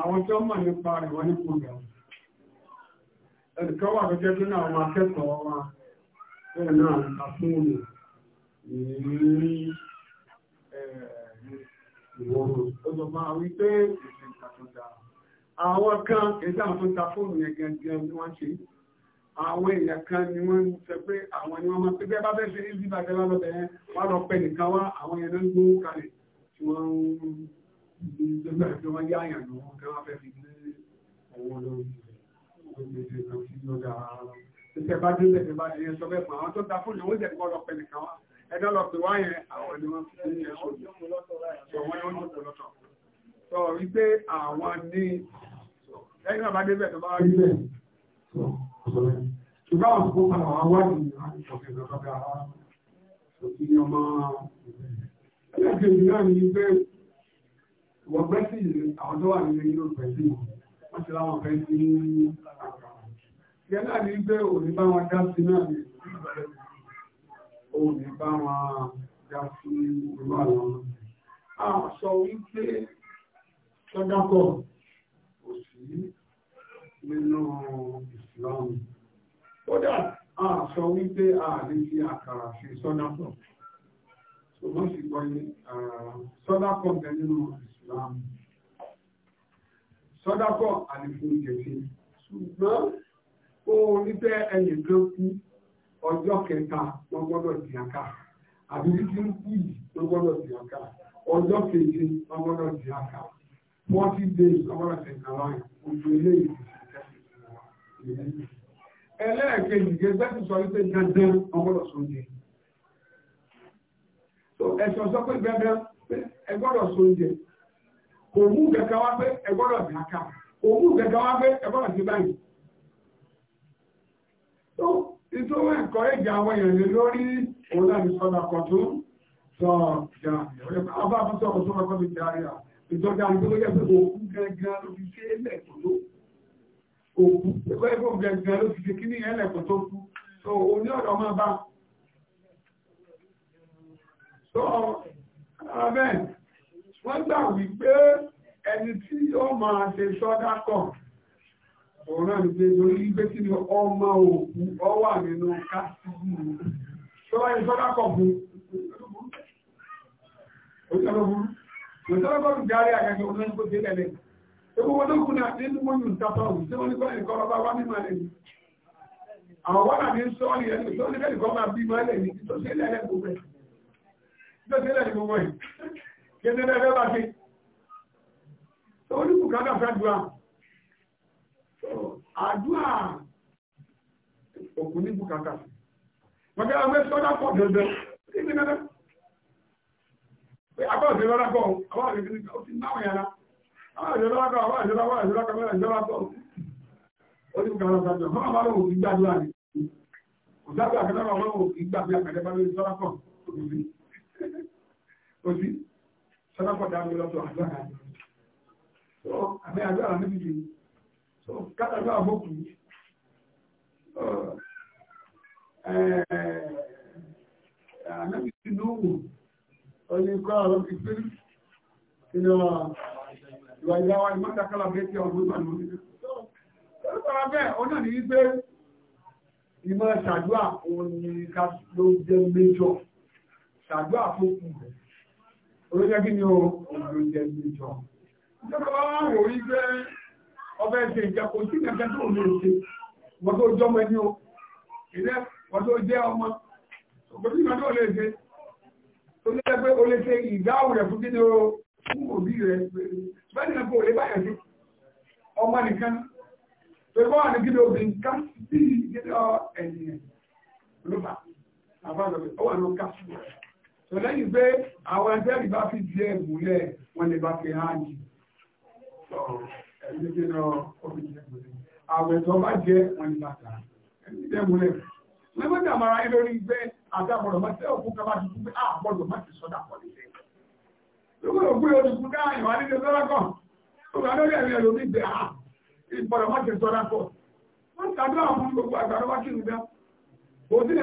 àwọn tí ó mọ̀ nípa rẹ̀ wọ́n ní program ẹnìkan wà tó jẹ́ pé náà máa kẹ́kọ̀ọ́ wa bẹ́ẹ̀ náà ta fún òní ní ìwọ̀rùn tó sọ máa wí pé ìsìn ìtàkùnjà àwọn kan èdè àwọn tó ta fóònù yẹn gẹ́gẹ́ ni wọ́n ṣe àwọn èèyàn kan ni wọ́n ń sọ pé àwọn ni wọ́n máa pé bí ẹ bá bẹ́ẹ̀ ṣe ní bí bàjẹ́ lọ́dọ̀ yẹn wá lọ pẹ́ nìkan wá àwọn yẹn ló ń gbówó kalẹ̀ tí wọ́n ń gbé ìjọba ìjọba yáyàn lọ́wọ́ kí wọ́n fẹ́ fi gbé ọwọ́ lórí gbèdè kan sí lọ́dà tẹ́ bá délé tẹ́ bá délé sọ bẹ́ẹ̀ fún àwọn tó ta fóònù wọ́n jẹ́ kọ́ lọ pẹ̀ nìkan wá ẹ̀dá lọ pé wáyẹn àwọn ni wọ́n fi ní ẹ̀ṣọ́ sọ wọ́n yóò jókòó lọ́tọ̀ sọ wípé àwọn ní lẹ́yìn náà bá débẹ̀ tó bá wá débẹ̀ ṣùgbọ́n àwọn kó padà wá wá ní ìṣọ̀kẹ́ lọ́dà òkè ni ọmọ ẹlẹ́gbẹ̀ẹ́ ìlú náà ní pé wọ́n wọ́n ti láwọn fẹ́ sí gẹ́gẹ́ ní pé òní bá wọn já sí náà ní òní bá wọn já sí irú àwọn àwọn sọ wípé sọ́dákọ̀ kò sí nínú ìsìláàmù kódà àṣọ wípé ààrẹ fi àkàrà sí sọ́dákọ̀ ṣùgbọ́n sì gbọ́ yé sọ́dákọ̀ bẹ nínú ìsìláàmù sọ́dọ̀kọ̀ àlefún ìjẹsí ṣùgbọ́n ó níbẹ̀ ẹ̀yìn kan kú ọjọ́ kẹta wọ́n gbọ́dọ̀ dì àká àbí títí ń kú yìí wọ́n gbọ́dọ̀ dì àká ọjọ́ keje wọ́n gbọ́dọ̀ dì àká forty days wọ́n gbọ́dọ̀ tẹ̀ka láyìn ojú eléyìí ẹlẹ́ẹ̀kejì gẹ́gẹ́ tó sọ wípé dandan wọ́n gbọ́dọ̀ sóúnjẹ ẹ̀sọ̀ sọ pé dandan ẹ gbọ́dọ̀ sóúnjẹ kò mú kẹ̀kẹ́ wá pé ẹgbọ́dọ̀ bí aká kò mú kẹ̀kẹ́ wá pé ẹgbọ́dọ̀ sí báyìí tó ìtòwò ẹ̀kọ́ ìjà àwọn èèyàn lórí òun láti sọ́dà kan tó sọ ìjà àbá fún sọ́kọ̀ tó kọ́kọ́ ti darí à ìjọba àti tó yẹ pé òkú gangan ló fi ṣe ẹlẹ́kùn tó òkú ẹgbẹ́ ìbò gangan ló fi ṣe kí ní ẹlẹ́kùn tó kú tó oní ọ̀dọ̀ máa bá tó abẹ́ wọ́n gbà wípé ẹni tí ó máa ṣe sọ́dá kọ̀ òun náà ní pé lórí gbé kí ni ọmọ òkú ọ wà nínú kásìmù sọ́dá yẹn sọ́dá kọ̀ fún òṣèlú òṣèlú kọ̀ jáde àgàgẹ́ òun náà ní kó dé lẹ́lẹ́ ewu wọn ló kún náà nínú mọ́yù ìtàpá òun tí wọ́n ní kọ́ ẹ̀kọ́ ọba wá mímọ́ lẹ́yìn àwọn wọ́n náà ní sọ́ọ̀lì ẹni tó ní kẹ́ẹ̀kọ́ máa bí mọ́ lẹ́yìn tó ṣe lẹ́lẹ́ gbogbo ẹ̀ gẹ́gẹ́ bẹ́ẹ̀ bá ṣe tó oníkù kága fàdúrà àdúrà òkú níbù kàkà sí wọ́n kẹ́ra mẹ́ sọ́dá pọ̀ gẹ́gẹ́ kí ní gẹ́gẹ́ pé àbọ̀ òṣèlú ọ̀dá pọ̀ àwọn òṣèlú ó ti náwó yàrá àwọn òṣèlú ọ̀dá pọ̀ àwọn òṣèlú àwọn òṣèlú àwọn òṣèlú pọ̀ oníkù kága fàdúrà wọ́n máa lọ́wọ́ ìgbàdúrà ni kò sábà kẹ́lá sọ́nàkọ̀dá mi lọ́tọ̀ àdúrà mi so àmì àdúrà mi bìí so kátàdúrà mọ́kù eh, eh, àmì ti lóòwò ọdún ikọ́ àwọn ìpín nínú ìwà ìyáwá ìmọ́tàkálà bẹ́ẹ̀ tí ọdún ìgbà lónìí Ọlọ́pàá bẹ́ẹ̀ ọ̀nà ní wípé ìmọ̀ ṣàdúà òun ni ká ló jẹ́ méjọ. Ṣàdúà fún kùn rẹ̀ oríṣẹ́ kí ni o olóòjẹ́ ìjọ ìjọba wá wò rí pé ọbẹ̀ ṣe ìjàpọ̀ sí ìjàpọ̀ tó lè ṣe wọ́n tó jọ mọ́ ẹni o ilẹ̀ wọ́n tó jẹ́ ọmọ ọgbọ̀n tí wọ́n tó lè ṣe tó lè pé o lè ṣe ìdáhùn rẹ̀ fún kí ni o fún òbí rẹ̀ bẹ́ẹ̀ ni kò lè báyà sí ọmọ nìkan tó bá wà ní kí ni o bí ká sí ìgbésẹ̀ ẹ̀yìn rẹ̀ ló bá rẹ̀ So lẹ́yìn you àwọn I will fi di ẹ̀gúnlẹ̀ wọ́n lè bá fi hàn jì you. jẹ́ náà ó fi di ẹ̀gúnlẹ̀ àwẹ̀ tó bá jẹ́ wọ́n lè bá ta ẹ̀mí jẹ́ ẹ̀gúnlẹ̀ lẹ́gbẹ́dà mara ẹ lórí pé àtàbọ̀dọ̀ máa tẹ́ òkú kaba tuntun pé àbọ̀dọ̀ ah, máa ti sọ́dà pọ̀ nílẹ̀ lókùnrin òkú yóò tuntun ká ah, ìwà nílẹ̀ sọ́dà kọ̀ òkú àdórí ẹ̀mí ẹ̀ lómi gbé àá ìbọ̀dọ̀ máa ti sọ́dà kọ̀ wọ́n ti àdúrà fún gbogbo àgbàdo wá kí n gbẹ́ òsì ní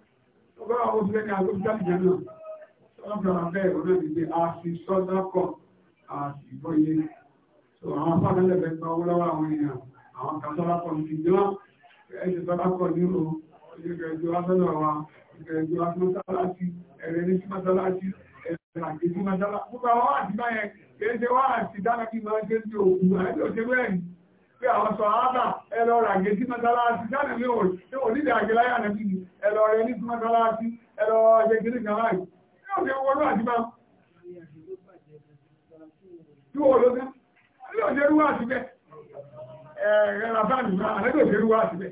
bá àwọn obìnrin kan ló jáde jẹ náà sọ́dọ̀kọ̀rọ̀ bẹ́ẹ̀ òun náà nígbè a sì sọ́dọ̀kọ̀ a sì bóyé so àwọn afáàlẹ́ lẹ́bẹ̀ gba owó lọ́wọ́ àwọn èèyàn àwọn kan sọ́dọ̀kọ̀ ti jọ́ ẹ̀jẹ̀ sọ́dọ̀kọ̀ ní o ìgbẹ̀jọ asọ́dọ̀ wa ìgbẹ̀jọ asọ́dọ̀láti ẹ̀rẹ́ ní símọ́sọ́láti ẹ̀rẹ́ àgbèjì mọ́sọ́lá gbogbo àwọn àtìmáyẹ kéèṣe wá àti dáná kí máa ṣe sí òkú àìsí òṣèlú ẹ̀yìn pé àwọn sọ àábà ẹlọ́rọ̀ àgbèjì mọ́sọ́lá ti dáná ní ònílẹ̀ àgbẹ̀láyà nàbí ni ẹ̀rọ rẹ̀ ní tìmọ́tọ́lá sí ẹ̀rọ ṣe kìíní kan láì yóò ṣe wọnú àti bá tí wọ́n ló dá yóò ṣe rú àti bẹ́ ẹ̀rẹ̀ rabani náà àlejò ṣe rú àti bẹ́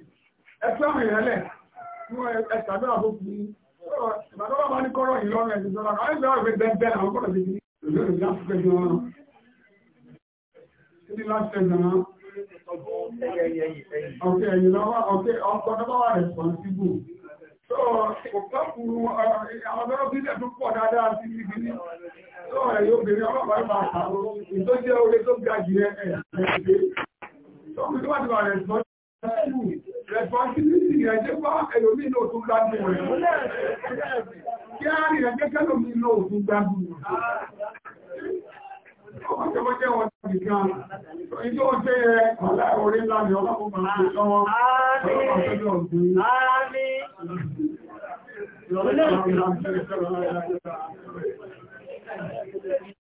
ẹ̀tọ́ àwọn èèyàn lẹ̀ tí wọ́n ẹ̀tàbí àbókù ìbàdàn bá ní kọ́rọ̀ yìí lọ́rùn ẹ̀sìn sọ́ra àwọn ẹgbẹ́ ọ̀rẹ́ bẹ́ẹ̀ àwọn kọ́rọ̀ ṣe kìíní lórí láti fẹ́ jọ ọ́nà kí ni láti fẹ́ ọkọ̀ tó wà responsible Òkàkùrù eh, àwọn ọmọ bílẹ̀ tó pọ̀ dáadáa sí ibi ní ọ̀rẹ́ eh, yóò bèèrè ọlọ́pàá ìpàá àtàrò tó jẹ́ orí tó ga jù ẹ̀ ẹ̀ẹ́dẹ́. Tọ́kùn tó wà ní ọ̀rẹ́ ìsọ́jú responsibility rẹ̀ jẹ́ bá ẹlòmí náà tó gbádùn rẹ̀. Kí á rí rẹ̀ jẹ́ kẹ́lòmí náà tó gbádùn rẹ̀. Ọmọ jẹ́ jẹ́ wọn nìkan. Eh, Ìjọ́ jẹ́ ọ̀lá orí ńlá ni ọlọ́pàá Thank you.